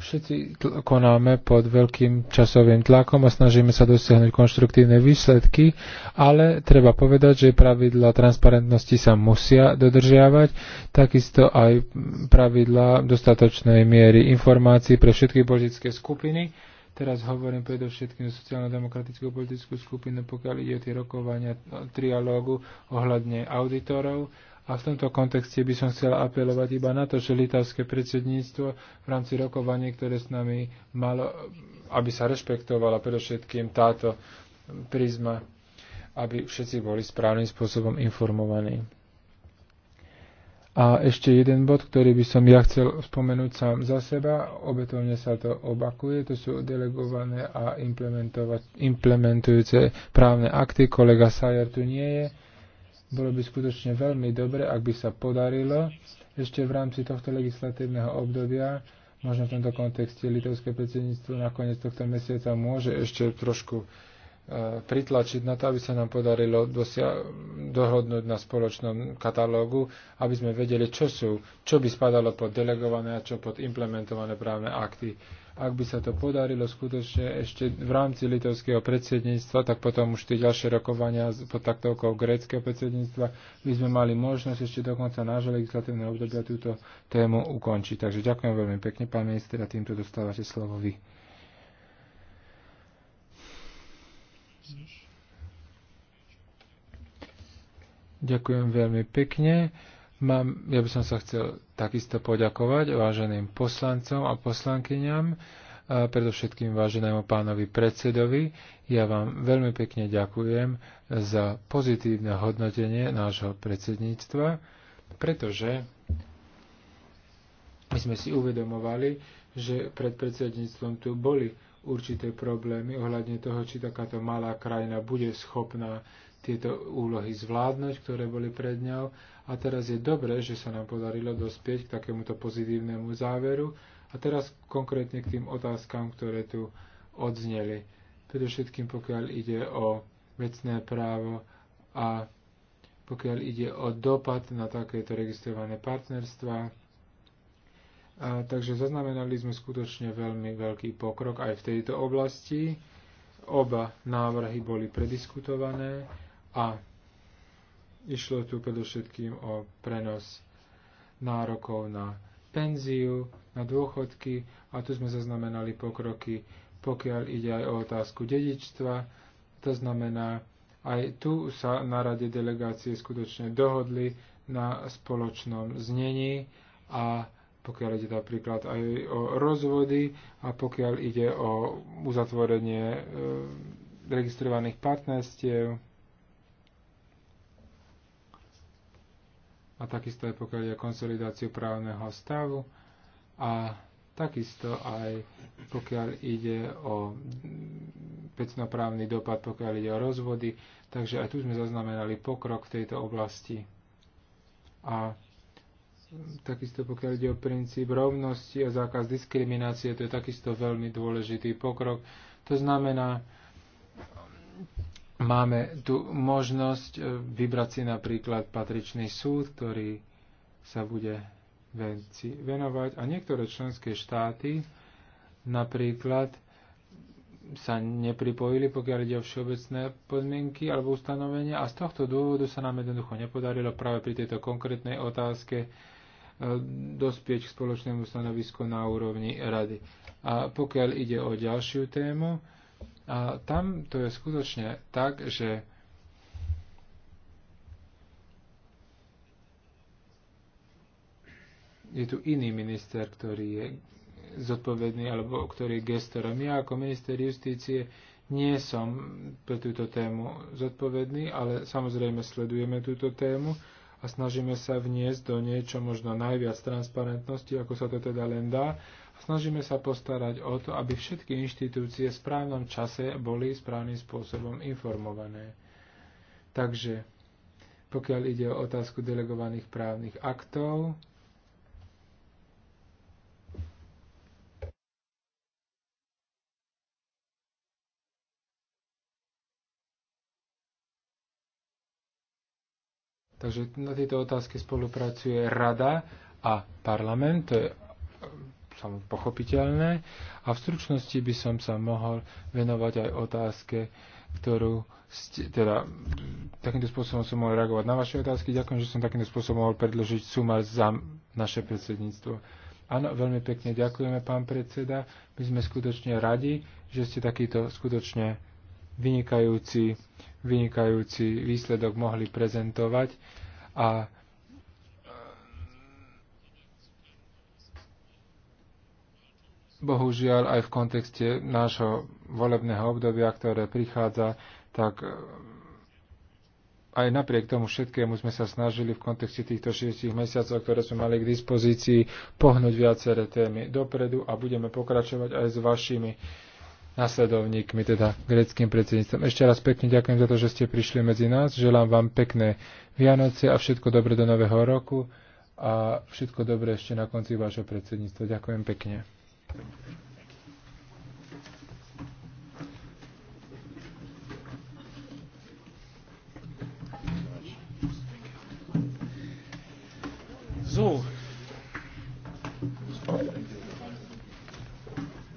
Všetci konáme pod veľkým časovým tlakom a snažíme sa dosiahnuť konštruktívne výsledky, ale treba povedať, že pravidla transparentnosti sa musia dodržiavať, takisto aj pravidla dostatočnej miery informácií pre všetky politické skupiny. Teraz hovorím predovšetkým o sociálno-demokratickú politickú skupinu, pokiaľ ide o tie rokovania trialógu ohľadne auditorov a v tomto kontexte by som chcela apelovať iba na to, že litavské predsedníctvo v rámci rokovania, ktoré s nami malo, aby sa rešpektovala predovšetkým táto prízma, aby všetci boli správnym spôsobom informovaní. A ešte jeden bod, ktorý by som ja chcel spomenúť sám za seba, obetovne sa to obakuje, to sú delegované a implementujúce právne akty. Kolega Sajer tu nie je bolo by skutočne veľmi dobre, ak by sa podarilo ešte v rámci tohto legislatívneho obdobia, možno v tomto kontexte litovské predsedníctvo na koniec tohto mesiaca môže ešte trošku e, pritlačiť na to, aby sa nám podarilo dosia- dohodnúť na spoločnom katalógu, aby sme vedeli, čo sú, čo by spadalo pod delegované a čo pod implementované právne akty ak by sa to podarilo skutočne ešte v rámci litovského predsedníctva, tak potom už tie ďalšie rokovania pod taktovkou gréckého predsedníctva by sme mali možnosť ešte do konca nášho legislatívneho obdobia túto tému ukončiť. Takže ďakujem veľmi pekne, pán minister, a týmto dostávate slovo vy. Ďakujem veľmi pekne. Mám, ja by som sa chcel takisto poďakovať váženým poslancom a poslankyňam, a predovšetkým váženému pánovi predsedovi. Ja vám veľmi pekne ďakujem za pozitívne hodnotenie nášho predsedníctva, pretože my sme si uvedomovali, že pred predsedníctvom tu boli určité problémy ohľadne toho, či takáto malá krajina bude schopná tieto úlohy zvládnuť, ktoré boli pred ňou. A teraz je dobré, že sa nám podarilo dospieť k takémuto pozitívnemu záveru. A teraz konkrétne k tým otázkam, ktoré tu odzneli. Predovšetkým pokiaľ ide o vecné právo a pokiaľ ide o dopad na takéto registrované partnerstvá. A, takže zaznamenali sme skutočne veľmi veľký pokrok aj v tejto oblasti. Oba návrhy boli prediskutované a išlo tu predovšetkým o prenos nárokov na penziu, na dôchodky a tu sme zaznamenali pokroky, pokiaľ ide aj o otázku dedičstva. To znamená, aj tu sa na rade delegácie skutočne dohodli na spoločnom znení a pokiaľ ide napríklad aj o rozvody a pokiaľ ide o uzatvorenie e, registrovaných partnerstiev, a takisto aj pokiaľ ide o konsolidáciu právneho stavu a takisto aj pokiaľ ide o pecnoprávny dopad, pokiaľ ide o rozvody. Takže aj tu sme zaznamenali pokrok v tejto oblasti. A takisto pokiaľ ide o princíp rovnosti a zákaz diskriminácie, to je takisto veľmi dôležitý pokrok. To znamená, Máme tu možnosť e, vybrať si napríklad patričný súd, ktorý sa bude venci venovať a niektoré členské štáty napríklad sa nepripojili, pokiaľ ide o všeobecné podmienky alebo ustanovenia a z tohto dôvodu sa nám jednoducho nepodarilo práve pri tejto konkrétnej otázke e, dospieť k spoločnému stanovisku na úrovni rady. A pokiaľ ide o ďalšiu tému, a tam to je skutočne tak, že je tu iný minister, ktorý je zodpovedný, alebo ktorý je gestorom. Ja ako minister justície nie som pre túto tému zodpovedný, ale samozrejme sledujeme túto tému a snažíme sa vniesť do niečo možno najviac transparentnosti, ako sa to teda len dá. Snažíme sa postarať o to, aby všetky inštitúcie v správnom čase boli správnym spôsobom informované. Takže pokiaľ ide o otázku delegovaných právnych aktov, Takže na tieto otázky spolupracuje Rada a parlament, to je pochopiteľné. A v stručnosti by som sa mohol venovať aj otázke, ktorú ste, teda takýmto spôsobom som mohol reagovať na vaše otázky. Ďakujem, že som takýmto spôsobom mohol predložiť sumár za naše predsedníctvo. Áno, veľmi pekne ďakujeme, pán predseda. My sme skutočne radi, že ste takýto skutočne vynikajúci, vynikajúci výsledok mohli prezentovať a bohužiaľ aj v kontexte nášho volebného obdobia, ktoré prichádza, tak eh, aj napriek tomu všetkému sme sa snažili v kontexte týchto šiestich mesiacov, ktoré sme mali k dispozícii, pohnúť viaceré témy dopredu a budeme pokračovať aj s vašimi nasledovníkmi, teda greckým predsedníctvom. Ešte raz pekne ďakujem za to, že ste prišli medzi nás. Želám vám pekné Vianoce a všetko dobre do nového roku a všetko dobre ešte na konci vášho predsedníctva. Ďakujem pekne. So.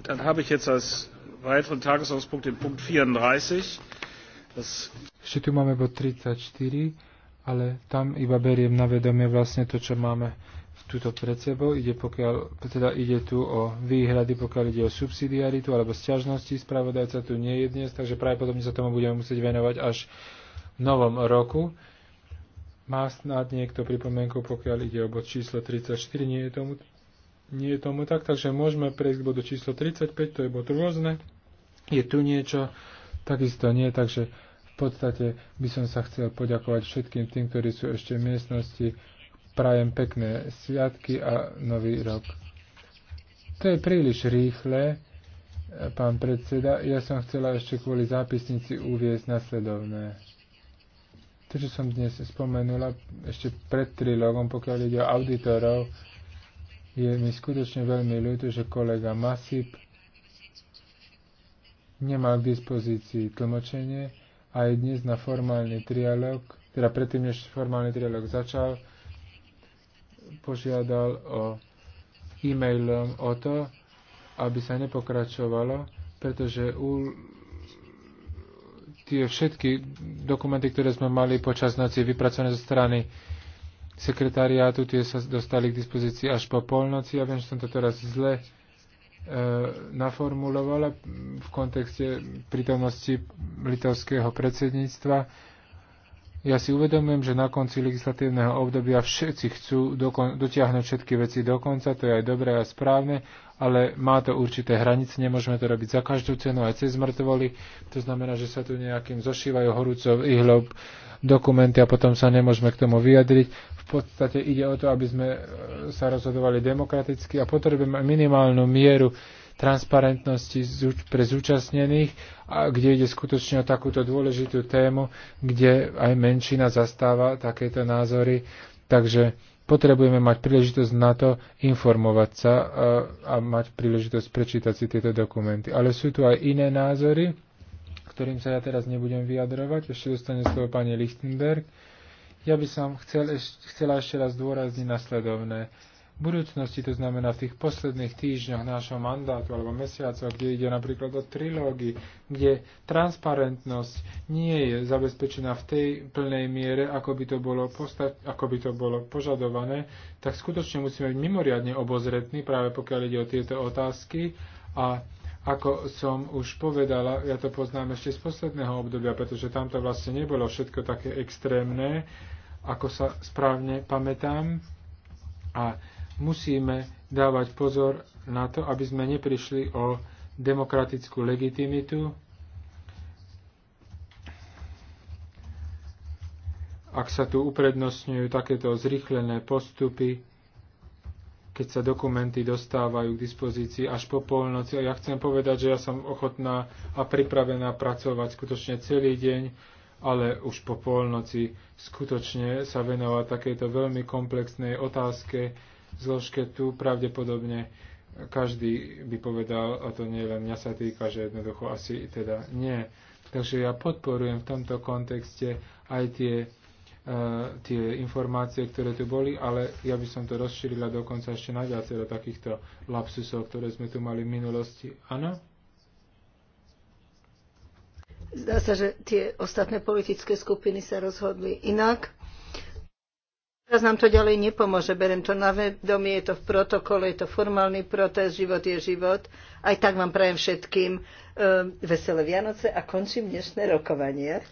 Dann habe ich jetzt als weiteren Tagesordnungspunkt den Punkt 34. Das Ešte tu máme bod 34, ale tam iba beriem na vedomie vlastne to, čo máme tuto pred sebou, ide, pokiaľ, teda ide tu o výhrady, pokiaľ ide o subsidiaritu alebo sťažnosti, spravodajca tu nie je dnes, takže pravdepodobne sa tomu budeme musieť venovať až v novom roku. Má snad niekto pripomienku, pokiaľ ide o bod číslo 34, nie je tomu, nie je tomu tak, takže môžeme prejsť k bodu číslo 35, to je bod rôzne. Je tu niečo, takisto nie, takže v podstate by som sa chcel poďakovať všetkým tým, ktorí sú ešte v miestnosti prajem pekné sviatky a nový rok. To je príliš rýchle, pán predseda. Ja som chcela ešte kvôli zápisnici uviezť nasledovné. To, čo som dnes spomenula ešte pred trilogom, pokiaľ ide o auditorov, je mi skutočne veľmi ľúto, že kolega Masip nemal k dispozícii tlmočenie a aj dnes na formálny trialog, teda predtým, než formálny trialog začal, požiadal o e-mailom o to, aby sa nepokračovalo, pretože u tie všetky dokumenty, ktoré sme mali počas noci vypracované zo strany sekretariátu, tie sa dostali k dispozícii až po polnoci. Ja viem, že som to teraz zle e, naformulovala v kontexte prítomnosti litovského predsedníctva ja si uvedomujem, že na konci legislatívneho obdobia všetci chcú dokon- dotiahnuť všetky veci do konca, to je aj dobré a správne, ale má to určité hranice, nemôžeme to robiť za každú cenu, aj cez mŕtvoly. To znamená, že sa tu nejakým zošívajú horúcov ihlob dokumenty a potom sa nemôžeme k tomu vyjadriť. V podstate ide o to, aby sme e, sa rozhodovali demokraticky a potrebujeme minimálnu mieru transparentnosti pre zúčastnených, a kde ide skutočne o takúto dôležitú tému, kde aj menšina zastáva takéto názory. Takže potrebujeme mať príležitosť na to informovať sa a, e, a mať príležitosť prečítať si tieto dokumenty. Ale sú tu aj iné názory, ktorým sa ja teraz nebudem vyjadrovať. Ešte dostane slovo pani Lichtenberg. Ja by som chcel, chcela ešte raz dôrazniť nasledovné budúcnosti, to znamená v tých posledných týždňoch nášho mandátu alebo mesiacov, kde ide napríklad o trilógy, kde transparentnosť nie je zabezpečená v tej plnej miere, ako by to bolo, posta- ako by to bolo požadované, tak skutočne musíme byť mimoriadne obozretní práve pokiaľ ide o tieto otázky a ako som už povedala, ja to poznám ešte z posledného obdobia, pretože tam to vlastne nebolo všetko také extrémne, ako sa správne pamätám. A musíme dávať pozor na to, aby sme neprišli o demokratickú legitimitu. Ak sa tu uprednostňujú takéto zrychlené postupy, keď sa dokumenty dostávajú k dispozícii až po polnoci. A ja chcem povedať, že ja som ochotná a pripravená pracovať skutočne celý deň, ale už po polnoci skutočne sa venovať takejto veľmi komplexnej otázke, zložke tu pravdepodobne každý by povedal, a to nie len mňa sa týka, že jednoducho asi teda nie. Takže ja podporujem v tomto kontexte aj tie, uh, tie informácie, ktoré tu boli, ale ja by som to rozšírila dokonca ešte na viacero takýchto lapsusov, ktoré sme tu mali v minulosti. Áno? Zdá sa, že tie ostatné politické skupiny sa rozhodli inak Teraz nám to ďalej nepomôže, berem to na vedomie, je to v protokole, je to formálny protest, život je život. Aj tak vám prajem všetkým eh, veselé Vianoce a končím dnešné rokovanie.